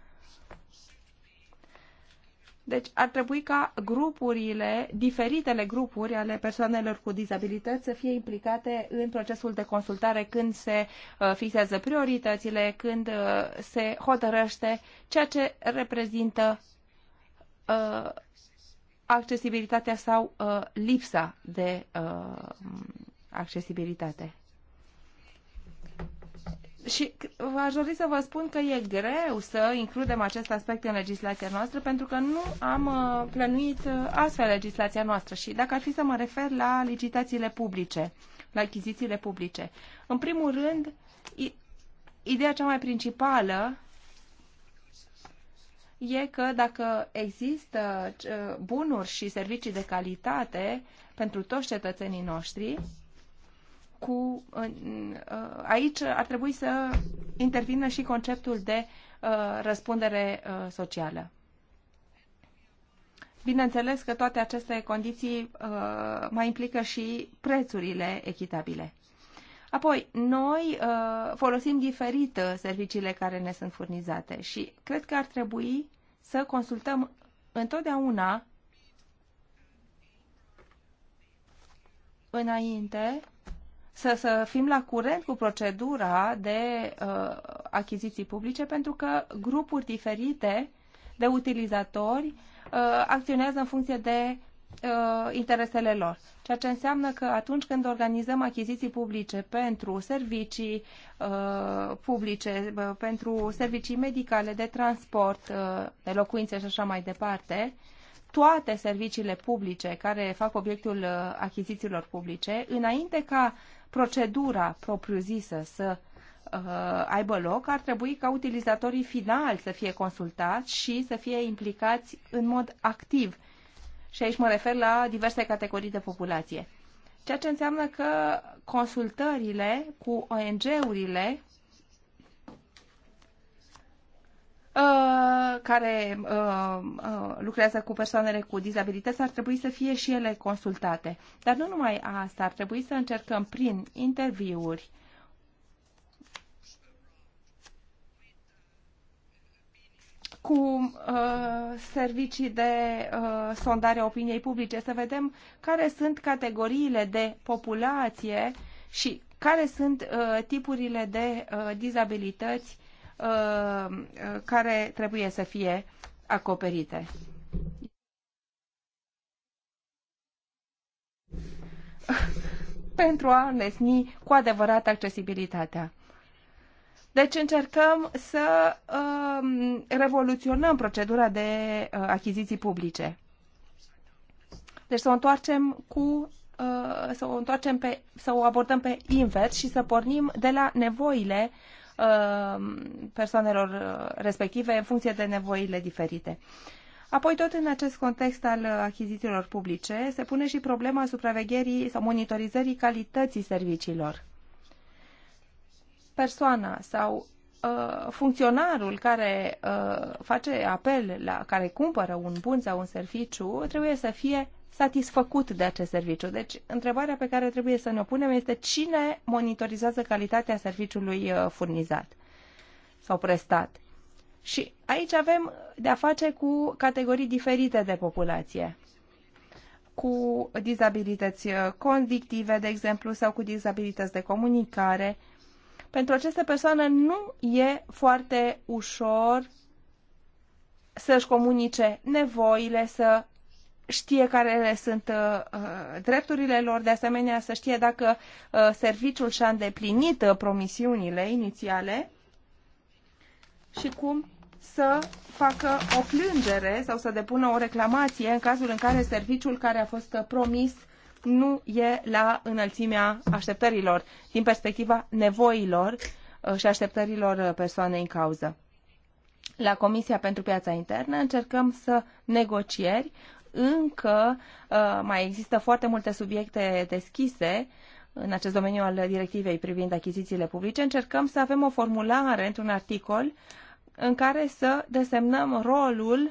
Deci ar trebui ca grupurile, diferitele grupuri ale persoanelor cu dizabilități să fie implicate în procesul de consultare când se uh, fixează prioritățile, când uh, se hotărăște ceea ce reprezintă uh, accesibilitatea sau lipsa de accesibilitate și aș dori să vă spun că e greu să includem acest aspect în legislația noastră pentru că nu am uh, plănuit uh, astfel legislația noastră și dacă ar fi să mă refer la licitațiile publice, la achizițiile publice. În primul rând, ideea cea mai principală e că dacă există uh, bunuri și servicii de calitate pentru toți cetățenii noștri, cu. Uh, aici ar trebui să intervină și conceptul de uh, răspundere uh, socială. Bineînțeles că toate aceste condiții uh, mai implică și prețurile echitabile. Apoi, noi uh, folosim diferit serviciile care ne sunt furnizate și cred că ar trebui să consultăm întotdeauna înainte să, să fim la curent cu procedura de uh, achiziții publice, pentru că grupuri diferite de utilizatori uh, acționează în funcție de uh, interesele lor. Ceea ce înseamnă că atunci când organizăm achiziții publice pentru servicii uh, publice, uh, pentru servicii medicale, de transport, uh, de locuințe și așa mai departe, toate serviciile publice care fac obiectul uh, achizițiilor publice, înainte ca procedura propriu-zisă să uh, aibă loc, ar trebui ca utilizatorii finali să fie consultați și să fie implicați în mod activ. Și aici mă refer la diverse categorii de populație. Ceea ce înseamnă că consultările cu ONG-urile Uh, care uh, uh, lucrează cu persoanele cu dizabilități ar trebui să fie și ele consultate. Dar nu numai asta, ar trebui să încercăm prin interviuri cu uh, servicii de uh, sondare a opiniei publice, să vedem care sunt categoriile de populație și care sunt uh, tipurile de uh, dizabilități Uh, uh, care trebuie să fie acoperite. *laughs* pentru a îndesni cu adevărat accesibilitatea. Deci încercăm să uh, revoluționăm procedura de uh, achiziții publice. Deci să o întoarcem cu uh, să o întoarcem pe, să o abordăm pe invers și să pornim de la nevoile Uh, persoanelor uh, respective în funcție de nevoile diferite. Apoi, tot în acest context al uh, achizițiilor publice, se pune și problema supravegherii sau monitorizării calității serviciilor. Persoana sau uh, funcționarul care uh, face apel la care cumpără un bun sau un serviciu trebuie să fie satisfăcut de acest serviciu. Deci, întrebarea pe care trebuie să ne o punem este cine monitorizează calitatea serviciului uh, furnizat sau prestat. Și aici avem de-a face cu categorii diferite de populație cu dizabilități uh, convictive, de exemplu, sau cu dizabilități de comunicare. Pentru aceste persoane nu e foarte ușor să-și comunice nevoile, să știe care sunt uh, uh, drepturile lor, de asemenea să știe dacă uh, serviciul și-a îndeplinit uh, promisiunile inițiale și cum să facă o plângere sau să depună o reclamație în cazul în care serviciul care a fost uh, promis nu e la înălțimea așteptărilor din perspectiva nevoilor uh, și așteptărilor persoanei în cauză. La Comisia pentru Piața Internă încercăm să negocieri încă uh, mai există foarte multe subiecte deschise în acest domeniu al directivei privind achizițiile publice, încercăm să avem o formulare într-un articol în care să desemnăm rolul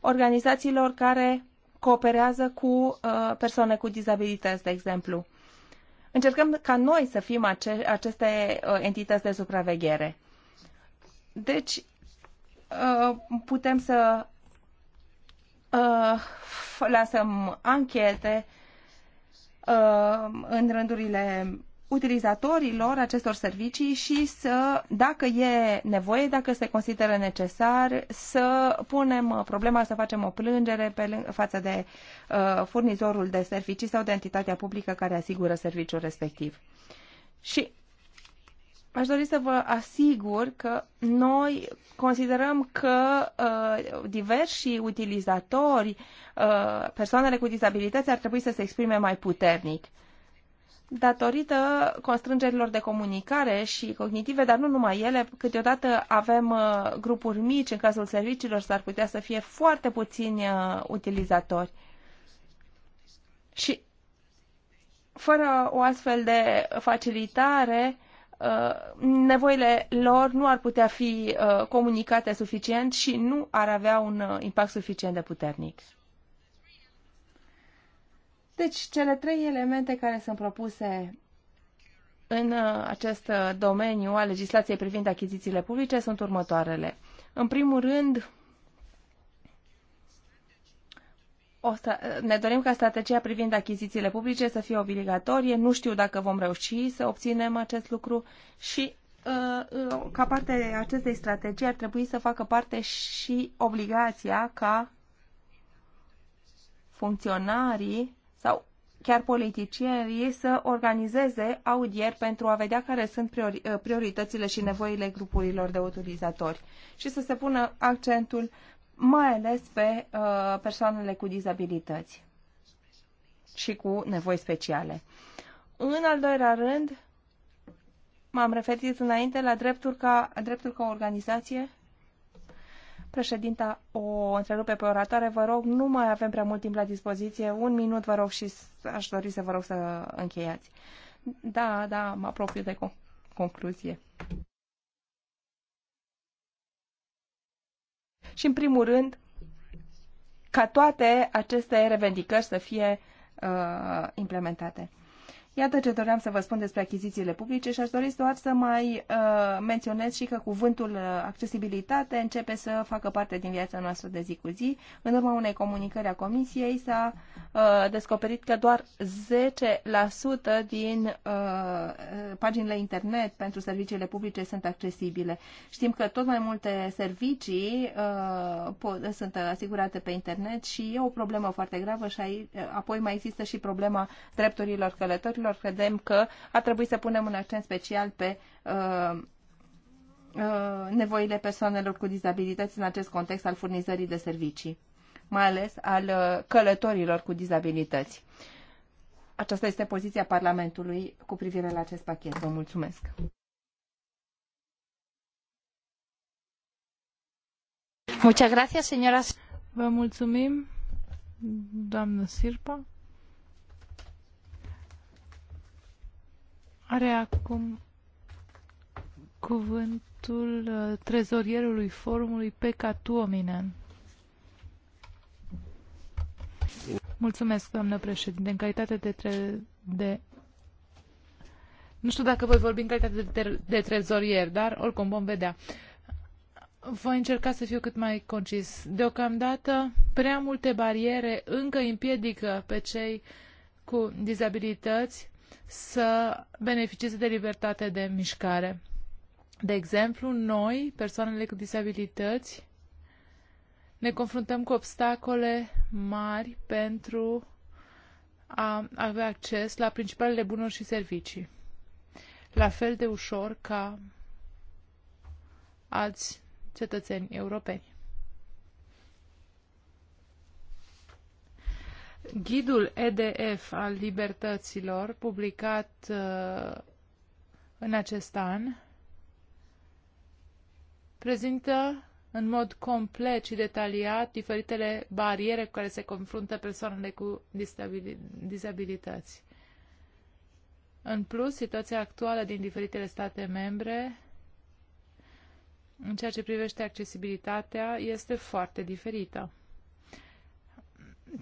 organizațiilor care cooperează cu uh, persoane cu dizabilități, de exemplu. Încercăm ca noi să fim ace- aceste uh, entități de supraveghere. Deci, putem să Uh, lansăm anchete uh, în rândurile utilizatorilor acestor servicii și să, dacă e nevoie, dacă se consideră necesar, să punem problema, să facem o plângere pe, față de uh, furnizorul de servicii sau de entitatea publică care asigură serviciul respectiv. Și aș dori să vă asigur că noi considerăm că uh, diversi utilizatori, uh, persoanele cu dizabilități ar trebui să se exprime mai puternic. Datorită constrângerilor de comunicare și cognitive, dar nu numai ele, câteodată avem uh, grupuri mici, în cazul serviciilor s-ar putea să fie foarte puțini uh, utilizatori. Și fără o astfel de facilitare, Uh, nevoile lor nu ar putea fi uh, comunicate suficient și nu ar avea un uh, impact suficient de puternic. Deci, cele trei elemente care sunt propuse în acest domeniu al legislației privind achizițiile publice sunt următoarele. În primul rând, o ne dorim ca strategia privind achizițiile publice să fie obligatorie. Nu știu dacă vom reuși să obținem acest lucru și uh, uh, ca parte a acestei strategii ar trebui să facă parte și obligația ca funcționarii sau chiar politicienii să organizeze audieri pentru a vedea care sunt priori, uh, prioritățile și nevoile grupurilor de utilizatori și să se pună accentul mai ales pe uh, persoanele cu dizabilități și cu nevoi speciale. În al doilea rând, m-am referit înainte la dreptul ca, dreptul ca organizație. Președinta o întrerupe pe oratoare. Vă rog, nu mai avem prea mult timp la dispoziție. Un minut, vă rog, și aș dori să vă rog să încheiați. Da, da, mă apropiu de concluzie. și, în primul rând, ca toate aceste revendicări să fie uh, implementate. Iată ce doream să vă spun despre achizițiile publice și aș dori doar să mai uh, menționez și că cuvântul uh, accesibilitate începe să facă parte din viața noastră de zi cu zi. În urma unei comunicări a Comisiei s-a uh, descoperit că doar 10% din uh, paginile internet pentru serviciile publice sunt accesibile. Știm că tot mai multe servicii uh, sunt asigurate pe internet și e o problemă foarte gravă și uh, apoi mai există și problema drepturilor călătorilor lucrătorilor, credem că ar trebui să punem un accent special pe uh, uh, nevoile persoanelor cu dizabilități în acest context al furnizării de servicii, mai ales al uh, călătorilor cu dizabilități. Aceasta este poziția Parlamentului cu privire la acest pachet. Vă mulțumesc! Vă mulțumim, doamnă Sirpa. Are acum cuvântul uh, trezorierului forumului Peca Tuominen. Mulțumesc, doamnă președinte. În calitate de, tre- de... Nu știu dacă voi vorbi în calitate de, tre- de trezorier, dar oricum vom vedea. Voi încerca să fiu cât mai concis. Deocamdată, prea multe bariere încă împiedică pe cei cu dizabilități să beneficieze de libertate de mișcare. De exemplu, noi, persoanele cu disabilități, ne confruntăm cu obstacole mari pentru a avea acces la principalele bunuri și servicii. La fel de ușor ca alți cetățeni europeni. Ghidul EDF al libertăților, publicat uh, în acest an, prezintă în mod complet și detaliat diferitele bariere cu care se confruntă persoanele cu dizabilități. În plus, situația actuală din diferitele state membre în ceea ce privește accesibilitatea este foarte diferită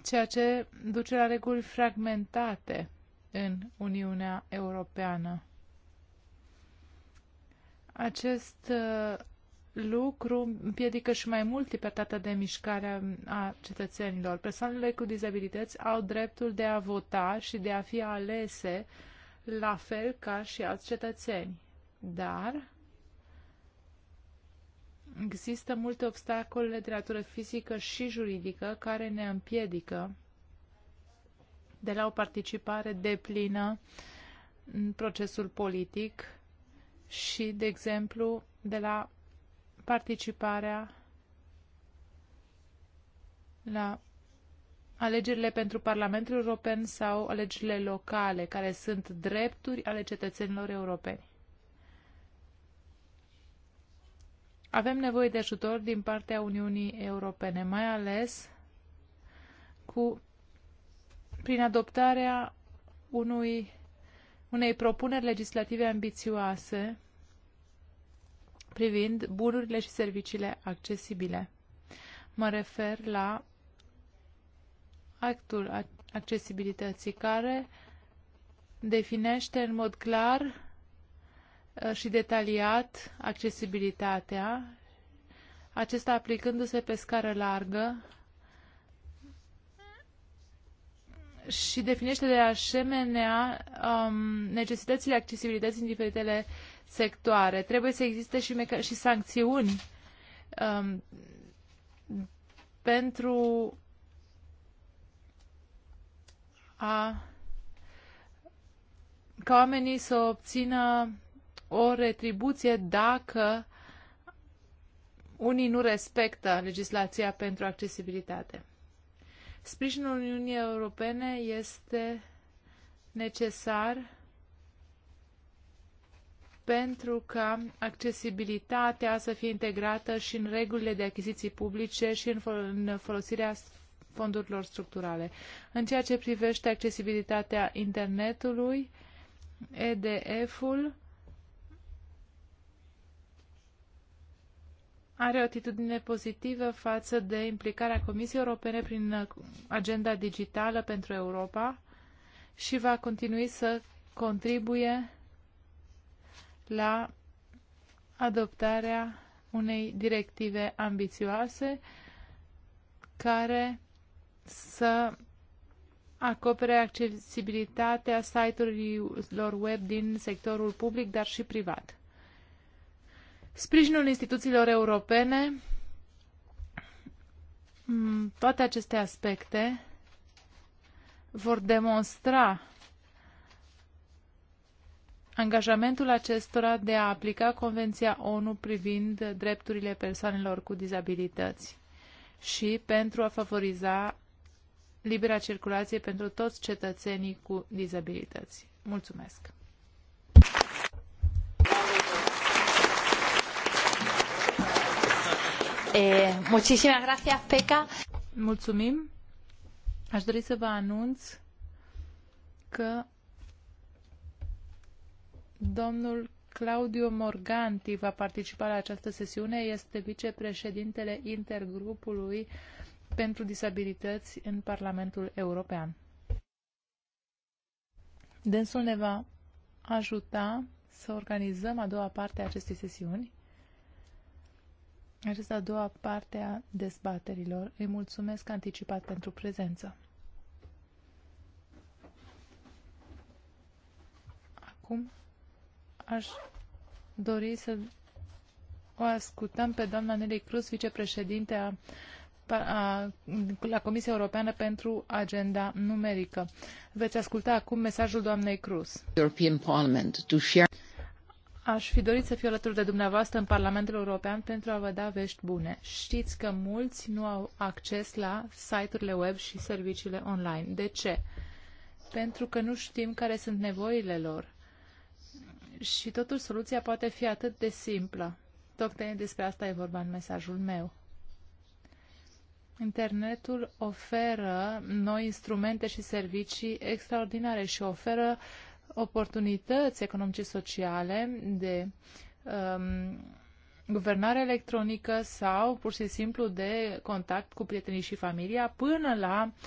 ceea ce duce la reguli fragmentate în Uniunea Europeană. Acest uh, lucru împiedică și mai mult libertatea de mișcare a cetățenilor. Persoanele cu dizabilități au dreptul de a vota și de a fi alese la fel ca și alți cetățeni. Dar Există multe obstacole de natură fizică și juridică care ne împiedică de la o participare deplină în procesul politic și, de exemplu, de la participarea la alegerile pentru Parlamentul European sau alegerile locale, care sunt drepturi ale cetățenilor europeni. Avem nevoie de ajutor din partea Uniunii Europene, mai ales cu, prin adoptarea unui, unei propuneri legislative ambițioase privind bunurile și serviciile accesibile. Mă refer la actul accesibilității care definește în mod clar Uh, și detaliat accesibilitatea, acesta aplicându-se pe scară largă și definește de asemenea um, necesitățile accesibilității în diferitele sectoare. Trebuie să existe și, meca- și sancțiuni um, pentru a ca oamenii să obțină o retribuție dacă unii nu respectă legislația pentru accesibilitate. Sprijinul Uniunii Europene este necesar pentru ca accesibilitatea să fie integrată și în regulile de achiziții publice și în, folosirea fondurilor structurale. În ceea ce privește accesibilitatea internetului, EDF-ul are o atitudine pozitivă față de implicarea Comisiei Europene prin uh, agenda digitală pentru Europa și va continui să contribuie la adoptarea unei directive ambițioase care să acopere accesibilitatea site-urilor web din sectorul public, dar și privat sprijinul instituțiilor europene, mm, toate aceste aspecte vor demonstra angajamentul acestora de a aplica Convenția ONU privind drepturile persoanelor cu dizabilități și pentru a favoriza libera circulație pentru toți cetățenii cu dizabilități. Mulțumesc! Eh, muchísimas gracias, Peca. Mulțumim. Aș dori să vă anunț că domnul Claudio Morganti va participa la această sesiune, este vicepreședintele intergrupului pentru disabilități în Parlamentul European. Dânsul ne va ajuta să organizăm a doua parte a acestei sesiuni. Această a doua parte a dezbaterilor. Îi mulțumesc anticipat pentru prezență. Acum aș dori să o ascultăm pe doamna Nelly Cruz, vicepreședinte a, a, la Comisia Europeană pentru Agenda Numerică. Veți asculta acum mesajul doamnei Cruz. European Parliament to share Aș fi dorit să fiu alături de dumneavoastră în Parlamentul European pentru a vă da vești bune. Știți că mulți nu au acces la site-urile web și serviciile online. De ce? Pentru că nu știm care sunt nevoile lor. Și totul soluția poate fi atât de simplă. Tocmai despre asta e vorba în mesajul meu. Internetul oferă noi instrumente și servicii extraordinare și oferă oportunități economice sociale de um, guvernare electronică sau pur și simplu de contact cu prietenii și familia până la uh,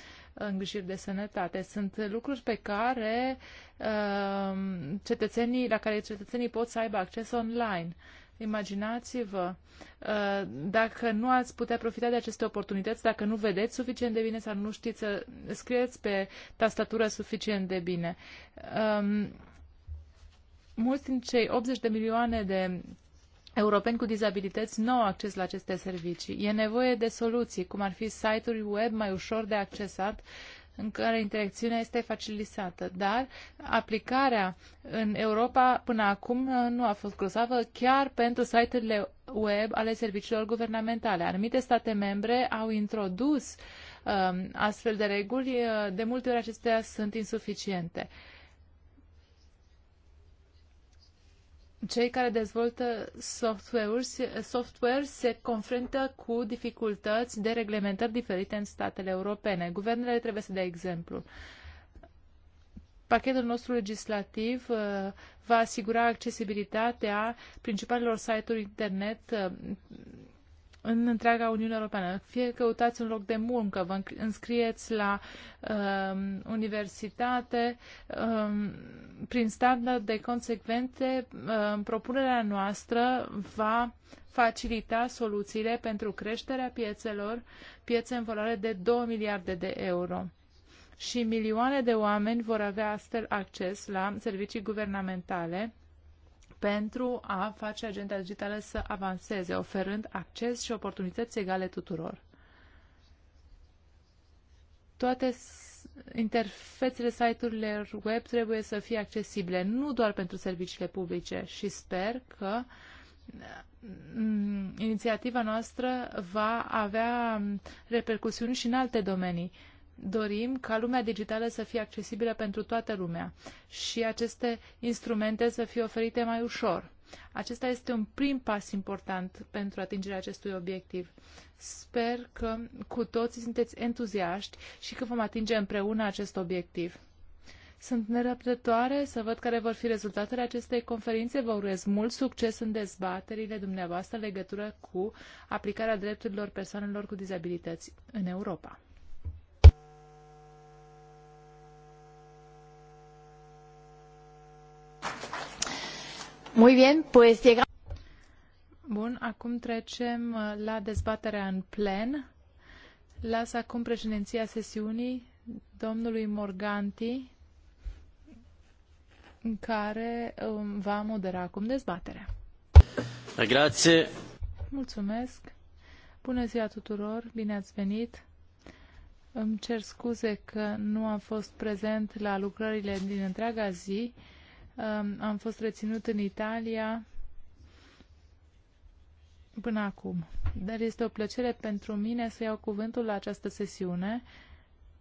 îngrijiri de sănătate. Sunt lucruri pe care uh, cetățenii, la care cetățenii pot să aibă acces online. Imaginați-vă, uh, dacă nu ați putea profita de aceste oportunități, dacă nu vedeți suficient de bine sau nu știți să scrieți pe tastatură suficient de bine. Um, mulți din cei 80 de milioane de europeni cu dizabilități nu au acces la aceste servicii. E nevoie de soluții, cum ar fi site-uri web mai ușor de accesat, în care interacțiunea este facilitată, dar aplicarea în Europa până acum uh, nu a fost grozavă chiar pentru site-urile web ale serviciilor guvernamentale. Anumite state membre au introdus um, astfel de reguli, uh, de multe ori acestea sunt insuficiente. cei care dezvoltă software, software se confruntă cu dificultăți de reglementări diferite în statele europene. Guvernele trebuie să dea exemplu. Pachetul nostru legislativ uh, va asigura accesibilitatea principalelor site-uri internet uh, în întreaga Uniune Europeană. Fie căutați un loc de muncă, vă înscrieți la um, universitate, um, prin standarde consecvente, um, propunerea noastră va facilita soluțiile pentru creșterea piețelor, piețe în valoare de 2 miliarde de euro. Și milioane de oameni vor avea astfel acces la servicii guvernamentale, pentru a face agenda digitală să avanseze, oferând acces și oportunități egale tuturor. Toate interfețele site-urilor web trebuie să fie accesibile, nu doar pentru serviciile publice și sper că mm, inițiativa noastră va avea repercusiuni și în alte domenii dorim ca lumea digitală să fie accesibilă pentru toată lumea și aceste instrumente să fie oferite mai ușor. Acesta este un prim pas important pentru atingerea acestui obiectiv. Sper că cu toții sunteți entuziaști și că vom atinge împreună acest obiectiv. Sunt nerăbdătoare să văd care vor fi rezultatele acestei conferințe. Vă urez mult succes în dezbaterile dumneavoastră în legătură cu aplicarea drepturilor persoanelor cu dizabilități în Europa. Muy bien, pues llegamos. Bun, acum trecem uh, la dezbaterea în plen. Las acum președinția sesiunii domnului Morganti, în care um, va modera acum dezbaterea. Grazie. Mulțumesc. Bună ziua tuturor, bine ați venit. Îmi cer scuze că nu am fost prezent la lucrările din întreaga zi. Am fost reținut în Italia până acum. Dar este o plăcere pentru mine să iau cuvântul la această sesiune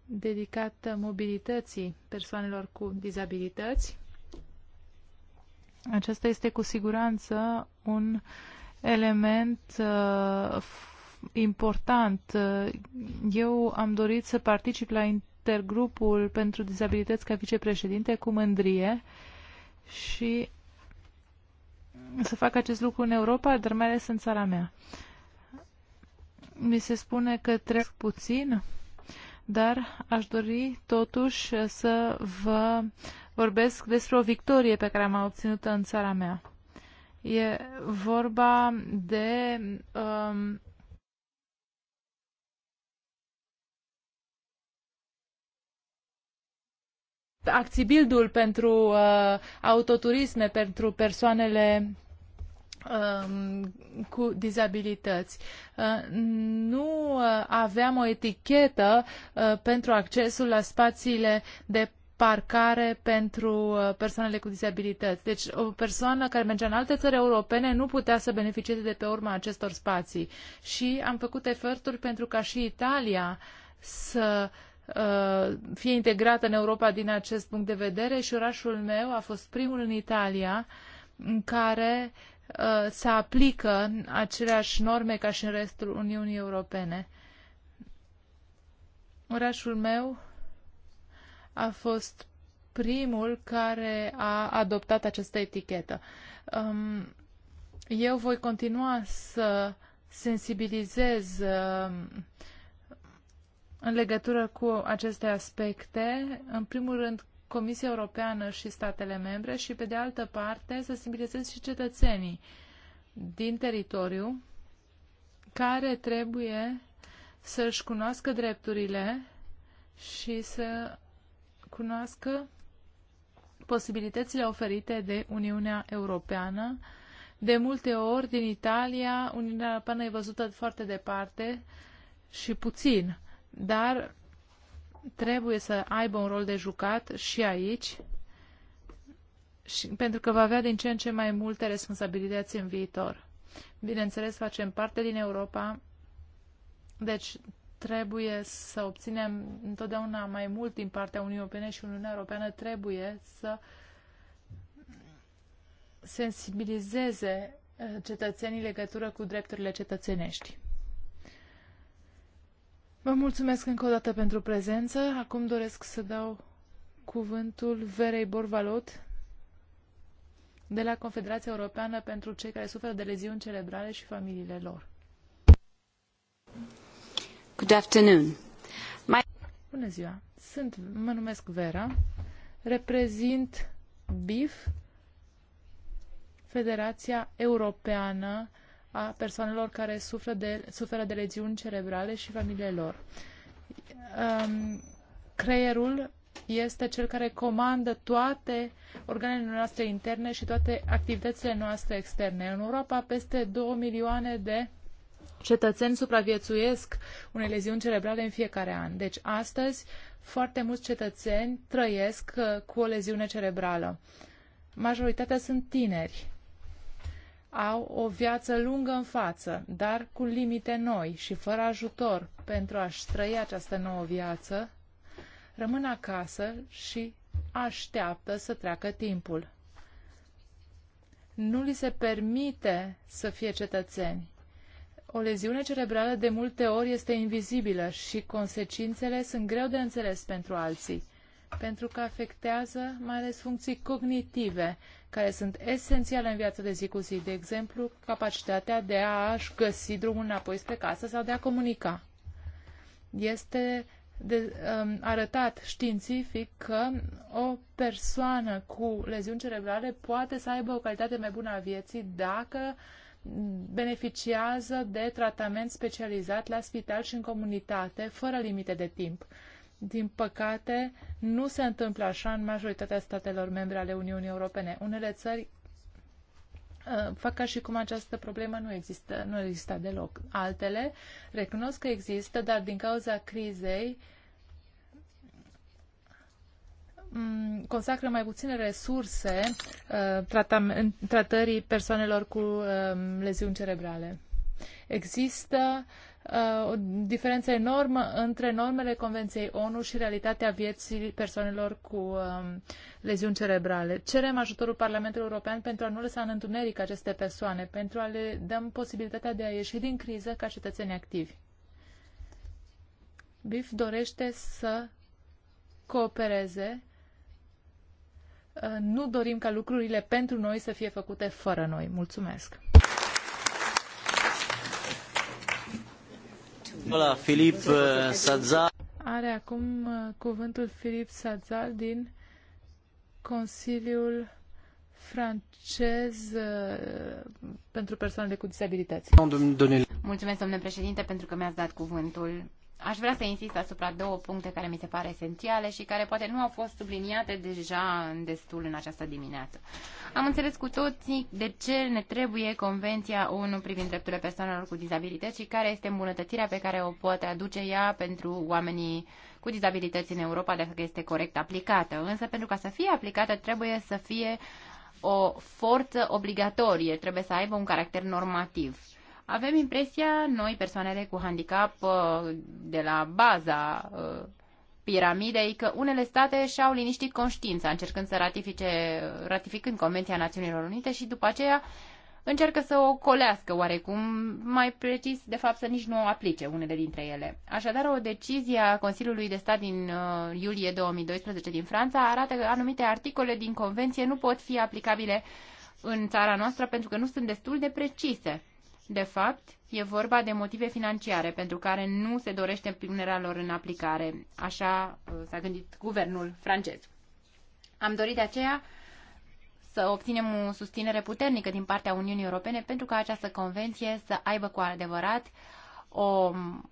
dedicată mobilității persoanelor cu dizabilități. Acesta este cu siguranță un element uh, important. Uh, eu am dorit să particip la intergrupul pentru dizabilități ca vicepreședinte cu mândrie uh, și să fac acest lucru în Europa, dar mai ales în țara mea. Mi se spune că trec puțin, dar aș dori totuși să vă vorbesc despre o victorie pe care am obținut-o în țara mea. E vorba de um, acțibildul pentru uh, autoturisme, pentru persoanele um, cu dizabilități. Uh, nu uh, aveam o etichetă uh, pentru accesul la spațiile de parcare pentru persoanele cu dizabilități. Deci o persoană care mergea în alte țări europene nu putea să beneficieze de pe urma acestor spații. Și am făcut eforturi pentru ca și Italia să uh, Uh, fie integrată în Europa din acest punct de vedere și orașul meu a fost primul în Italia în care uh, se aplică aceleași norme ca și în restul Uniunii Europene. Orașul meu a fost primul care a adoptat această etichetă. Um, eu voi continua să sensibilizez um, în legătură cu aceste aspecte, în primul rând Comisia Europeană și statele membre și, pe de altă parte, să sensibilizeze și cetățenii din teritoriu care trebuie să-și cunoască drepturile și să cunoască posibilitățile oferite de Uniunea Europeană. De multe ori, din Italia, Uniunea Europeană e văzută foarte departe și puțin dar trebuie să aibă un rol de jucat și aici, și, pentru că va avea din ce în ce mai multe responsabilități în viitor. Bineînțeles, facem parte din Europa, deci trebuie să obținem întotdeauna mai mult din partea Uniunii Europene și Uniunea Europeană trebuie să sensibilizeze uh, cetățenii legătură cu drepturile cetățenești. Vă mulțumesc încă o dată pentru prezență. Acum doresc să dau cuvântul Verei Borvalot de la Confederația Europeană pentru cei care suferă de leziuni cerebrale și familiile lor. Good afternoon. My... Bună ziua. Sunt, mă numesc Vera, reprezint BIF, Federația Europeană a persoanelor care suferă de, suferă de leziuni cerebrale și familiile lor. Um, creierul este cel care comandă toate organele noastre interne și toate activitățile noastre externe. În Europa, peste 2 milioane de cetățeni supraviețuiesc unei leziuni cerebrale în fiecare an. Deci, astăzi, foarte mulți cetățeni trăiesc uh, cu o leziune cerebrală. Majoritatea sunt tineri au o viață lungă în față, dar cu limite noi și fără ajutor pentru a-și trăi această nouă viață, rămân acasă și așteaptă să treacă timpul. Nu li se permite să fie cetățeni. O leziune cerebrală de multe ori este invizibilă și consecințele sunt greu de înțeles pentru alții, pentru că afectează mai ales funcții cognitive, care sunt esențiale în viața de zi cu zi, de exemplu, capacitatea de a-și găsi drumul înapoi spre casă sau de a comunica. Este de, um, arătat științific că o persoană cu leziuni cerebrale poate să aibă o calitate mai bună a vieții dacă beneficiază de tratament specializat la spital și în comunitate, fără limite de timp. Din păcate, nu se întâmplă așa în majoritatea statelor membre ale Uniunii Europene. Unele țări uh, fac ca și cum această problemă nu există, nu există deloc. Altele recunosc că există, dar din cauza crizei mm, consacră mai puține resurse uh, tratării persoanelor cu uh, leziuni cerebrale. Există uh, o diferență enormă între normele Convenției ONU și realitatea vieții persoanelor cu um, leziuni cerebrale. Cerem ajutorul Parlamentului European pentru a nu lăsa în întuneric aceste persoane, pentru a le dăm posibilitatea de a ieși din criză ca cetățeni activi. BIF dorește să coopereze. Uh, nu dorim ca lucrurile pentru noi să fie făcute fără noi. Mulțumesc! Hola, Filip uh, Sazal. Are acum uh, cuvântul Filip Sazal din Consiliul francez uh, pentru persoanele cu disabilități. Mulțumesc, domnule președinte, pentru că mi-ați dat cuvântul. Aș vrea să insist asupra două puncte care mi se pare esențiale și care poate nu au fost subliniate deja în destul în această dimineață. Am înțeles cu toții de ce ne trebuie Convenția ONU privind drepturile persoanelor cu dizabilități și care este îmbunătățirea pe care o poate aduce ea pentru oamenii cu dizabilități în Europa, dacă este corect aplicată. Însă, pentru ca să fie aplicată, trebuie să fie o forță obligatorie, trebuie să aibă un caracter normativ. Avem impresia, noi, persoanele cu handicap, uh, de la baza uh, piramidei că unele state și-au liniștit conștiința încercând să ratifice, ratificând Convenția Națiunilor Unite și după aceea încearcă să o colească oarecum, mai precis, de fapt, să nici nu o aplice unele dintre ele. Așadar, o decizie a Consiliului de Stat din uh, iulie 2012 din Franța arată că anumite articole din Convenție nu pot fi aplicabile în țara noastră pentru că nu sunt destul de precise. De fapt, E vorba de motive financiare pentru care nu se dorește punerea lor în aplicare. Așa uh, s-a gândit guvernul francez. Am dorit de aceea să obținem o susținere puternică din partea Uniunii Europene pentru ca această convenție să aibă cu adevărat o um,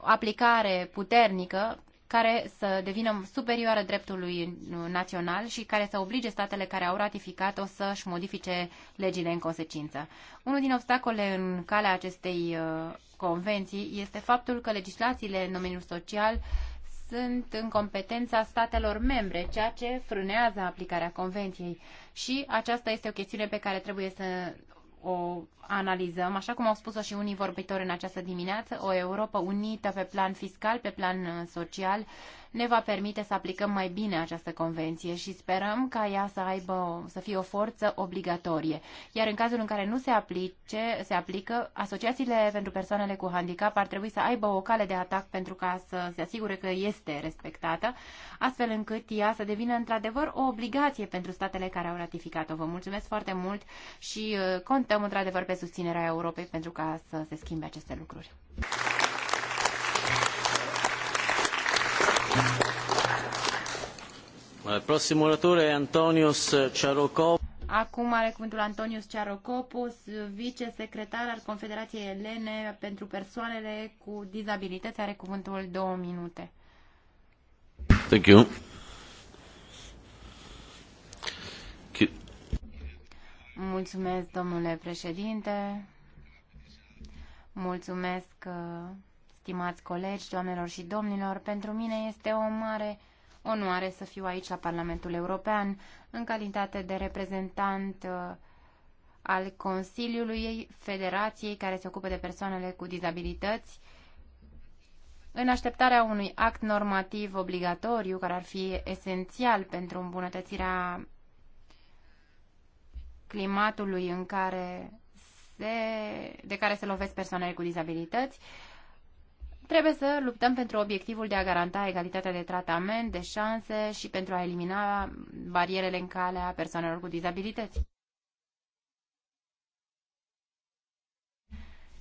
aplicare puternică care să devină superioară dreptului național și care să oblige statele care au ratificat-o să-și modifice legile în consecință. Unul din obstacole în calea acestei uh, convenții este faptul că legislațiile în domeniul social sunt în competența statelor membre, ceea ce frânează aplicarea convenției. Și aceasta este o chestiune pe care trebuie să o analizăm, așa cum au spus-o și unii vorbitori în această dimineață, o Europa unită pe plan fiscal, pe plan uh, social, ne va permite să aplicăm mai bine această convenție și sperăm ca ea să aibă, să fie o forță obligatorie. Iar în cazul în care nu se, aplice, se aplică, asociațiile pentru persoanele cu handicap ar trebui să aibă o cale de atac pentru ca să se asigure că este respectată, astfel încât ea să devină într-adevăr o obligație pentru statele care au ratificat-o. Vă mulțumesc foarte mult și uh, contăm într-adevăr pe susținerea Europei pentru ca să se schimbe aceste lucruri. Prossimo oratore Antonius Ciarocopoulos. Acum are cuvântul Antonius Ciarocopoulos, vicesecretar al Confederației Elene pentru persoanele cu dizabilități. Are cuvântul două minute. Thank you. Mulțumesc, domnule președinte. Mulțumesc uh, stimați colegi, doamnelor și domnilor, pentru mine este o mare onoare să fiu aici la Parlamentul European în calitate de reprezentant uh, al Consiliului Federației care se ocupă de persoanele cu dizabilități în așteptarea unui act normativ obligatoriu care ar fi esențial pentru îmbunătățirea climatului în care se, de care se lovesc persoanele cu dizabilități, Trebuie să luptăm pentru obiectivul de a garanta egalitatea de tratament, de șanse și pentru a elimina barierele în calea persoanelor cu dizabilități.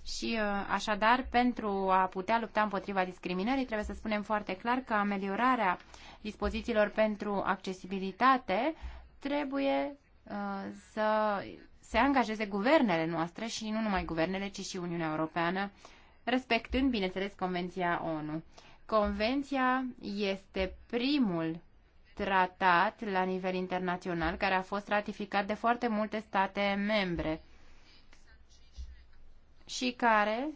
Și uh, așadar, pentru a putea lupta împotriva discriminării, trebuie să spunem foarte clar că ameliorarea dispozițiilor pentru accesibilitate trebuie uh, să se angajeze guvernele noastre și nu numai guvernele, ci și Uniunea Europeană respectând, bineînțeles, Convenția ONU. Convenția este primul tratat la nivel internațional care a fost ratificat de foarte multe state membre și care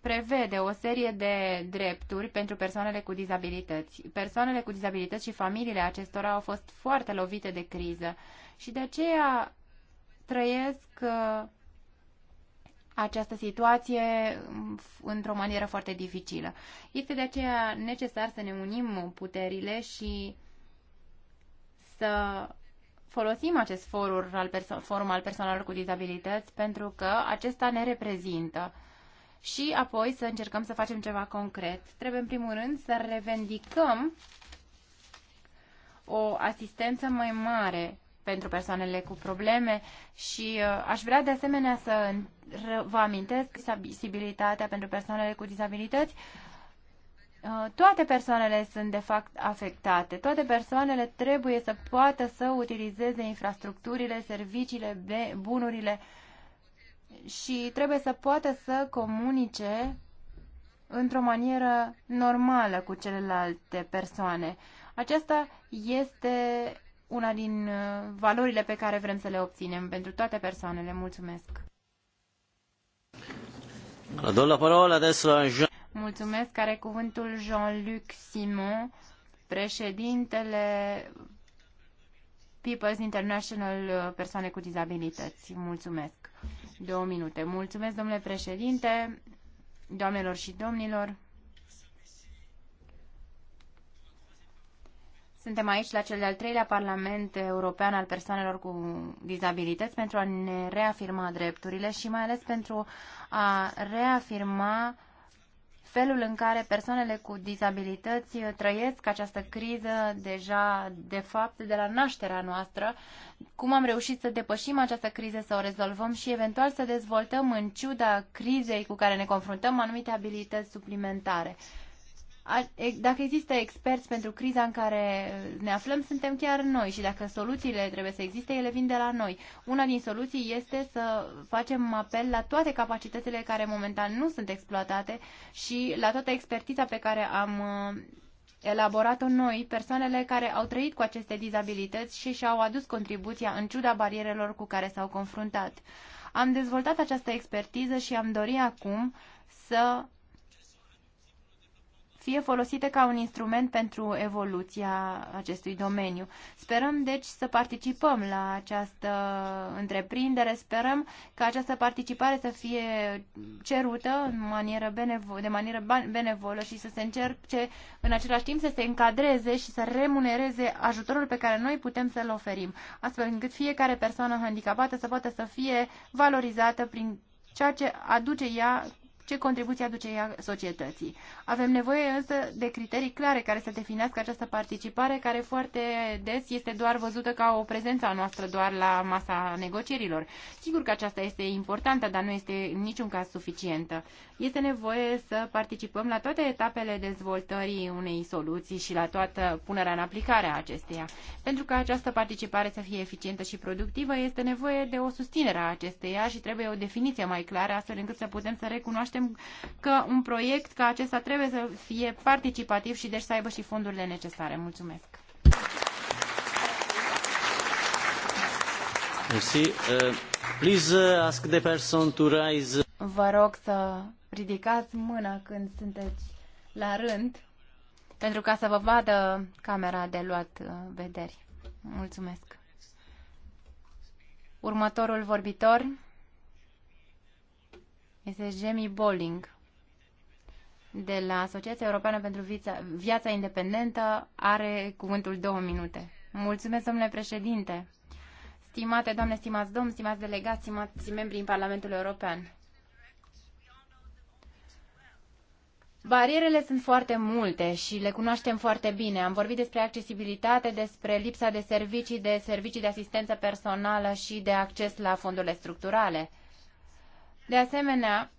prevede o serie de drepturi pentru persoanele cu dizabilități. Persoanele cu dizabilități și familiile acestora au fost foarte lovite de criză și de aceea trăiesc uh, această situație într-o manieră foarte dificilă. Este de aceea necesar să ne unim puterile și să folosim acest forum al, perso- forum al persoanelor cu dizabilități pentru că acesta ne reprezintă și apoi să încercăm să facem ceva concret. Trebuie în primul rând să revendicăm o asistență mai mare pentru persoanele cu probleme și uh, aș vrea de asemenea să vă amintesc disabilitatea pentru persoanele cu dizabilități. Uh, toate persoanele sunt de fapt afectate. Toate persoanele trebuie să poată să utilizeze infrastructurile, serviciile, bunurile și trebuie să poată să comunice într-o manieră normală cu celelalte persoane. Aceasta este una din uh, valorile pe care vrem să le obținem pentru toate persoanele. Mulțumesc! parola Jean. Mulțumesc, are cuvântul Jean-Luc Simon, președintele People's International uh, Persoane cu Dizabilități. Mulțumesc. Două minute. Mulțumesc, domnule președinte, doamnelor și domnilor. Suntem aici la cel de-al treilea Parlament European al persoanelor cu dizabilități pentru a ne reafirma drepturile și mai ales pentru a reafirma felul în care persoanele cu dizabilități trăiesc această criză deja, de fapt, de la nașterea noastră, cum am reușit să depășim această criză, să o rezolvăm și eventual să dezvoltăm, în ciuda crizei cu care ne confruntăm, anumite abilități suplimentare dacă există experți pentru criza în care ne aflăm, suntem chiar noi și dacă soluțiile trebuie să existe, ele vin de la noi. Una din soluții este să facem apel la toate capacitățile care momentan nu sunt exploatate și la toată expertiza pe care am uh, elaborat-o noi, persoanele care au trăit cu aceste dizabilități și și-au adus contribuția în ciuda barierelor cu care s-au confruntat. Am dezvoltat această expertiză și am dorit acum să fie folosite ca un instrument pentru evoluția acestui domeniu. Sperăm, deci, să participăm la această întreprindere, sperăm ca această participare să fie cerută în manieră benevo- de manieră benevolă și să se încerce în același timp să se încadreze și să remunereze ajutorul pe care noi putem să-l oferim, astfel încât fiecare persoană handicapată să poată să fie valorizată prin ceea ce aduce ea ce contribuție aduce ea societății. Avem nevoie însă de criterii clare care să definească această participare, care foarte des este doar văzută ca o prezență a noastră doar la masa negocierilor. Sigur că aceasta este importantă, dar nu este în niciun caz suficientă. Este nevoie să participăm la toate etapele dezvoltării unei soluții și la toată punerea în aplicare a acesteia. Pentru că această participare să fie eficientă și productivă, este nevoie de o susținere a acesteia și trebuie o definiție mai clară astfel încât să putem să recunoaștem recunoaștem că un proiect ca acesta trebuie să fie participativ și deci să aibă și fondurile necesare. Mulțumesc! Uh, please euh, ask the person to rise. Vă rog să ridicați mâna când sunteți la rând pentru ca să vă vadă camera de luat uh, vederi. Mulțumesc. Următorul vorbitor este Jamie Bolling de la Asociația Europeană pentru Viața, Viața Independentă. Are cuvântul două minute. Mulțumesc, domnule președinte. Stimate doamne, stimați domn, stimați delegați, stimați membri în Parlamentul European. Barierele sunt foarte multe și le cunoaștem foarte bine. Am vorbit despre accesibilitate, despre lipsa de servicii, de servicii de asistență personală și de acces la fondurile structurale. De asemenea,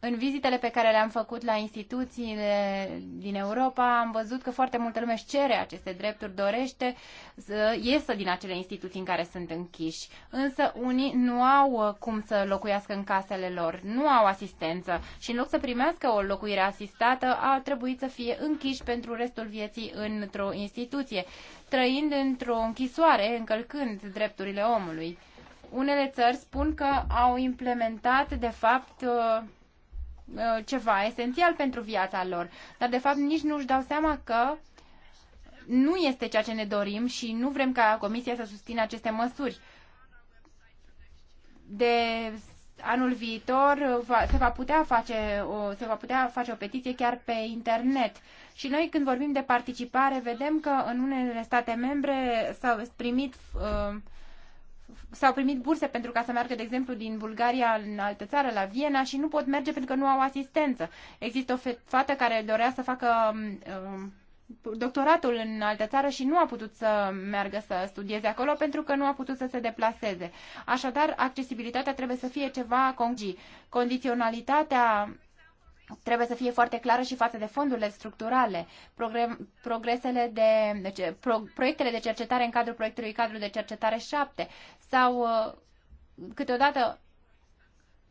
în vizitele pe care le-am făcut la instituțiile din Europa, am văzut că foarte multă lume își cere aceste drepturi, dorește să iesă din acele instituții în care sunt închiși. Însă unii nu au uh, cum să locuiască în casele lor, nu au asistență și în loc să primească o locuire asistată, au trebuit să fie închiși pentru restul vieții într-o instituție, trăind într-o închisoare, încălcând drepturile omului. Unele țări spun că au implementat, de fapt, uh, uh, ceva esențial pentru viața lor, dar, de fapt, nici nu își dau seama că nu este ceea ce ne dorim și nu vrem ca Comisia să susțină aceste măsuri. De anul viitor uh, se va putea face o, se va putea face o petiție chiar pe internet. Și noi când vorbim de participare vedem că în unele state membre s-au primit uh, s-au primit burse pentru ca să meargă, de exemplu, din Bulgaria în altă țară, la Viena, și nu pot merge pentru că nu au asistență. Există o fată care dorea să facă um, um, doctoratul în altă țară și nu a putut să meargă să studieze acolo pentru că nu a putut să se deplaseze. Așadar, accesibilitatea trebuie să fie ceva congi. Condiționalitatea trebuie să fie foarte clară și față de fondurile structurale, progresele de, deci, pro, proiectele de cercetare în cadrul proiectului cadru de cercetare 7 sau uh, câteodată,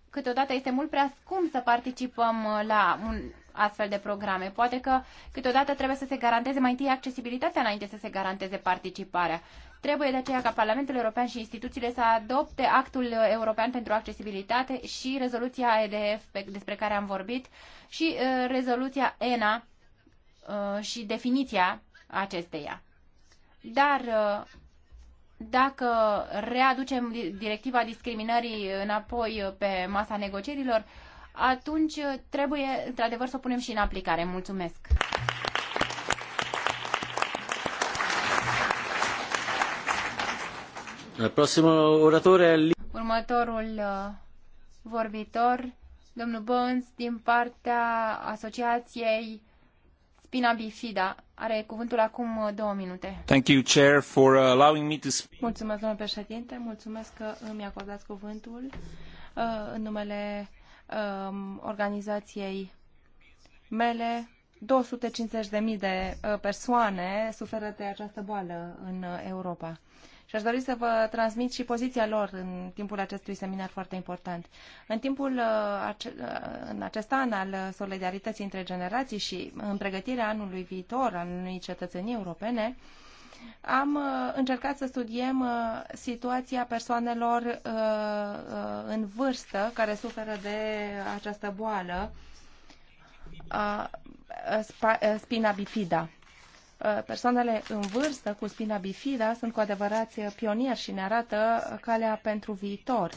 câteodată este mult prea scump să participăm uh, la un astfel de programe. Poate că câteodată trebuie să se garanteze mai întâi accesibilitatea înainte să se garanteze participarea. Trebuie de aceea ca Parlamentul European și instituțiile să adopte actul european pentru accesibilitate și rezoluția EDF despre care am vorbit și uh, rezoluția ENA uh, și definiția acesteia. Dar uh, dacă readucem directiva discriminării înapoi pe masa negocierilor, atunci trebuie, într-adevăr, să o punem și în aplicare. Mulțumesc! Următorul uh, vorbitor, domnul Bones, din partea Asociației Spina Bifida are cuvântul acum uh, două minute. Thank you, Chair, for uh, allowing me to speak. Mulțumesc, domnule președinte, mulțumesc că îmi acordați cuvântul uh, în numele um, organizației mele. 250.000 de uh, persoane suferă de această boală în Europa. Uh, și aș dori să vă transmit și poziția lor în timpul acestui seminar foarte important. În timpul uh, uh, în acest an al solidarității între generații și în pregătirea anului viitor al unui cetățenii europene, am uh, încercat să studiem situația persoanelor în vârstă care suferă de această boală, spina bifida. Uh, persoanele în vârstă cu spina bifida sunt cu adevărat pionieri și ne arată uh, calea pentru viitor.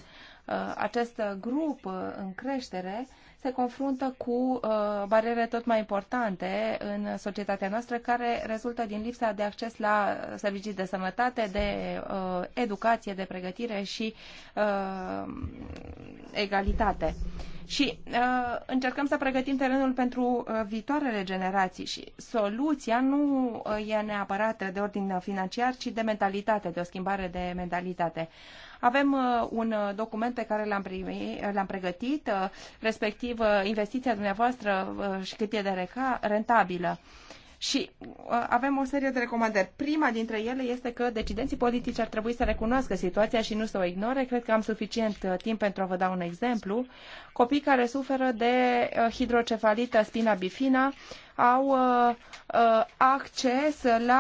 Uh, acest grup în creștere se confruntă cu uh, barere tot mai importante în societatea noastră care rezultă din lipsa de acces la servicii de sănătate, de uh, educație, de pregătire și uh, egalitate. Și uh, încercăm să pregătim terenul pentru uh, viitoarele generații și soluția nu uh, e neapărat de ordin financiar, ci de mentalitate, de o schimbare de mentalitate. Uh, avem uh, un uh, document pe care l-am, uh, l-am pregătit, respectiv investiția dumneavoastră și cât e de rentabilă și uh, avem o serie de recomandări. Prima dintre ele este că decidenții politici ar trebui să recunoască situația și nu să o ignore. Cred că am suficient uh, timp pentru a vă da un exemplu. Copii care suferă de uh, hidrocefalită spina bifina au acces la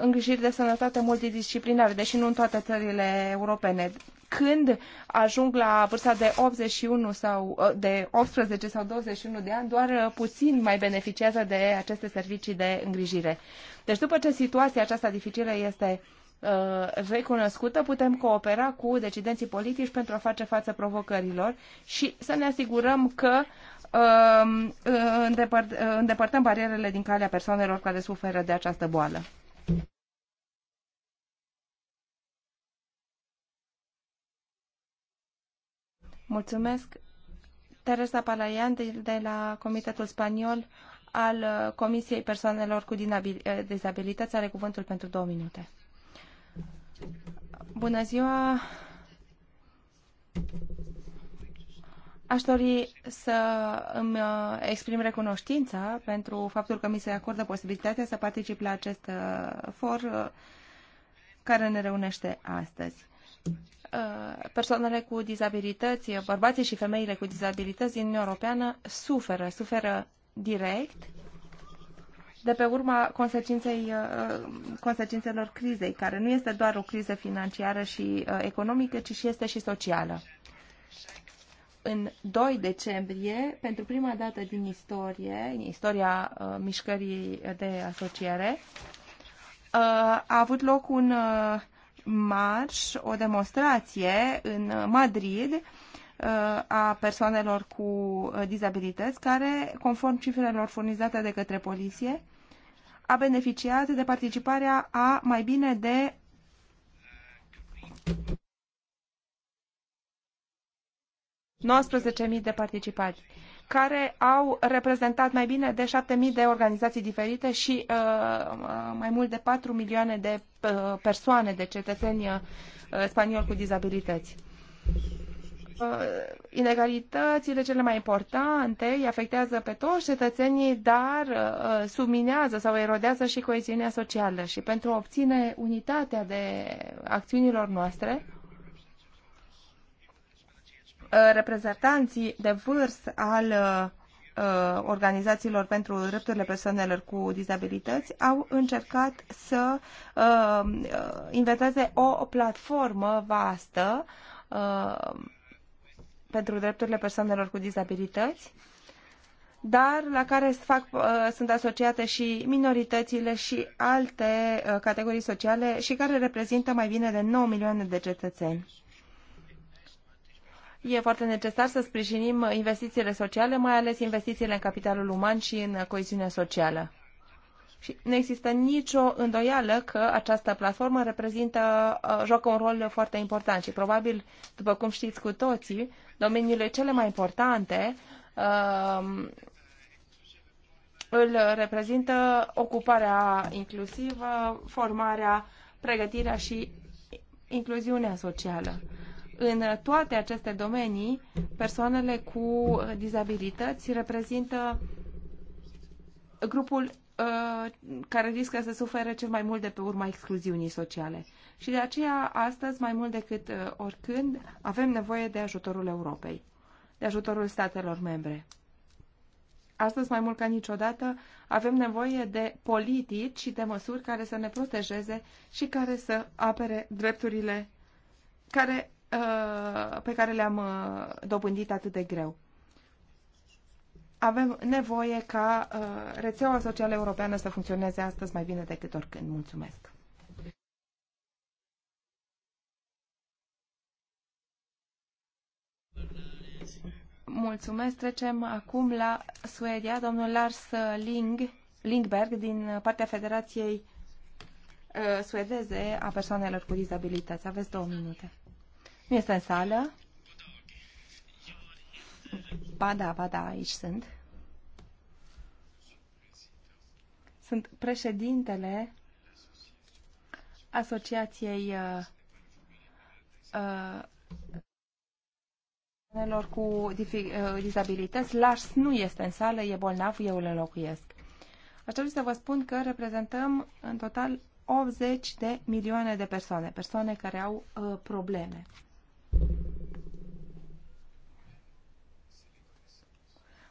îngrijiri de sănătate multidisciplinare, deși nu în toate țările europene când ajung la vârsta de 81 sau ă, de 18 sau 21 de ani, doar ă, puțin mai beneficiază de aceste servicii de îngrijire. Deci după ce situația aceasta dificilă este ă, recunoscută, putem coopera cu decidenții politici pentru a face față provocărilor și să ne asigurăm că îndepărtăm barierele din calea persoanelor care suferă de această boală. Mulțumesc. Teresa Palaian de la Comitetul Spaniol al uh, Comisiei Persoanelor cu uh, Dizabilități are cuvântul pentru două minute. Bună ziua! Aș dori să îmi uh, exprim recunoștința pentru faptul că mi se acordă posibilitatea să particip la acest for care ne reunește astăzi. Uh, persoanele cu dizabilități, bărbații și femeile cu dizabilități din Uniunea Europeană suferă, suferă direct de pe urma consecinței, uh, consecințelor crizei, care nu este doar o criză financiară și uh, economică, ci și este și socială. În 2 decembrie, pentru prima dată din istorie, în istoria uh, mișcării de asociere, uh, a avut loc un uh, marș, o demonstrație în Madrid uh, a persoanelor cu uh, dizabilități care, conform cifrelor furnizate de către poliție, a beneficiat de participarea a mai bine de mii de participați care au reprezentat mai bine de 7.000 de organizații diferite și uh, mai mult de 4 milioane de uh, persoane, de cetățeni uh, spanioli cu dizabilități. Uh, inegalitățile cele mai importante îi afectează pe toți cetățenii, dar uh, subminează sau erodează și coeziunea socială. Și pentru a obține unitatea de acțiunilor noastre, Uh, reprezentanții de vârst al uh, uh, organizațiilor pentru drepturile persoanelor cu dizabilități au încercat să uh, inventeze o platformă vastă uh, pentru drepturile persoanelor cu dizabilități, dar la care fac, uh, sunt asociate și minoritățile și alte uh, categorii sociale și care reprezintă mai bine de 9 milioane de cetățeni. E foarte necesar să sprijinim investițiile sociale, mai ales investițiile în capitalul uman și în coeziunea socială. Și nu există nicio îndoială că această platformă reprezintă, uh, joacă un rol foarte important și probabil, după cum știți cu toții, domeniile cele mai importante uh, îl reprezintă ocuparea inclusivă, formarea, pregătirea și incluziunea socială. În toate aceste domenii, persoanele cu dizabilități reprezintă grupul uh, care riscă să sufere cel mai mult de pe urma excluziunii sociale. Și de aceea, astăzi, mai mult decât uh, oricând, avem nevoie de ajutorul Europei, de ajutorul statelor membre. Astăzi, mai mult ca niciodată, avem nevoie de politici și de măsuri care să ne protejeze și care să apere drepturile care Uh, pe care le-am uh, dobândit atât de greu. Avem nevoie ca uh, rețeaua socială europeană să funcționeze astăzi mai bine decât oricând. Mulțumesc! Mulțumesc. Trecem acum la Suedia. Domnul Lars Ling, Lingberg din partea Federației Suedeze a persoanelor cu dizabilități. Aveți două minute. Nu este în sală. Ba da, ba da, aici sunt. Sunt președintele Asociației uh, uh, cu uh, dizabilități. Lars nu este în sală, e bolnav, eu îl înlocuiesc. Aș trebui să vă spun că reprezentăm în total 80 de milioane de persoane, persoane care au uh, probleme.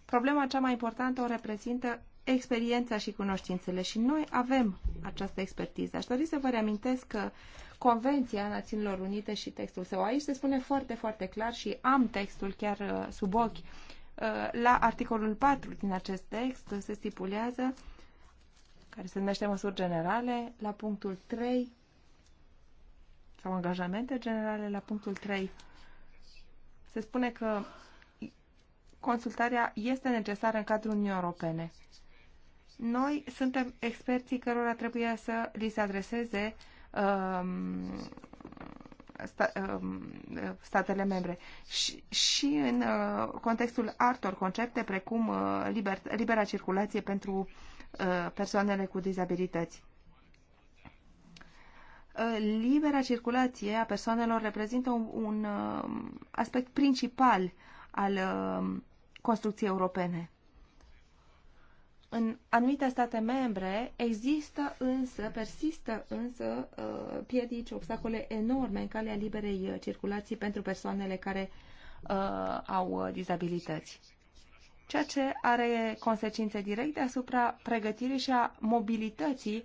Problema cea mai importantă o reprezintă experiența și cunoștințele și noi avem această expertiză. Aș dori să vă reamintesc că Convenția Națiunilor Unite și textul său aici se spune foarte, foarte clar și am textul chiar uh, sub ochi. Uh, la articolul 4 din acest text se stipulează care se numește măsuri generale, la punctul 3 sau angajamente generale, la punctul 3 se spune că consultarea este necesară în cadrul Uniunii Europene. Noi suntem experții cărora trebuie să li se adreseze um, sta, um, statele membre. Și, și în uh, contextul altor concepte, precum uh, liber, libera circulație pentru uh, persoanele cu dizabilități uh, libera circulație a persoanelor reprezintă un, un uh, aspect principal al uh, construcții europene. În anumite state membre există însă, persistă însă uh, piedici, obstacole enorme în calea liberei uh, circulații pentru persoanele care uh, au dizabilități ceea ce are consecințe directe asupra pregătirii și a mobilității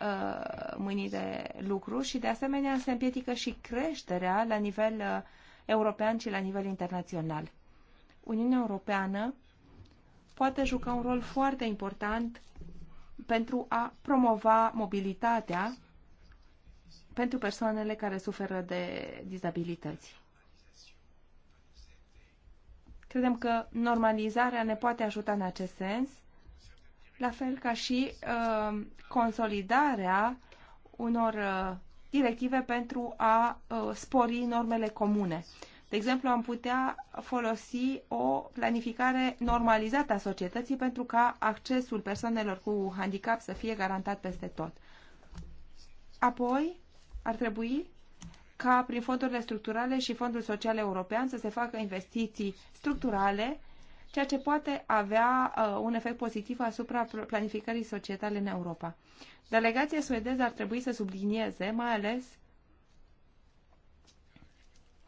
uh, mâinii de lucru și de asemenea se împiedică și creșterea la nivel european și la nivel internațional. Uniunea Europeană poate juca un rol foarte important pentru a promova mobilitatea pentru persoanele care suferă de dizabilități. Credem că normalizarea ne poate ajuta în acest sens, la fel ca și uh, consolidarea unor uh, directive pentru a uh, spori normele comune. Uh, de exemplu, am putea folosi o planificare normalizată a societății pentru ca accesul persoanelor cu handicap să fie garantat peste tot. Apoi, ar trebui ca prin fondurile structurale și Fondul Social European să se facă investiții structurale, ceea ce poate avea uh, un efect pozitiv asupra planificării societale în Europa. Delegația suedeză ar trebui să sublinieze mai ales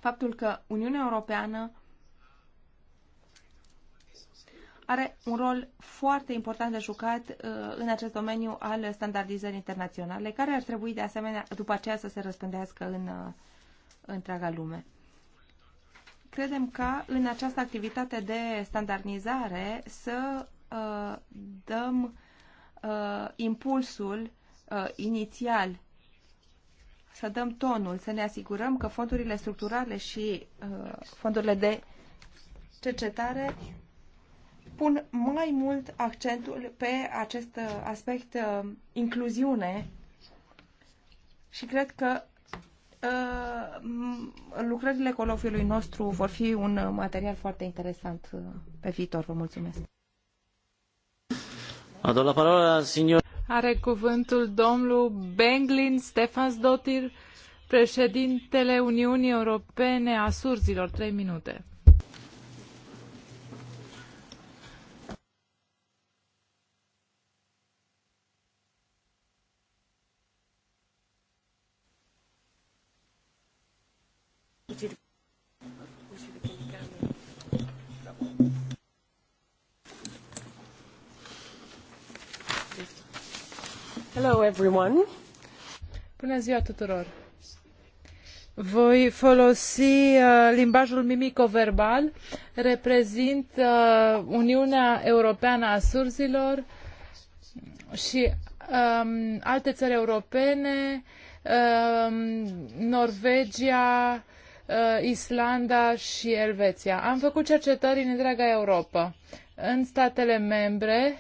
faptul că Uniunea Europeană are un rol foarte important de jucat uh, în acest domeniu al standardizării internaționale, care ar trebui de asemenea după aceea să se răspândească în uh, întreaga lume. Credem că în această activitate de standardizare să uh, dăm impulsul inițial să dăm tonul, să ne asigurăm că fondurile structurale și uh, fondurile de cercetare pun mai mult accentul pe acest uh, aspect uh, incluziune și cred că uh, lucrările colofiului nostru vor fi un material foarte interesant uh, pe viitor. Vă mulțumesc. A la parola, signor. Are cuvântul domnul Benglin Stefans Dotir, președintele Uniunii Europene a Surzilor. Trei minute. Bună ziua tuturor. Voi folosi uh, limbajul mimico-verbal. Reprezint uh, Uniunea Europeană a Surzilor și um, alte țări europene, um, Norvegia, uh, Islanda și Elveția. Am făcut cercetări în întreaga Europa, în statele membre,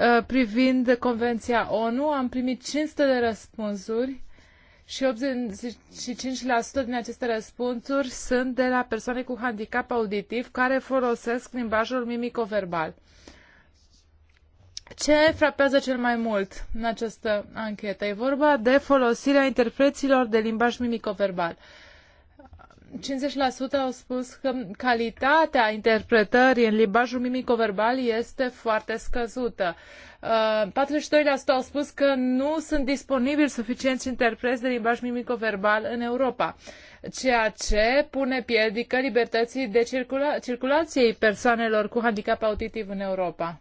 Uh, privind Convenția ONU. Am primit 500 de răspunsuri și 85% din aceste răspunsuri sunt de la persoane cu handicap auditiv care folosesc limbajul mimico-verbal. Ce frapează cel mai mult în această anchetă? E vorba de folosirea interpreților de limbaj mimico-verbal. Uh, 50% au spus că calitatea interpretării în limbajul mimico-verbal este foarte scăzută. 42% uh, au spus că nu sunt disponibili suficienți interpreți de limbaj mimico-verbal în Europa, ceea ce pune piedică libertății de circula- circulației persoanelor cu handicap auditiv în Europa.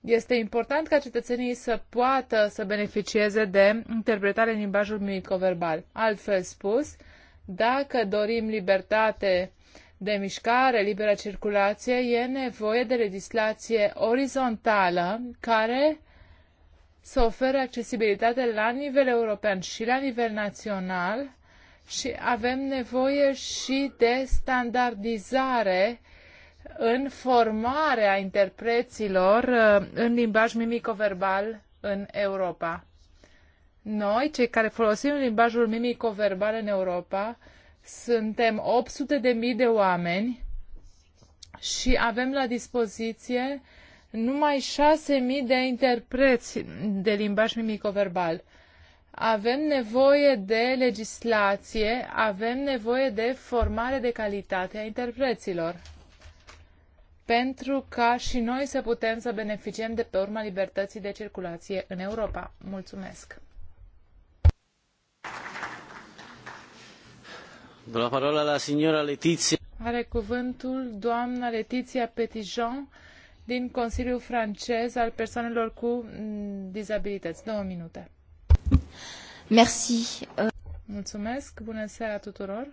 Este important ca cetățenii să poată să beneficieze de interpretare în limbajul mimico-verbal. Altfel spus, dacă dorim libertate de mișcare, liberă circulație, e nevoie de legislație orizontală care să ofere accesibilitate la nivel european și la nivel național și avem nevoie și de standardizare în formarea interpreților uh, în limbaj mimico-verbal în Europa. Noi, cei care folosim limbajul mimico-verbal în Europa, suntem 800 de mii de oameni și avem la dispoziție numai mii de interpreți de limbaj mimico-verbal. Avem nevoie de legislație, avem nevoie de formare de calitate a interpreților pentru ca și noi să putem să beneficiem de pe urma libertății de circulație în Europa. Mulțumesc! La parola la signora Letizia. Are cuvântul doamna Letizia Petijon din Consiliul francez al persoanelor cu mm, dizabilități. Două minute. Merci. Mulțumesc. Bună seara tuturor.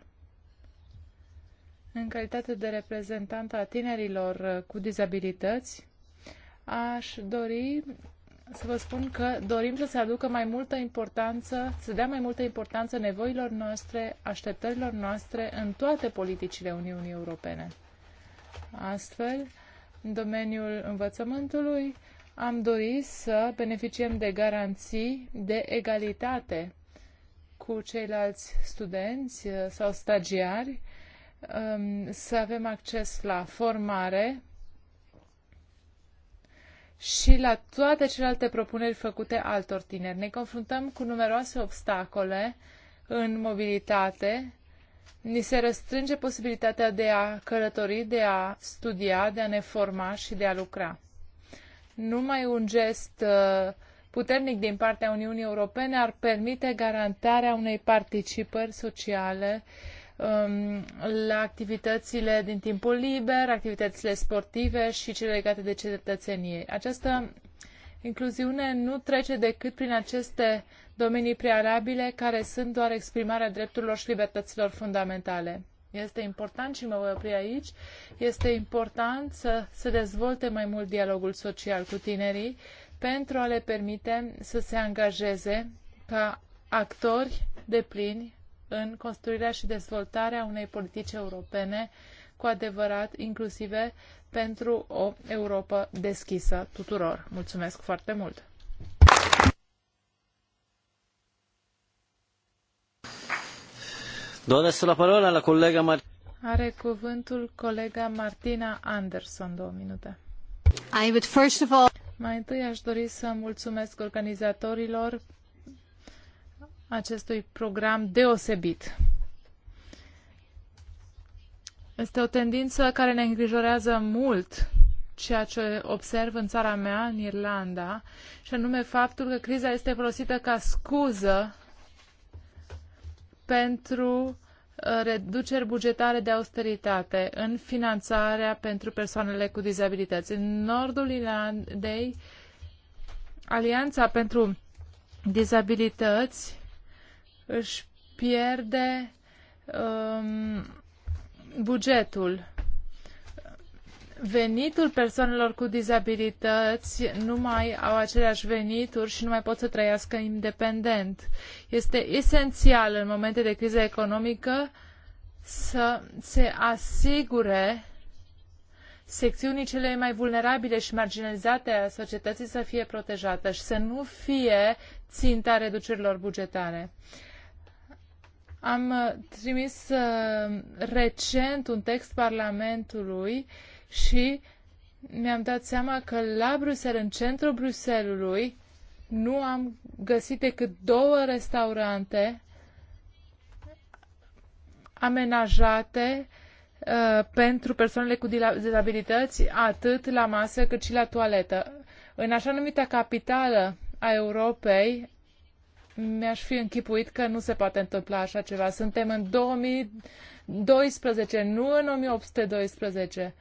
În calitate de reprezentant a tinerilor cu dizabilități, aș dori să vă spun că dorim să se aducă mai multă importanță, să dea mai multă importanță nevoilor noastre, așteptărilor noastre în toate politicile Uniunii Europene. Astfel, în domeniul învățământului, am dorit să beneficiem de garanții de egalitate cu ceilalți studenți uh, sau stagiari, um, să avem acces la formare și la toate celelalte propuneri făcute altor tineri. Ne confruntăm cu numeroase obstacole în mobilitate, ni se răstrânge posibilitatea de a călători, de a studia, de a ne forma și de a lucra. Numai un gest uh, puternic din partea Uniunii Europene ar permite garantarea unei participări sociale uh, Um, la activitățile din timpul liber, activitățile sportive și cele legate de cetățenie. Această incluziune nu trece decât prin aceste domenii prealabile care sunt doar exprimarea drepturilor și libertăților fundamentale. Este important și mă voi opri aici, este important să se dezvolte mai mult dialogul social cu tinerii pentru a le permite să se angajeze ca actori de plini în construirea și dezvoltarea unei politici europene cu adevărat inclusive pentru o Europa deschisă tuturor. Mulțumesc foarte mult! Doresc la parola la colega Mar Are cuvântul colega Martina Anderson, două minute. I would first of all... Mai întâi aș dori să mulțumesc organizatorilor acestui program deosebit. Este o tendință care ne îngrijorează mult ceea ce observ în țara mea, în Irlanda, și anume faptul că criza este folosită ca scuză pentru uh, reduceri bugetare de austeritate în finanțarea pentru persoanele cu dizabilități. În nordul Irlandei, Alianța pentru Dizabilități își pierde um, bugetul. Venitul persoanelor cu dizabilități nu mai au aceleași venituri și nu mai pot să trăiască independent. Este esențial în momente de criză economică să se asigure secțiunii cele mai vulnerabile și marginalizate a societății să fie protejată și să nu fie ținta reducerilor bugetare. Uh, am uh, trimis uh, recent un text Parlamentului și mi-am dat seama că la Bruxelles, în centrul Bruxellesului, nu am găsit decât două restaurante amenajate uh, pentru persoanele cu dizabilități, atât la masă cât și la toaletă. În așa numita capitală a Europei mi-aș fi închipuit că nu se poate întâmpla așa ceva. Suntem în 2012, nu în 1812.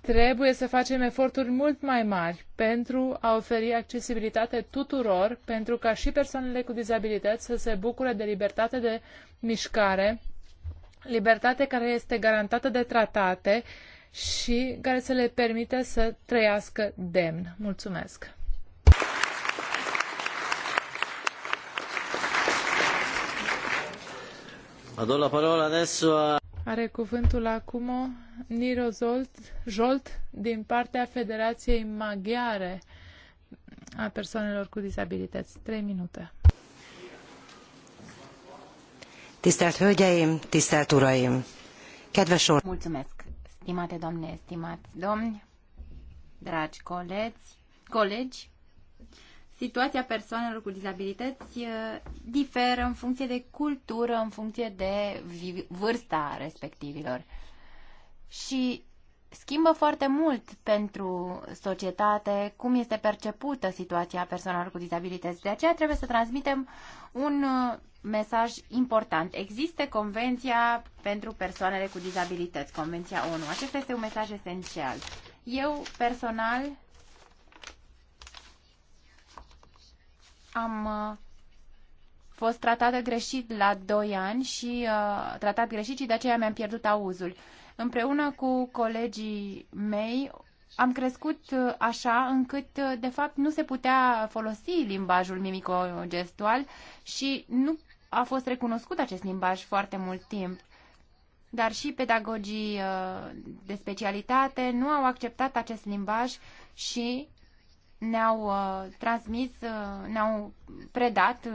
Trebuie să facem eforturi mult mai mari pentru a oferi accesibilitate tuturor, pentru ca și persoanele cu dizabilități să se bucure de libertate de mișcare, libertate care este garantată de tratate și care să le permite să trăiască demn. Mulțumesc! la Are cuvântul acum Niro Zolt, Jolt din partea Federației Maghiare a persoanelor cu dizabilități. Trei minute. Tisztelt Hölgyeim, tisztelt Uraim! Kedves or... Mulțumesc, stimate domne, stimați domni, dragi colegi, colegi, situația persoanelor cu dizabilități uh, diferă în funcție de cultură, în funcție de vârsta respectivilor. Și schimbă foarte mult pentru societate cum este percepută situația persoanelor cu dizabilități. De aceea trebuie să transmitem un uh, mesaj important. Există Convenția pentru persoanele cu dizabilități, Convenția ONU. Acesta este un mesaj esențial. Eu personal am uh, fost tratată greșit la 2 ani și uh, tratat greșit și de aceea mi-am pierdut auzul. Împreună cu colegii mei am crescut uh, așa încât, de fapt, nu se putea folosi limbajul mimico-gestual și nu a fost recunoscut acest limbaj foarte mult timp. Dar și pedagogii de specialitate nu au acceptat acest limbaj și ne-au uh, transmis, uh, ne-au predat uh,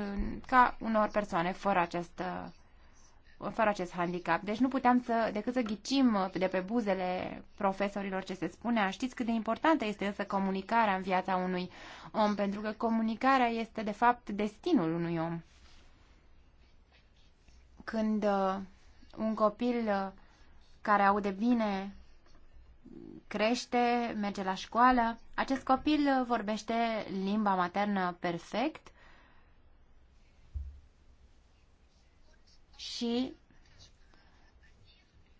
ca unor persoane fără această uh, fără acest handicap. Deci nu puteam să, decât să ghicim uh, de pe buzele profesorilor ce se spunea. Știți cât de importantă este însă comunicarea în viața unui om, pentru că comunicarea este de fapt destinul unui om. Când uh, un copil uh, care aude bine crește, merge la școală. Acest copil vorbește limba maternă perfect și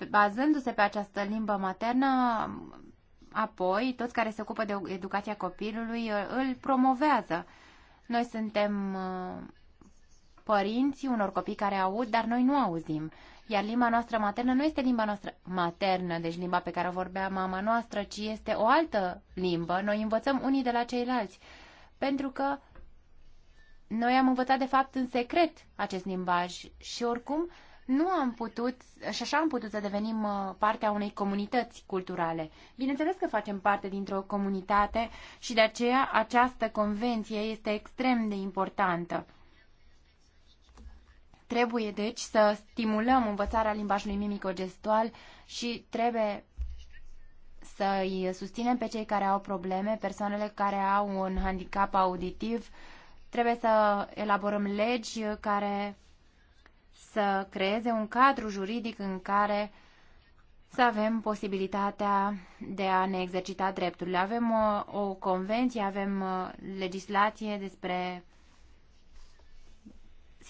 bazându-se pe această limbă maternă, apoi toți care se ocupă de educația copilului uh, îl promovează. Noi suntem uh, părinții unor copii care aud, dar noi nu auzim. Iar limba noastră maternă nu este limba noastră maternă, deci limba pe care o vorbea mama noastră, ci este o altă limbă. Noi învățăm unii de la ceilalți. Pentru că noi am învățat de fapt în secret acest limbaj și oricum nu am putut, și așa am putut să devenim uh, partea unei comunități culturale. Bineînțeles că facem parte dintr-o comunitate și de aceea această convenție este extrem de importantă. Trebuie, deci, să stimulăm învățarea limbajului mimico-gestual și trebuie să îi susținem pe cei care au probleme, persoanele care au un handicap auditiv. Trebuie să elaborăm legi care să creeze un cadru juridic în care să avem posibilitatea de a ne exercita drepturile. Avem o, uh, o convenție, avem uh, legislație despre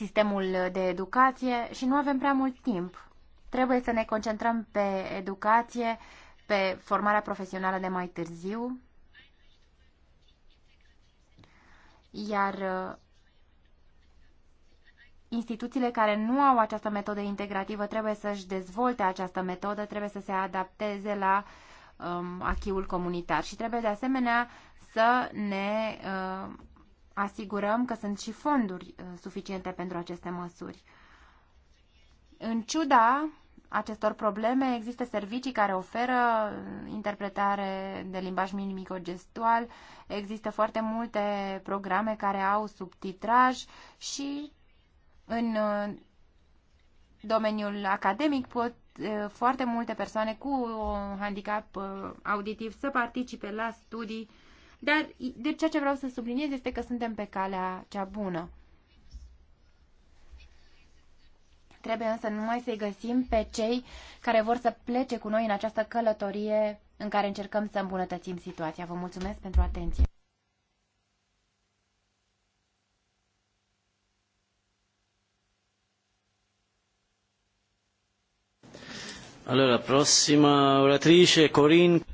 sistemul de educație și nu avem prea mult timp. Trebuie să ne concentrăm pe educație, pe formarea profesională de mai târziu, iar uh, instituțiile care nu au această metodă integrativă trebuie să-și dezvolte această metodă, trebuie să se adapteze la um, achiul comunitar și trebuie de asemenea să ne uh, asigurăm că sunt și fonduri uh, suficiente pentru aceste măsuri. În ciuda acestor probleme, există servicii care oferă uh, interpretare de limbaj minimico-gestual, există foarte multe programe care au subtitraj și în uh, domeniul academic pot foarte multe persoane cu handicap auditiv să participe la studii dar de ceea ce vreau să subliniez este că suntem pe calea cea bună. Trebuie însă numai să-i găsim pe cei care vor să plece cu noi în această călătorie în care încercăm să îmbunătățim situația. Vă mulțumesc pentru atenție. Allora, prossima oratrice,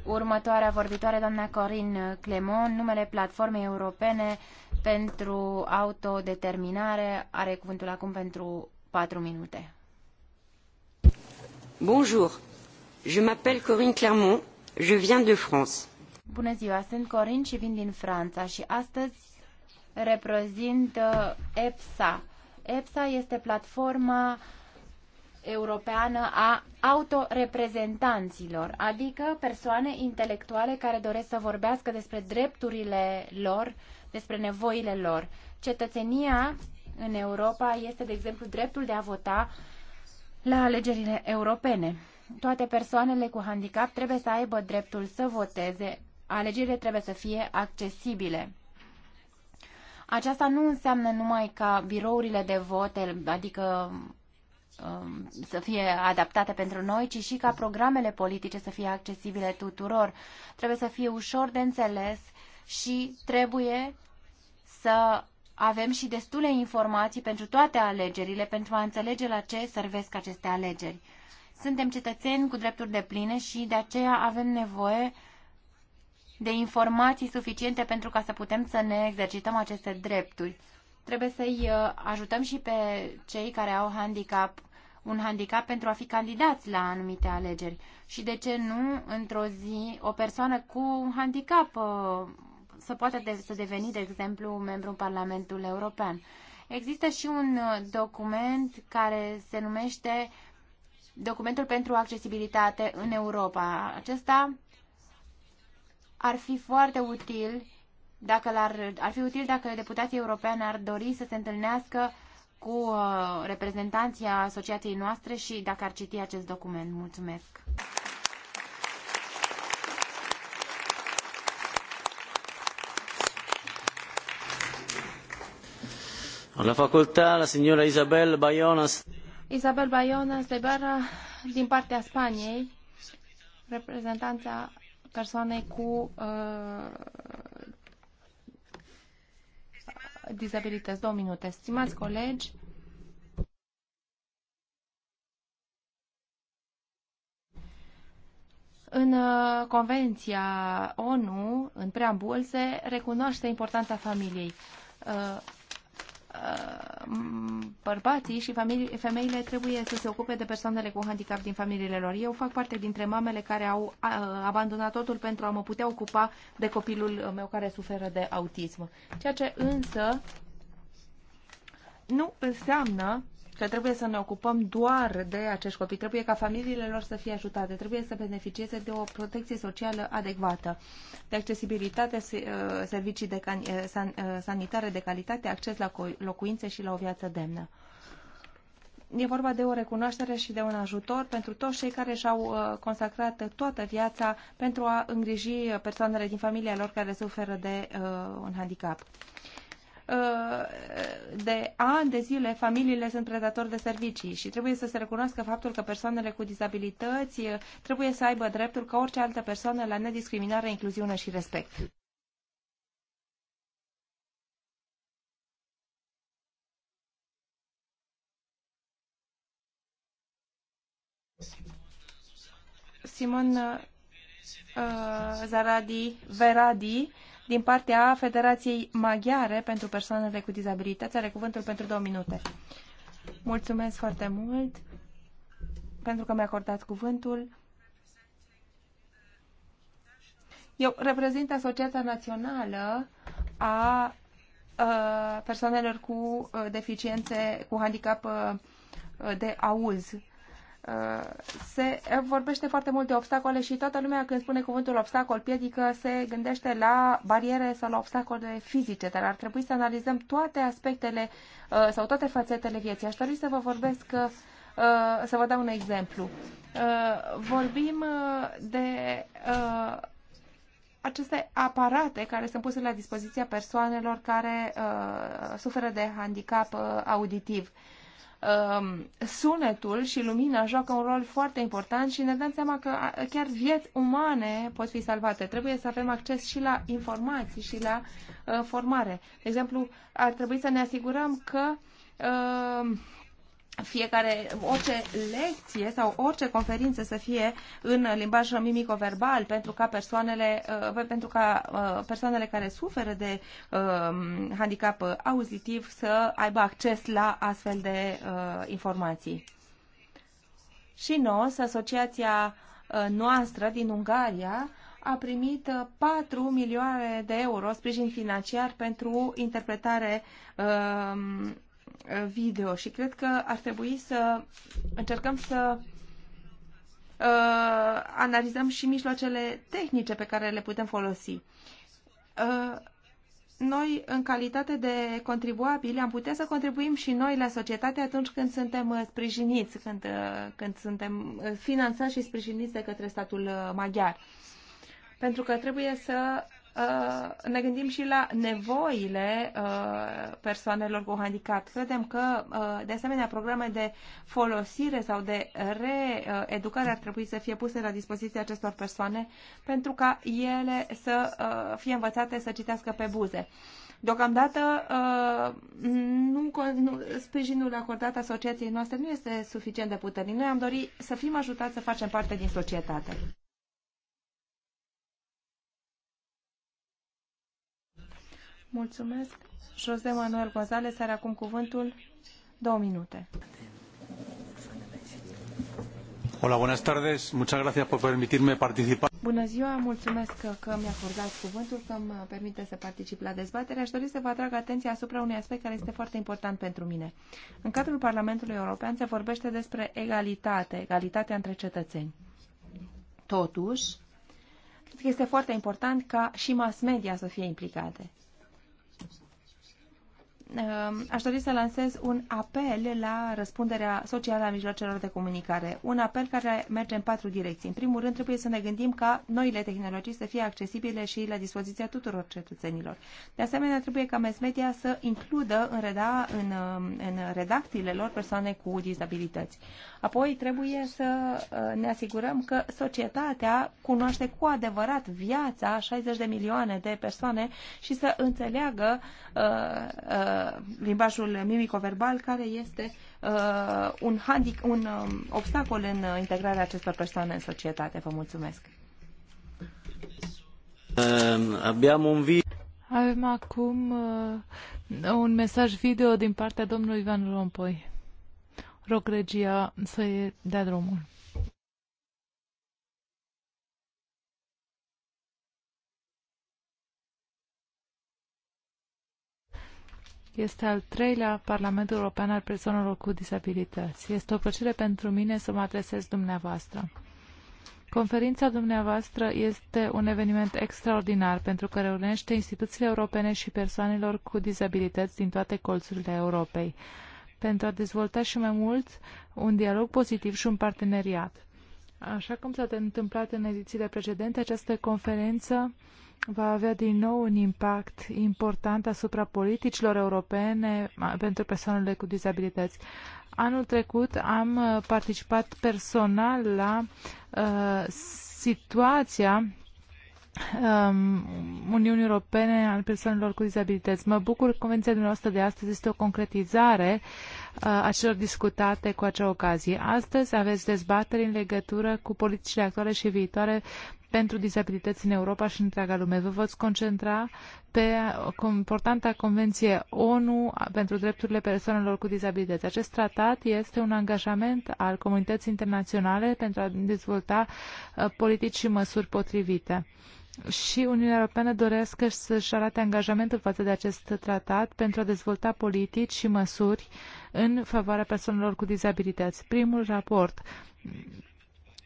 Următoarea vorbitoare, doamna Corin Clemon, numele Platformei Europene pentru Autodeterminare, are cuvântul acum pentru patru minute. Bonjour, je m'appelle Corinne Clermont, je viens de France. Bună ziua, sunt Corin și vin din Franța și astăzi reprezint uh, EPSA. EPSA este platforma uh, Europeană a autoreprezentanților, adică persoane intelectuale care doresc să vorbească despre drepturile lor, despre nevoile lor. Cetățenia în Europa este, de exemplu, dreptul de a vota la alegerile europene. Toate persoanele cu handicap trebuie să aibă dreptul să voteze, alegerile trebuie să fie accesibile. Aceasta nu înseamnă numai ca birourile de vot, adică Um, să fie adaptate pentru noi, ci și ca programele politice să fie accesibile tuturor. Trebuie să fie ușor de înțeles și trebuie să avem și destule informații pentru toate alegerile, pentru a înțelege la ce servesc aceste alegeri. Suntem cetățeni cu drepturi de pline și de aceea avem nevoie de informații suficiente pentru ca să putem să ne exercităm aceste drepturi. Trebuie să-i uh, ajutăm și pe cei care au handicap un handicap pentru a fi candidați la anumite alegeri și de ce nu într-o zi o persoană cu un handicap uh, să poată de, să deveni, de exemplu, membru în Parlamentul European. Există și un uh, document care se numește Documentul pentru accesibilitate în Europa. Acesta ar fi foarte util dacă ar ar fi util dacă deputații europeni ar dori să se întâlnească cu uh, reprezentanții asociației noastre și dacă ar citi acest document. Mulțumesc! La facultate, la signora Isabel Bayonas. Isabel Bayonas de Barra, din partea Spaniei, reprezentanța persoanei cu uh, dizabilități. Două minute. Stimați colegi, în uh, Convenția ONU, în preambul, se recunoaște importanța familiei. Uh, bărbații și familii, femeile trebuie să se ocupe de persoanele cu handicap din familiile lor. Eu fac parte dintre mamele care au abandonat totul pentru a mă putea ocupa de copilul meu care suferă de autism. Ceea ce însă nu înseamnă că trebuie să ne ocupăm doar de acești copii. Trebuie ca familiile lor să fie ajutate, trebuie să beneficieze de o protecție socială adecvată, de accesibilitate, uh, servicii de uh, san, uh, sanitare de calitate, acces la locuințe și la o viață demnă. E vorba de o recunoaștere și de un ajutor pentru toți cei care și-au consacrat toată viața pentru a îngriji persoanele din familia lor care suferă de uh, un handicap. Uh, de ani de zile familiile sunt predatori de servicii și trebuie să se recunoască faptul că persoanele cu dizabilități uh, trebuie să aibă dreptul ca orice altă persoană la nediscriminare, incluziune și respect. Simon uh, Zaradi Veradi din partea Federației Maghiare pentru Persoanele cu Dizabilități. Are cuvântul pentru două minute. Mulțumesc foarte mult pentru că mi-a acordat cuvântul. Eu reprezint Asociația Națională a persoanelor cu deficiențe, cu handicap de auz se vorbește foarte mult de obstacole și toată lumea când spune cuvântul obstacol piedică se gândește la bariere sau la obstacole fizice, dar ar trebui să analizăm toate aspectele uh, sau toate fațetele vieții. Aș dori să vă vorbesc, uh, să vă dau un exemplu. Uh, vorbim de aceste aparate care sunt puse la dispoziția persoanelor care suferă de handicap auditiv. Um, sunetul și lumina joacă un rol foarte important și ne dăm seama că chiar vieți umane pot fi salvate. Trebuie să avem acces și la informații și la uh, formare. De exemplu, ar trebui să ne asigurăm că um, fiecare, orice lecție sau orice conferință să fie în limbaj mimico-verbal pentru ca persoanele, uh, pentru ca uh, persoanele care suferă de um, handicap auzitiv să aibă acces la astfel de uh, informații. Și NOS, asociația noastră din Ungaria, a primit 4 milioane de euro sprijin financiar pentru interpretare um, video și cred că ar trebui să încercăm să uh, analizăm și mijloacele tehnice pe care le putem folosi. Uh, noi, în calitate de contribuabili, am putea să contribuim și noi la societate atunci când suntem uh, sprijiniți, când, uh, când suntem uh, finanțați și sprijiniți de către statul maghiar. Pentru că trebuie să Uh, ne gândim și la nevoile uh, persoanelor cu handicap. Credem că, uh, de asemenea, programe de folosire sau de reeducare ar trebui să fie puse la dispoziția acestor persoane pentru ca ele să fie învățate să citească pe buze. Deocamdată, nu, nu, sprijinul acordat asociației noastre nu este suficient de puternic. Noi am dorit să fim ajutați să facem parte din societate. Mulțumesc. José Manuel Gonzalez are acum cuvântul. Două minute. Hola, buenas tardes. Muchas gracias por permitirme participar. Bună ziua, mulțumesc că mi-a acordat cuvântul, că îmi permite să particip la dezbatere. Aș dori să vă atrag atenția asupra unui aspect care este foarte important pentru mine. În cadrul Parlamentului European se vorbește despre egalitate, egalitatea între cetățeni. Totuși, cred că este foarte important ca și mass media să fie implicate. Ehm, aș dori să lansez un apel la răspunderea socială a mijloacelor de comunicare. Un apel care merge în patru direcții. În primul rând, trebuie să ne gândim ca noile tehnologii să fie accesibile și la dispoziția tuturor cetățenilor. De asemenea, trebuie ca mass media să includă în, reda, în, ehm, în redacțiile lor persoane cu dizabilități. Apoi, trebuie să ehm, ne asigurăm că societatea cunoaște cu adevărat viața 60 de milioane de persoane și să înțeleagă uh, uh, Uh, limbajul mimico-verbal, care este uh, un, handic, un um, obstacol în uh, integrarea acestor persoane în societate. Vă mulțumesc. Um, un vi- Avem acum uh, un mesaj video din partea domnului Ivan Rompoi. Rog regia să dea drumul. Este al treilea Parlament European al persoanelor cu disabilități. Este o plăcere pentru mine să mă adresez dumneavoastră. Conferința dumneavoastră este un eveniment extraordinar pentru că reunește instituțiile europene și persoanelor cu dizabilități din toate colțurile Europei pentru a dezvolta și mai mult un dialog pozitiv și un parteneriat. Așa cum s-a întâmplat în edițiile precedente, această conferință uh, va avea din nou un impact important asupra politicilor europene pentru persoanele cu dizabilități. Anul trecut am uh, participat personal la uh, situația um, Uniunii Europene al persoanelor cu dizabilități. Mă bucur că convenția dumneavoastră de astăzi este o concretizare uh, a celor discutate cu acea ocazie. Astăzi aveți dezbateri în legătură cu politicile actuale și viitoare pentru dizabilități în Europa și în întreaga lume. Vă voți concentra pe importanta convenție ONU pentru drepturile persoanelor cu dizabilități. Acest tratat este un angajament al comunității internaționale pentru a dezvolta uh, politici și măsuri potrivite. Și Uniunea Europeană doresc să-și arate angajamentul față de acest tratat pentru a dezvolta politici și măsuri în favoarea persoanelor cu dizabilități. Primul raport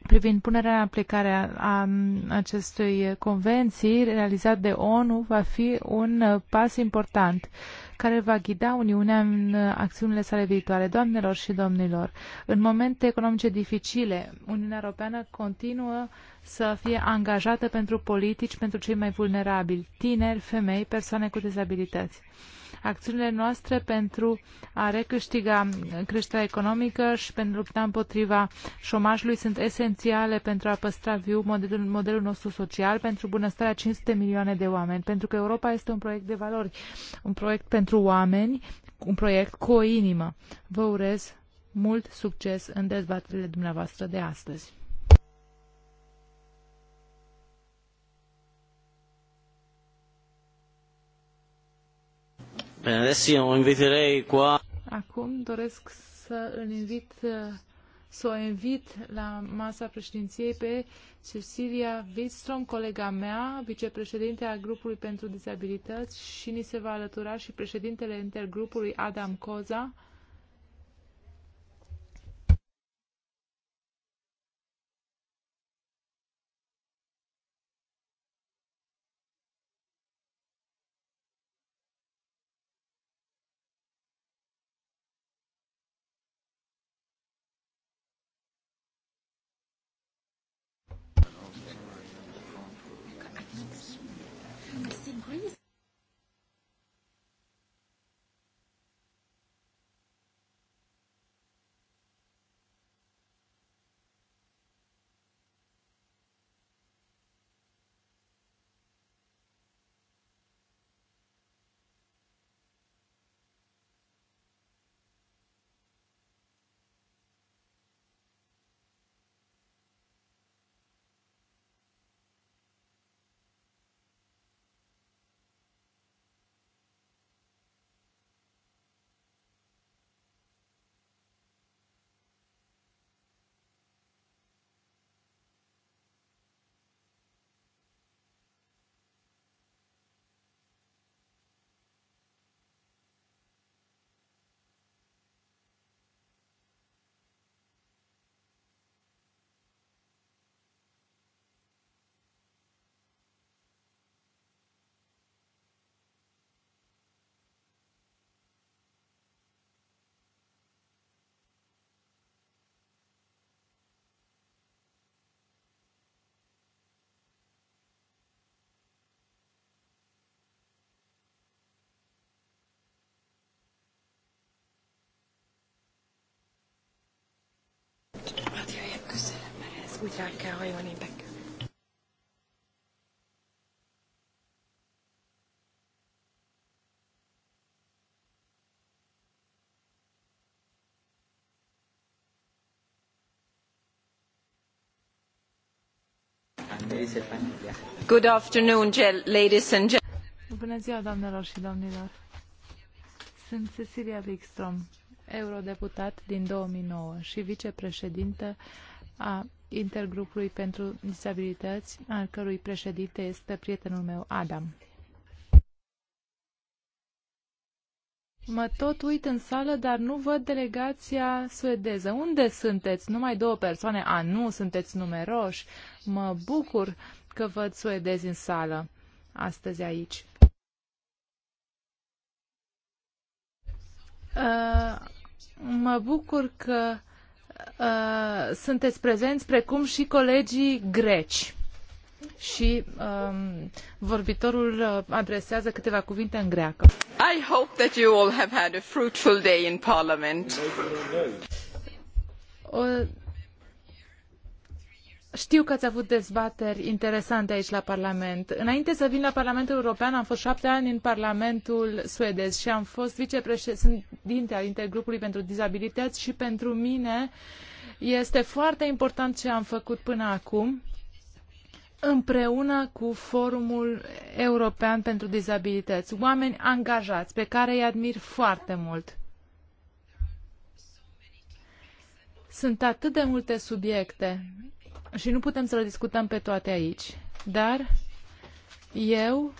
privind punerea în aplicare a acestui convenții realizat de ONU va fi un pas important care va ghida Uniunea în acțiunile sale viitoare. Doamnelor și domnilor, în momente economice dificile, Uniunea Europeană continuă să fie angajată pentru politici, pentru cei mai vulnerabili, tineri, femei, persoane cu dizabilități acțiunile noastre pentru a recâștiga creșterea economică și pentru a lupta împotriva șomajului sunt esențiale pentru a păstra viu modelul, modelul nostru social, pentru bunăstarea 500 milioane de oameni, pentru că Europa este un proiect de valori, un proiect pentru oameni, un proiect cu o inimă. Vă urez mult succes în dezbaterile dumneavoastră de astăzi. Acum doresc să îl invit să o invit la masa președinției pe Cecilia Wistrom, colega mea, vicepreședinte al grupului pentru dizabilități și ni se va alătura și președintele intergrupului Adam Coza, Uite, chiar eu back. Good afternoon, ladies and gentlemen. Bună ziua, doamnelor și domnilor. Sunt Cecilia Wikström, eurodeputat din 2009 și vicepreședintă a intergrupului pentru disabilități, al cărui președinte este prietenul meu, Adam. Mă tot uit în sală, dar nu văd delegația suedeză. Unde sunteți? Numai două persoane? A, nu, sunteți numeroși. Mă bucur că văd suedezi în sală astăzi aici. Uh, mă bucur că uh, sunteți prezenți, precum și colegii greci. Și um, vorbitorul uh, adresează câteva cuvinte în greacă. I hope that you all have had a fruitful day in Parliament. O, știu că ați avut dezbateri interesante aici la Parlament. Înainte să vin la Parlamentul European, am fost șapte ani în Parlamentul suedez și am fost vicepreședinte al Intergrupului pentru Dizabilități și pentru mine este foarte important ce am făcut până acum împreună cu Forumul European pentru Dizabilități. Oameni angajați pe care îi admir foarte mult. Sunt atât de multe subiecte și nu putem să le discutăm pe toate aici, dar eu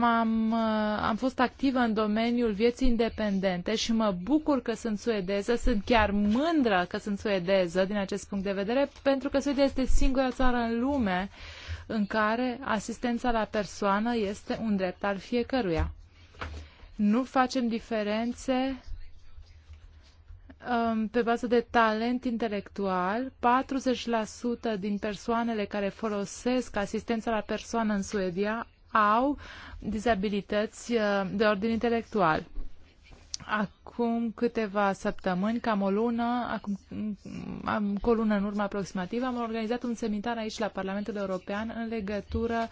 am uh, am fost activă în domeniul vieții independente și mă bucur că sunt suedeză, sunt chiar mândră că sunt suedeză din acest punct de vedere, pentru că Suedia este singura țară în lume în care asistența la persoană este un drept al fiecăruia. Nu facem diferențe Um, pe bază de talent intelectual, 40% din persoanele care folosesc asistența la persoană în Suedia au dizabilități uh, de ordin intelectual. Acum câteva săptămâni, cam o lună, acum, am, cu o lună în urmă aproximativ, am organizat un seminar aici la Parlamentul European în legătură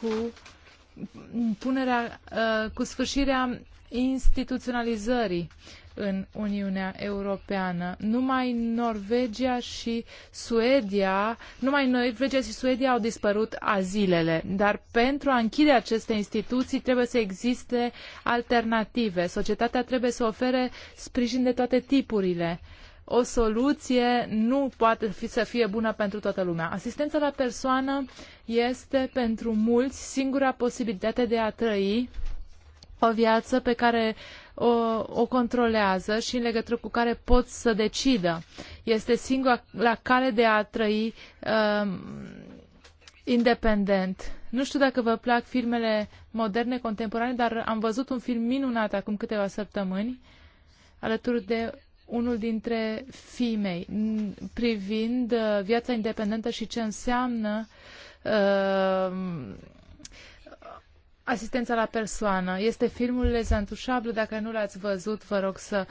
cu punerea, uh, cu sfârșirea instituționalizării uh, în Uniunea Europeană. Numai Norvegia și Suedia, numai Norvegia și Suedia au dispărut azilele, dar pentru a închide aceste instituții trebuie să existe alternative. Societatea trebuie să ofere sprijin de toate tipurile o soluție nu poate fi să fie bună pentru toată lumea. Asistența la persoană este pentru mulți singura posibilitate de a trăi o viață pe care o, o controlează și în legătură cu care pot să decidă. Este singura la care de a trăi uh, independent. Nu știu dacă vă plac filmele moderne, contemporane, dar am văzut un film minunat acum câteva săptămâni alături de unul dintre femei privind uh, viața independentă și ce înseamnă uh, Asistența la persoană. Este filmul Les Antușables. Dacă nu l-ați văzut, vă rog să,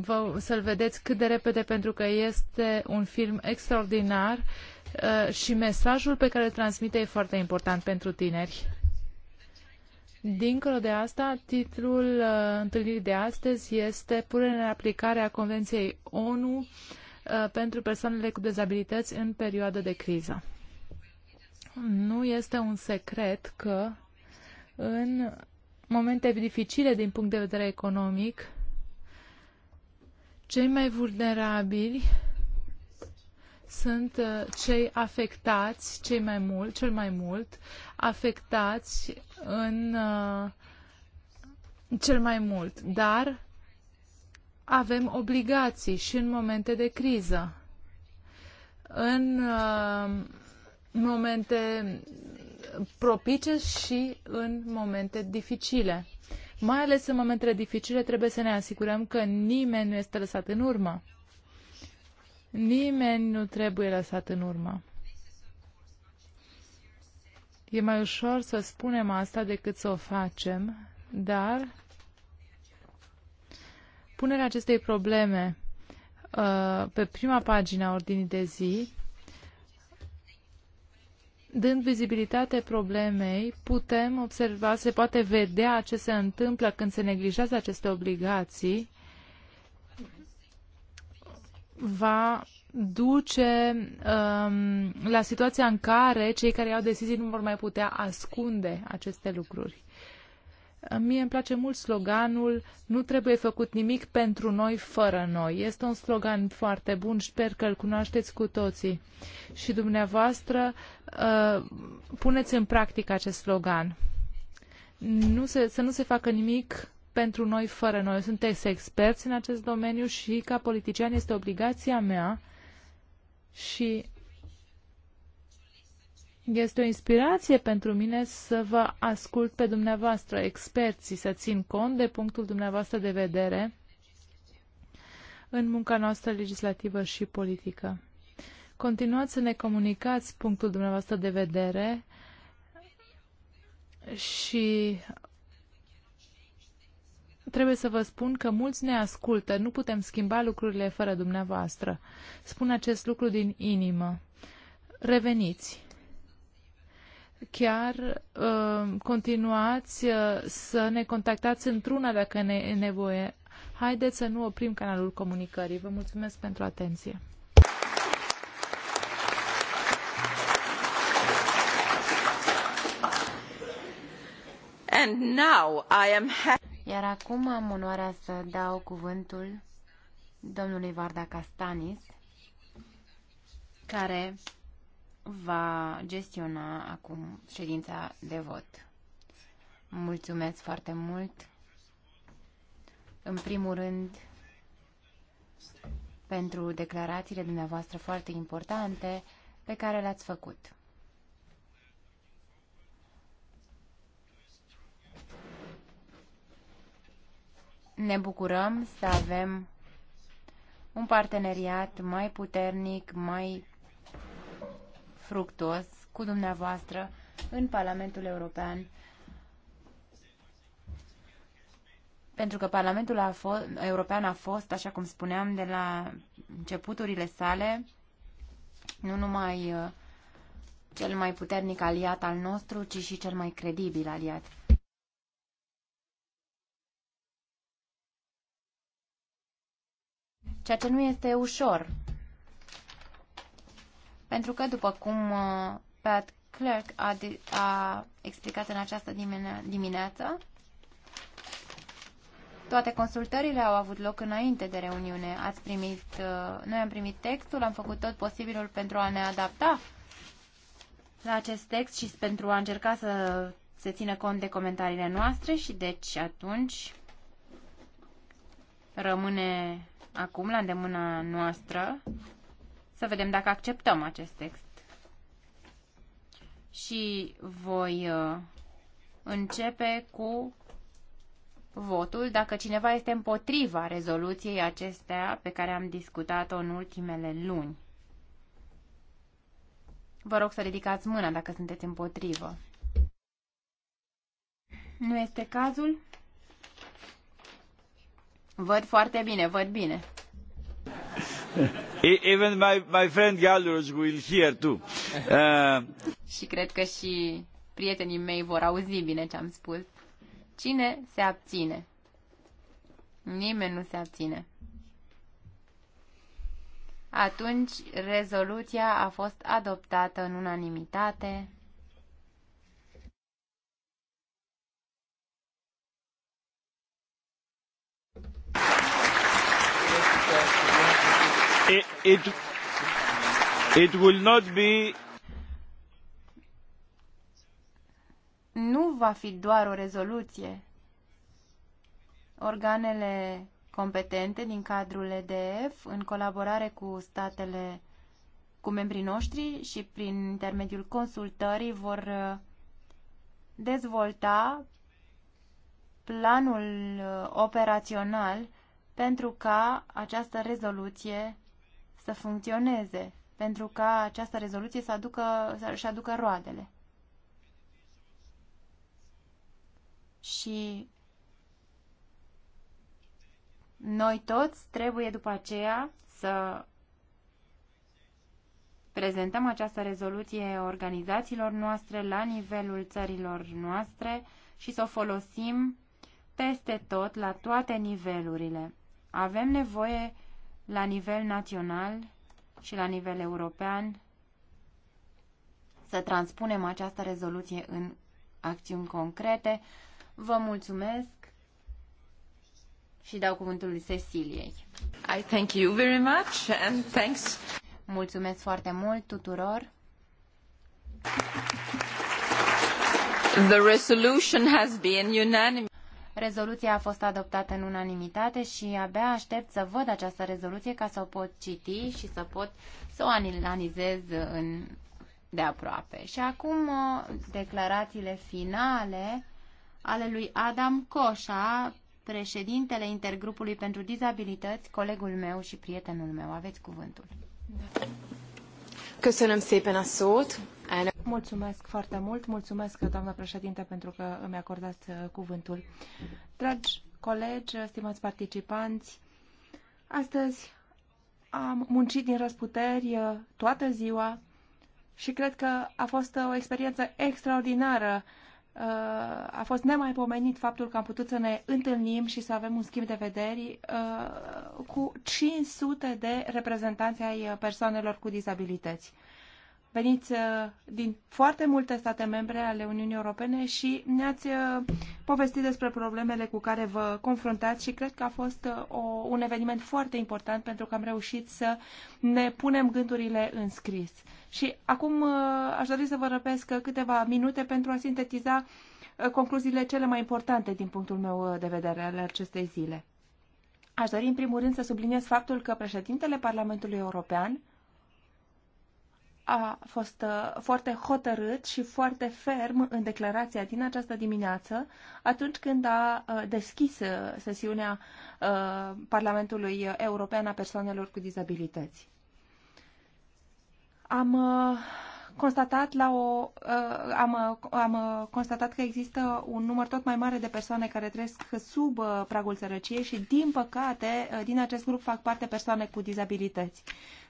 vă, să-l vedeți cât de repede, pentru că este un film extraordinar uh, și mesajul pe care îl transmite e foarte important pentru tineri. Dincolo de asta, titlul uh, întâlnirii de astăzi este Punerea în aplicare a Convenției ONU uh, pentru persoanele cu dezabilități în perioadă de criză. Nu este un secret că în momente dificile din punct de vedere economic, cei mai vulnerabili sunt uh, cei afectați cei mai mult, cel mai mult, afectați în uh, cel mai mult, dar avem obligații și în momente de criză. În uh, momente propice și în momente dificile. Mai ales în momentele dificile trebuie să ne asigurăm că nimeni nu este lăsat în urmă. Nimeni nu trebuie lăsat în urmă. E mai ușor să spunem asta decât să o facem, dar punerea acestei probleme uh, pe prima pagina ordinii de zi dând vizibilitate problemei, putem observa, se poate vedea ce se întâmplă când se neglijează aceste obligații, va duce um, la situația în care cei care iau decizii nu vor mai putea ascunde aceste lucruri. Mie îmi place mult sloganul Nu trebuie făcut nimic pentru noi fără noi. Este un slogan foarte bun, sper că îl cunoașteți cu toții. Și dumneavoastră uh, puneți în practică acest slogan. Nu se, să nu se facă nimic pentru noi fără noi. Sunteți experți în acest domeniu și ca politician este obligația mea și este o inspirație pentru mine să vă ascult pe dumneavoastră, experții, să țin cont de punctul dumneavoastră de vedere în munca noastră legislativă și politică. Continuați să ne comunicați punctul dumneavoastră de vedere și trebuie să vă spun că mulți ne ascultă, nu putem schimba lucrurile fără dumneavoastră. Spun acest lucru din inimă. Reveniți chiar uh, continuați uh, să ne contactați într-una dacă ne e nevoie. Haideți să nu oprim canalul comunicării. Vă mulțumesc pentru atenție. And now I am Iar acum am onoarea să dau cuvântul domnului Varda Castanis, care va gestiona acum ședința de vot. Mulțumesc foarte mult. În primul rând, pentru declarațiile dumneavoastră foarte importante pe care le-ați făcut. Ne bucurăm să avem un parteneriat mai puternic, mai fructuos cu dumneavoastră în Parlamentul European pentru că Parlamentul a fost, European a fost, așa cum spuneam, de la începuturile sale, nu numai uh, cel mai puternic aliat al nostru, ci și cel mai credibil aliat. Ceea ce nu este ușor pentru că, după cum uh, Pat Clerk a, a explicat în această dimine dimineață, toate consultările au avut loc înainte de reuniune. Ați primit, uh, noi am primit textul, am făcut tot posibilul pentru a ne adapta la acest text și pentru a încerca să se țină cont de comentariile noastre și deci atunci rămâne acum la îndemâna noastră să vedem dacă acceptăm acest text. Și voi uh, începe cu votul dacă cineva este împotriva rezoluției acestea pe care am discutat-o în ultimele luni. Vă rog să ridicați mâna dacă sunteți împotrivă. Nu este cazul? Văd foarte bine, văd bine. Even my, my friend Gallus will hear too. Uh... și cred că și prietenii mei vor auzi bine ce am spus. Cine se abține? Nimeni nu se abține. Atunci, rezoluția a fost adoptată în unanimitate. Nu va fi doar o rezoluție. Organele competente din cadrul EDF, în colaborare cu statele, cu membrii noștri și prin intermediul consultării, vor uh, dezvolta planul uh, operațional pentru ca această rezoluție să funcționeze, pentru ca această rezoluție să aducă, să aducă roadele. Și noi toți trebuie după aceea să prezentăm această rezoluție organizațiilor noastre la nivelul țărilor noastre și să o folosim peste tot, la toate nivelurile. Avem nevoie la nivel național și la nivel european să transpunem această rezoluție în acțiuni concrete. Vă mulțumesc și dau cuvântul lui Ceciliei. I thank you very much and thanks. Mulțumesc foarte mult tuturor. The resolution has been unanimous. Rezoluția a fost adoptată în unanimitate și abia aștept să văd această rezoluție ca să o pot citi și să pot să o analizez în de aproape. Și acum uh, declarațiile finale ale lui Adam Coșa, președintele intergrupului pentru dizabilități, colegul meu și prietenul meu. Aveți cuvântul. Da. Köszönöm szépen a szót. Mulțumesc foarte mult. Mulțumesc, doamnă președinte, pentru că îmi acordați uh, cuvântul. Dragi colegi, stimați participanți, astăzi am muncit din răsputeri uh, toată ziua și cred că a fost uh, o experiență extraordinară Uh, a fost nemaipomenit faptul că am putut să ne întâlnim și să avem un schimb de vederi uh, cu 500 de reprezentanți ai uh, persoanelor cu dizabilități veniți uh, din foarte multe state membre ale Uniunii Europene și ne-ați uh, povestit despre problemele cu care vă confruntați și cred că a fost uh, o, un eveniment foarte important pentru că am reușit să ne punem gândurile în scris. Și acum aș dori să vă răpesc câteva minute pentru a sintetiza concluziile cele mai importante din punctul meu de vedere ale acestei zile. Aș dori în primul rând să subliniez faptul că președintele Parlamentului European a fost uh, foarte hotărât și foarte ferm în declarația din această dimineață, atunci când a uh, deschis uh, sesiunea Parlamentului European a persoanelor cu dizabilități. Am constatat la o am, am constatat că există un număr tot mai mare de persoane care trăiesc sub pragul sărăciei și din păcate din acest grup fac parte persoane cu dizabilități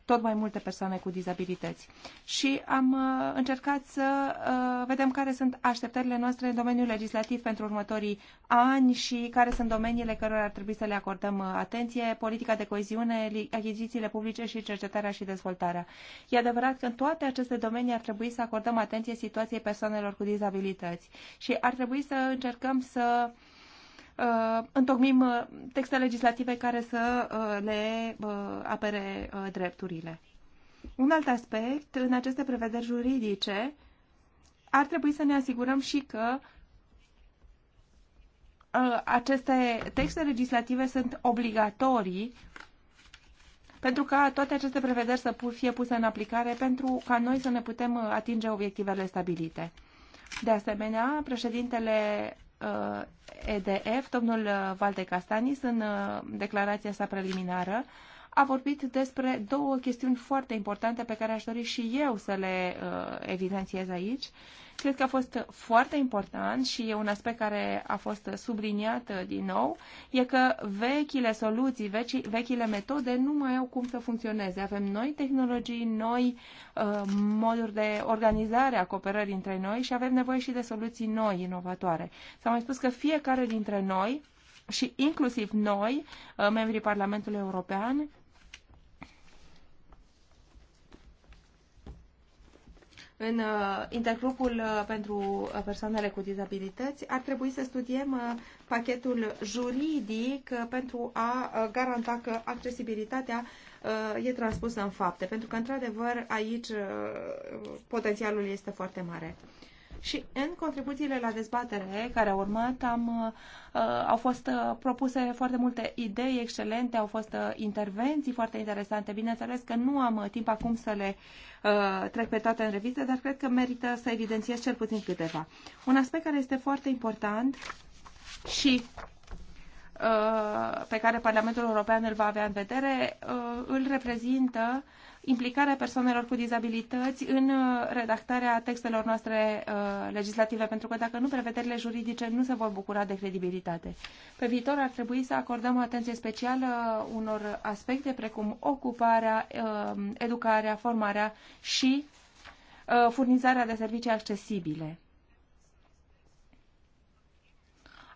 tot mai multe persoane cu dizabilități. Și am uh, încercat să uh, vedem care sunt așteptările noastre în domeniul legislativ pentru următorii ani și care sunt domeniile cărora ar trebui să le acordăm uh, atenție, politica de coeziune, achizițiile publice și cercetarea și dezvoltarea. E adevărat că în toate aceste domenii ar trebui să acordăm atenție situației persoanelor cu dizabilități și ar trebui să încercăm să uh, uh, întocmim uh, texte legislative care să uh, le uh, apere uh, drepturile. Un alt aspect, în aceste prevederi juridice, ar trebui să ne asigurăm și că uh, aceste texte legislative sunt obligatorii pentru ca toate aceste prevederi să fie puse în aplicare pentru ca noi să ne putem uh, atinge obiectivele stabilite. De asemenea, președintele Uh, EDF, domnul uh, Valde Castanis, în uh, declarația sa preliminară, a vorbit despre două chestiuni foarte importante pe care aș dori și eu să le evidențiez aici. Cred că a fost foarte important și e un aspect care a fost subliniat uh, din nou, e că vechile soluții, vechi, vechile metode nu mai au cum să funcționeze. Avem noi tehnologii, noi uh, moduri de organizare a cooperării între noi și avem nevoie și de soluții noi, inovatoare. S-a mai spus că fiecare dintre noi și inclusiv noi, uh, membrii Parlamentului European, în uh, intergrupul uh, pentru uh, persoanele cu dizabilități, ar trebui să studiem pachetul juridic pentru a garanta că accesibilitatea e transpusă în fapte, pentru că, într-adevăr, aici potențialul este foarte mare. Și în contribuțiile la dezbatere care au urmat am, uh, au fost uh, propuse foarte multe idei excelente, au fost uh, intervenții foarte interesante. Bineînțeles că nu am timp acum să le trec pe toate în revistă, dar cred că merită să evidențiez cel puțin câteva. Un aspect care este foarte important și pe care Parlamentul European îl va avea în vedere, îl reprezintă implicarea persoanelor cu dizabilități în uh, redactarea textelor noastre uh, legislative, pentru că dacă nu, prevederile juridice nu se vor bucura de credibilitate. Pe viitor ar trebui să acordăm o atenție specială uh, unor aspecte precum ocuparea, uh, educarea, formarea și uh, furnizarea de servicii accesibile.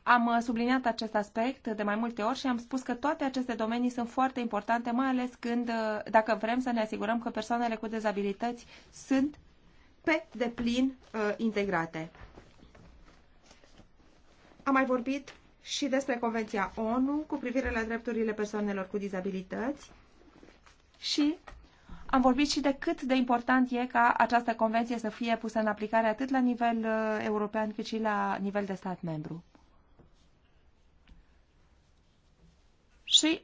Am uh, subliniat acest aspect de mai multe ori și am spus că toate aceste domenii sunt foarte importante, mai ales când, uh, dacă vrem să ne asigurăm că persoanele cu dezabilități sunt pe deplin uh, integrate. Am mai vorbit și despre Convenția ONU cu privire la drepturile persoanelor cu dizabilități și am vorbit și de cât de important e ca această convenție să fie pusă în aplicare atât la nivel uh, european cât și la nivel de stat membru. Și,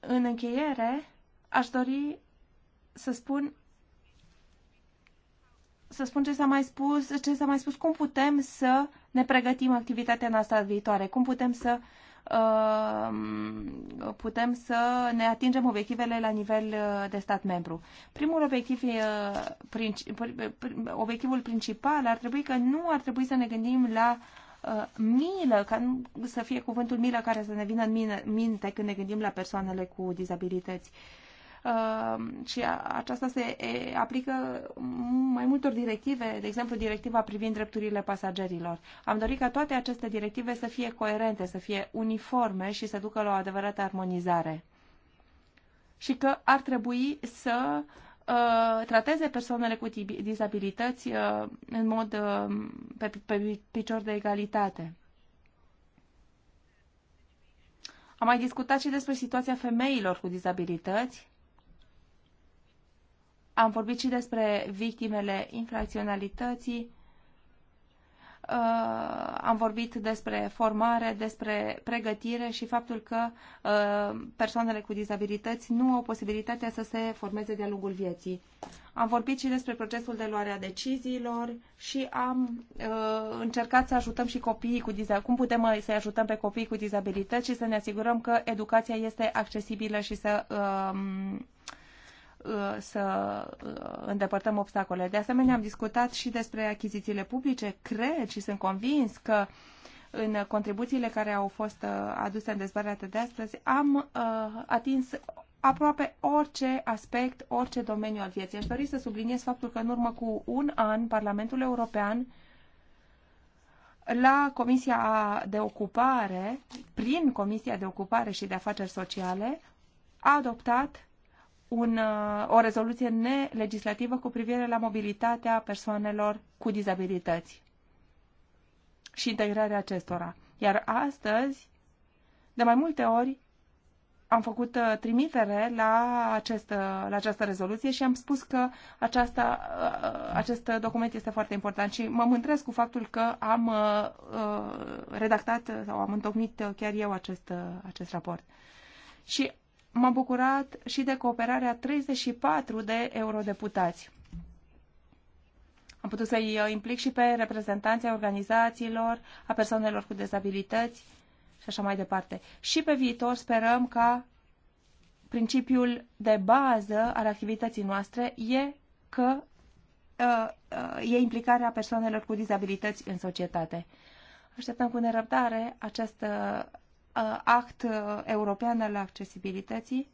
în încheiere, aș dori să spun să spun ce s-a mai spus, ce s-a mai spus, cum putem să ne pregătim activitatea noastră viitoare, cum putem să uh, putem să ne atingem obiectivele la nivel uh, de stat membru. Primul obiectiv, uh, obiectivul principal ar trebui că nu ar trebui să ne gândim la Uh, milă, ca nu să fie cuvântul milă care să ne vină în mine, minte când ne gândim la persoanele cu dizabilități. Uh, și a, aceasta se e, aplică mai multor directive, de exemplu directiva privind drepturile pasagerilor. Am dorit ca toate aceste directive să fie coerente, să fie uniforme și să ducă la o adevărată armonizare. Și că ar trebui să uh, Uh, trateze persoanele cu dizabilități uh, în mod uh, pe, pe picior de egalitate. Am mai discutat și despre situația femeilor cu dizabilități. Am vorbit și despre victimele infracționalității am vorbit despre formare, despre pregătire și faptul că uh, persoanele cu dizabilități nu au posibilitatea să se formeze de-a lungul vieții. Am vorbit și despre procesul de luare a deciziilor și am uh, încercat să ajutăm și copiii cu dizabilități. Cum putem să-i ajutăm pe copiii cu dizabilități și să ne asigurăm că educația este accesibilă și să uh, Uh, să uh, îndepărtăm obstacole. De asemenea, am discutat și despre achizițiile publice. Cred și sunt convins că în contribuțiile care au fost uh, aduse în dezbaterea de astăzi am atins aproape orice aspect, orice domeniu al vieții. Aș dori să subliniez faptul că în urmă cu un an Parlamentul European la Comisia de Ocupare, prin Comisia de Ocupare și de Afaceri Sociale, a adoptat un, uh, o rezoluție nelegislativă cu privire la mobilitatea persoanelor cu dizabilități și integrarea acestora. Iar astăzi, de mai multe ori, am făcut uh, trimitere la, acest, uh, la această rezoluție și am spus că aceasta, acest document este foarte important și mă mândresc cu faptul că am redactat sau am întocmit chiar eu acest, acest raport. Și m-am bucurat și de cooperarea 34 de eurodeputați. Am putut să-i uh, implic și pe reprezentanții organizațiilor, a persoanelor cu dezabilități și așa mai departe. Și pe viitor sperăm ca principiul de bază al activității noastre e că uh, uh, e implicarea persoanelor cu dizabilități în societate. Așteptăm cu nerăbdare această Uh, act uh, european al accesibilității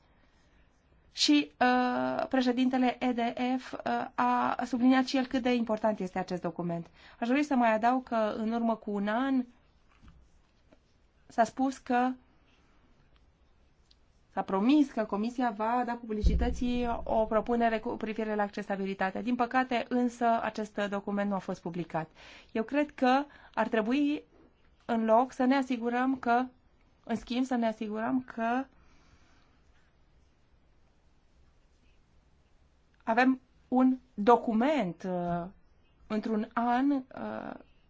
și uh, președintele EDF uh, a subliniat și el cât de important este acest document. Aș dori să mai adaug că în urmă cu un an s-a spus că s-a promis că Comisia va da publicității o propunere cu privire la accesibilitate. Din păcate, însă, acest document nu a fost publicat. Eu cred că ar trebui, în loc, să ne asigurăm că în schimb, să ne asigurăm că avem un document uh, într-un an uh,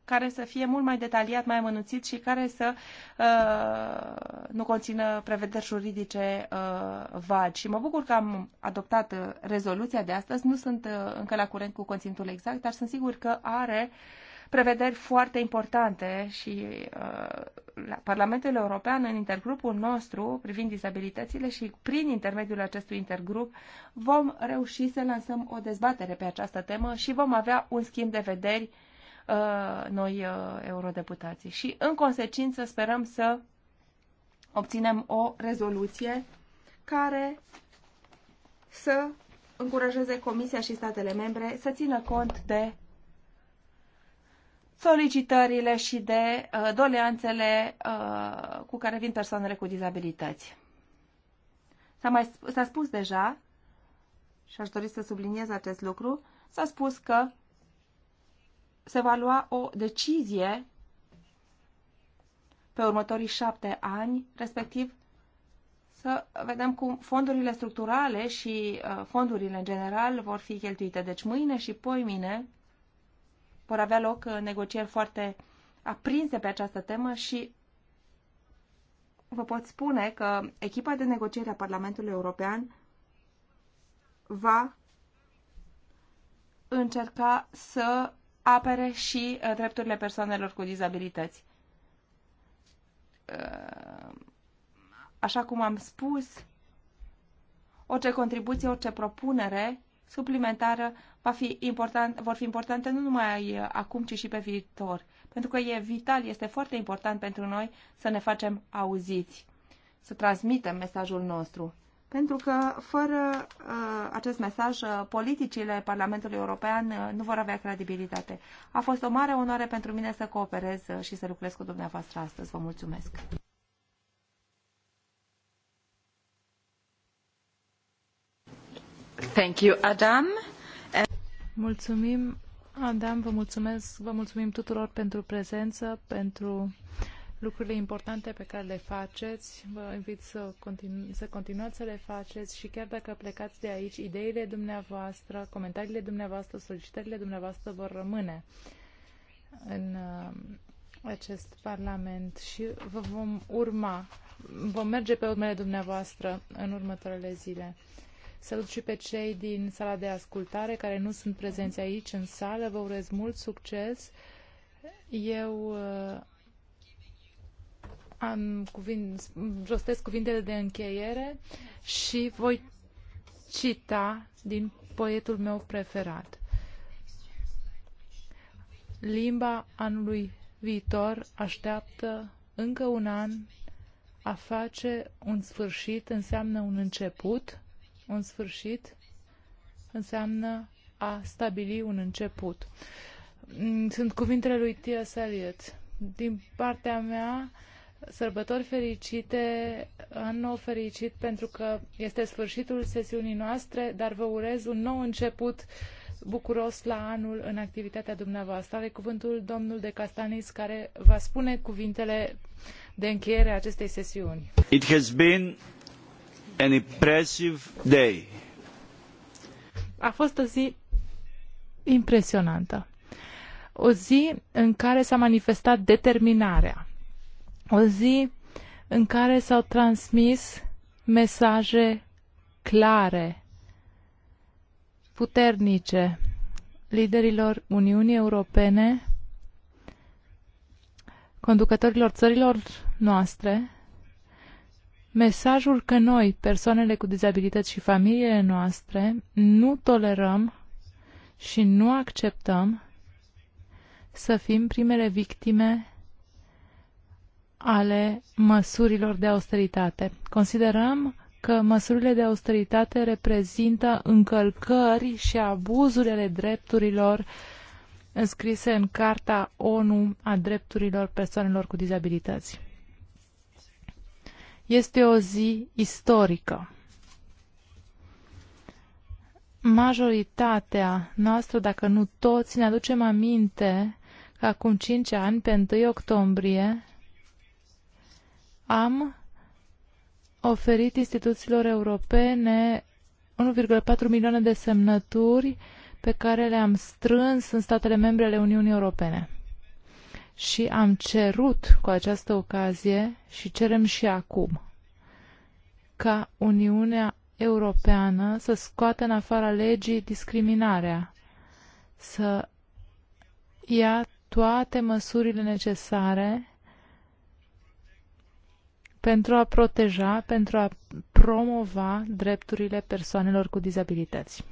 care să fie mult mai detaliat, mai amănunțit și care să uh, nu conțină prevederi juridice uh, vagi. Și mă bucur că am adoptat uh, rezoluția de astăzi. Nu sunt uh, încă la curent cu conținutul exact, dar sunt sigur că are uh, prevederi foarte importante și uh, la Parlamentul European, în intergrupul nostru privind dizabilitățile și prin intermediul acestui intergrup vom reuși să lansăm o dezbatere pe această temă și vom avea un schimb de vederi uh, noi uh, eurodeputații. Și în consecință sperăm să obținem o rezoluție care să încurajeze Comisia și statele membre să țină cont de solicitările și de uh, doleanțele uh, cu care vin persoanele cu dizabilități. S-a, mai, s-a spus deja, și aș dori să subliniez acest lucru, s-a spus că se va lua o decizie pe următorii șapte ani, respectiv să vedem cum fondurile structurale și uh, fondurile în general vor fi cheltuite. Deci mâine și poimine vor avea loc uh, negocieri foarte aprinse pe această temă și vă pot spune că echipa de negociere a Parlamentului European va încerca să apere și uh, drepturile persoanelor cu dizabilități. Uh, așa cum am spus, orice contribuție, orice propunere suplimentară va fi important, vor fi importante nu numai acum, ci și pe viitor. Pentru că e vital, este foarte important pentru noi să ne facem auziți, să transmitem mesajul nostru. Pentru că fără uh, acest mesaj, uh, politicile Parlamentului European uh, nu vor avea credibilitate. A fost o mare onoare pentru mine să cooperez uh, și să lucrez cu dumneavoastră astăzi. Vă mulțumesc! Thank you, Adam. Mulțumim, Adam, vă mulțumesc, vă mulțumim tuturor pentru prezență, pentru lucrurile importante pe care le faceți. Vă invit să, continu- să continuați să le faceți și chiar dacă plecați de aici, ideile dumneavoastră, comentariile dumneavoastră, solicitările dumneavoastră vor rămâne în uh, acest Parlament și vă vom urma, vom merge pe urmele dumneavoastră în următoarele zile. Salut și pe cei din sala de ascultare care nu sunt prezenți aici în sală. Vă urez mult succes. Eu uh, am cuvinte, rostesc cuvintele de încheiere și voi cita din poetul meu preferat. Limba anului viitor așteaptă încă un an a face un sfârșit înseamnă un început un sfârșit, înseamnă a stabili un început. Mm, sunt cuvintele lui T.S. Eliot. Din partea mea, sărbători fericite, an nou fericit, pentru că este sfârșitul sesiunii noastre, dar vă urez un nou început bucuros la anul în activitatea dumneavoastră. Are cuvântul domnul de Castanis care va spune cuvintele de încheiere a acestei sesiuni. It has been an impressive day. A fost o zi impresionantă. O zi în care s-a manifestat determinarea. O zi în care s-au transmis mesaje clare, puternice, liderilor Uniunii Europene, conducătorilor țărilor noastre, mesajul că noi, persoanele cu dizabilități și familiile noastre, nu tolerăm și nu acceptăm să fim primele victime ale măsurilor de austeritate. Considerăm că măsurile de austeritate reprezintă încălcări și abuzuri ale drepturilor înscrise în Carta ONU a drepturilor persoanelor cu dizabilități. Este o zi istorică. Majoritatea noastră, dacă nu toți, ne aducem aminte că acum 5 ani, pe 1 octombrie, am oferit instituțiilor europene 1,4 milioane de semnături pe care le-am strâns în statele membre ale Uniunii Europene și am cerut cu această ocazie și cerem și acum ca Uniunea Europeană să scoată în afara legii discriminarea, să ia toate măsurile necesare pentru a proteja, pentru a promova drepturile persoanelor cu dizabilități.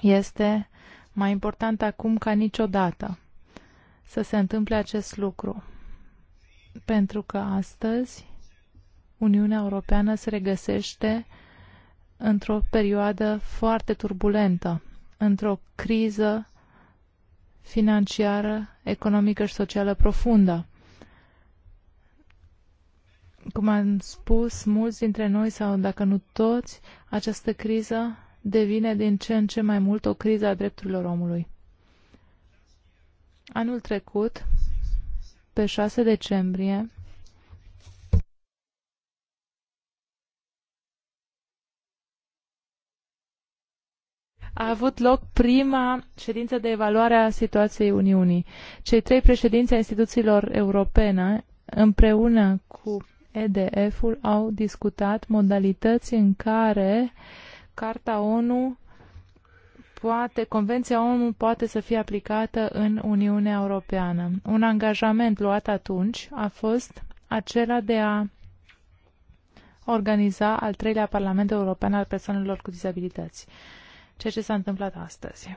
Este mai important acum ca niciodată să se întâmple acest lucru. Pentru că astăzi Uniunea Europeană se regăsește într-o perioadă foarte turbulentă, într-o criză financiară, economică și socială profundă. Cum am spus, mulți dintre noi, sau dacă nu toți, această criză devine din ce în ce mai mult o criză a drepturilor omului. Anul trecut, pe 6 decembrie, a avut loc prima ședință de evaluare a situației Uniunii. Cei trei președinți ai instituțiilor europene, împreună cu EDF-ul, au discutat modalități în care Carta ONU poate, Convenția ONU poate să fie aplicată în Uniunea Europeană. Un angajament luat atunci a fost acela de a organiza al treilea Parlament European al persoanelor cu dizabilități, ceea ce s-a întâmplat astăzi.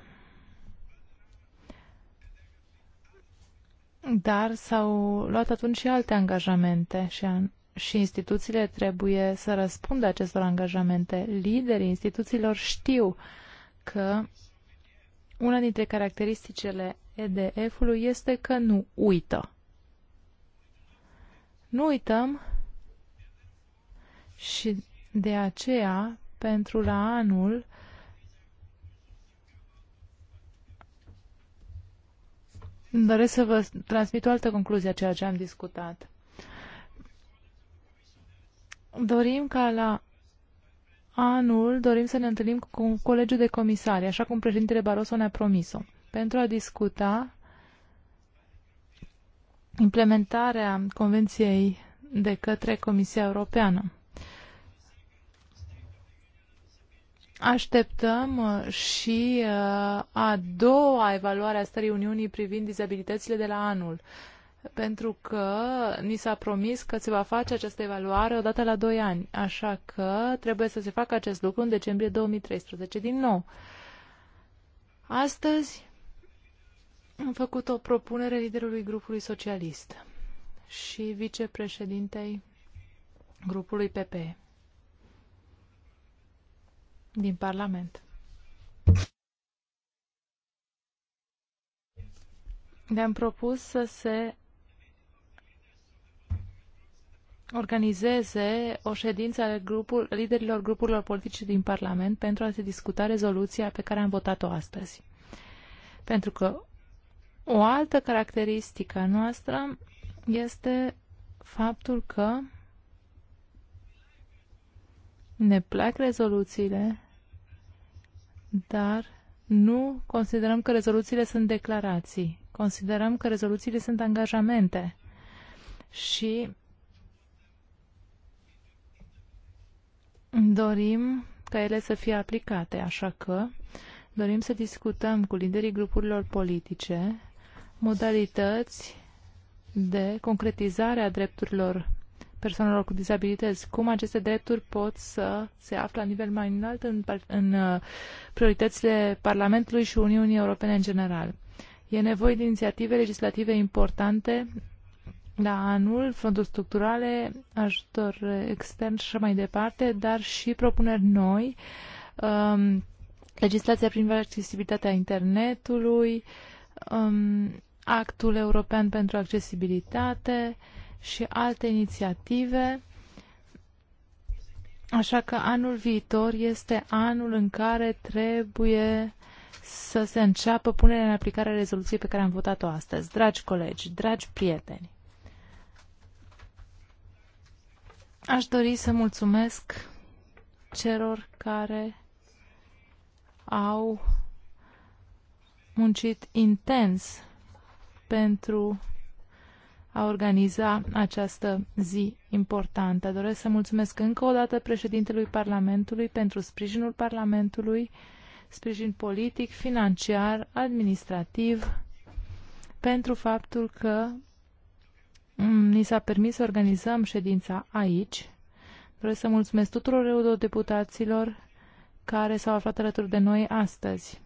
Dar s-au luat atunci și alte angajamente și, an și instituțiile trebuie să răspundă acestor angajamente. Liderii instituțiilor știu uh, că una dintre caracteristicile EDF-ului este că nu uită. Nu uităm și de aceea, pentru la anul, îmi doresc să vă transmit o altă concluzie a ceea ce am discutat. Dorim ca la anul dorim să ne întâlnim cu colegiul de comisari, așa cum președintele Barroso ne-a promis-o, pentru a discuta implementarea Convenției de către Comisia Europeană. Așteptăm uh, și uh, a doua evaluare a stării Uniunii privind dizabilitățile de la anul pentru că ni s-a promis că se va face această evaluare odată la 2 ani, așa că trebuie să se facă acest lucru în decembrie 2013 din nou. Astăzi am făcut o propunere liderului grupului socialist și vicepreședintei grupului PP din Parlament. Ne-am propus să se organizeze o ședință ale grupul, liderilor grupurilor politice din Parlament pentru a se discuta rezoluția pe care am votat-o astăzi. Pentru că o altă caracteristică a noastră este faptul că ne plac rezoluțiile, dar nu considerăm că rezoluțiile sunt declarații. Considerăm că rezoluțiile sunt angajamente. Și dorim ca ele să fie aplicate, așa că dorim să discutăm cu liderii grupurilor politice modalități de concretizare a drepturilor persoanelor cu dizabilități, cum aceste drepturi pot să se afle la nivel mai înalt în, în uh, prioritățile Parlamentului și Uniunii Europene în general. E nevoie de inițiative legislative importante la da, anul, fonduri structurale, ajutor extern și așa mai departe, dar și propuneri noi, um, legislația privind accesibilitatea internetului, um, actul european pentru accesibilitate și alte inițiative. Așa că anul viitor este anul în care trebuie să se înceapă punerea în aplicare a rezoluției pe care am votat-o astăzi. Dragi colegi, dragi prieteni, Aș dori să mulțumesc celor care au muncit intens pentru a organiza această zi importantă. Doresc să mulțumesc încă o dată președintelui Parlamentului pentru sprijinul Parlamentului, sprijin politic, financiar, administrativ, pentru faptul că Mm, ni s-a permis să organizăm ședința aici. Vreau să mulțumesc tuturor eurodeputaților care s-au aflat alături de noi astăzi.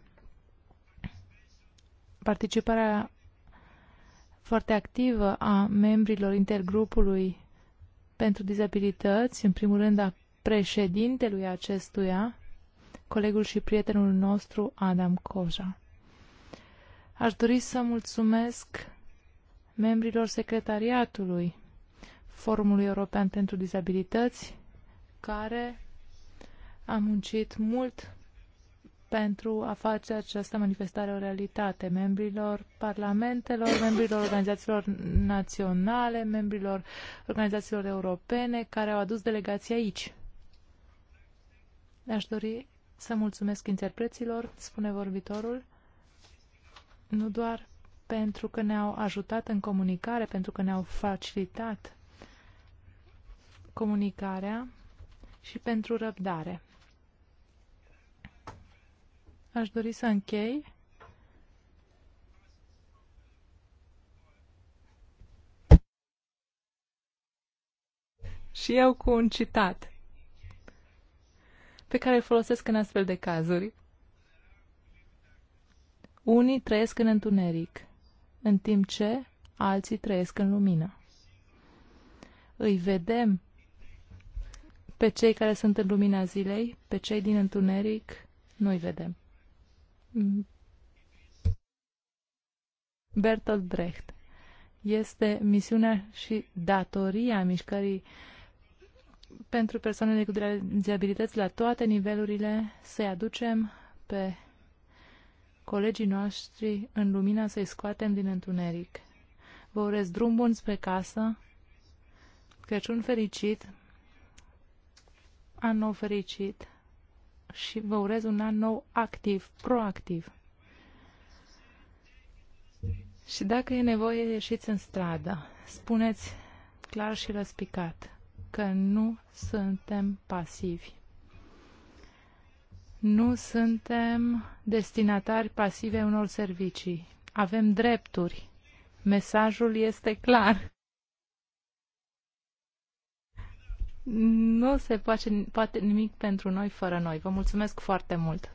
Participarea foarte activă a membrilor intergrupului pentru dizabilități, în primul rând a președintelui acestuia, colegul și prietenul nostru Adam Coja. Aș dori să mulțumesc membrilor secretariatului Forumului European pentru Dizabilități, care a muncit mult pentru a face această manifestare o realitate, membrilor parlamentelor, membrilor organizațiilor naționale, membrilor organizațiilor europene care au adus delegații aici. Aș dori să mulțumesc interpreților, spune vorbitorul, nu doar pentru că ne-au ajutat în comunicare, pentru că ne-au facilitat comunicarea și pentru răbdare. Aș dori să închei. Și eu cu un citat pe care îl folosesc în astfel de cazuri. Unii trăiesc în întuneric, în timp ce alții trăiesc în lumină. Îi vedem pe cei care sunt în lumina zilei, pe cei din întuneric, nu îi vedem. Bertolt Brecht este misiunea și datoria mișcării pentru persoanele cu dizabilități la toate nivelurile să-i aducem pe colegii noștri în lumina să-i scoatem din întuneric. Vă urez drum bun spre casă, Crăciun fericit, an nou fericit și vă urez un an nou activ, proactiv. Și dacă e nevoie, ieșiți în stradă. Spuneți clar și răspicat că nu suntem pasivi. Nu suntem destinatari pasive unor servicii. Avem drepturi. Mesajul este clar. Nu se poate, poate nimic pentru noi fără noi. Vă mulțumesc foarte mult!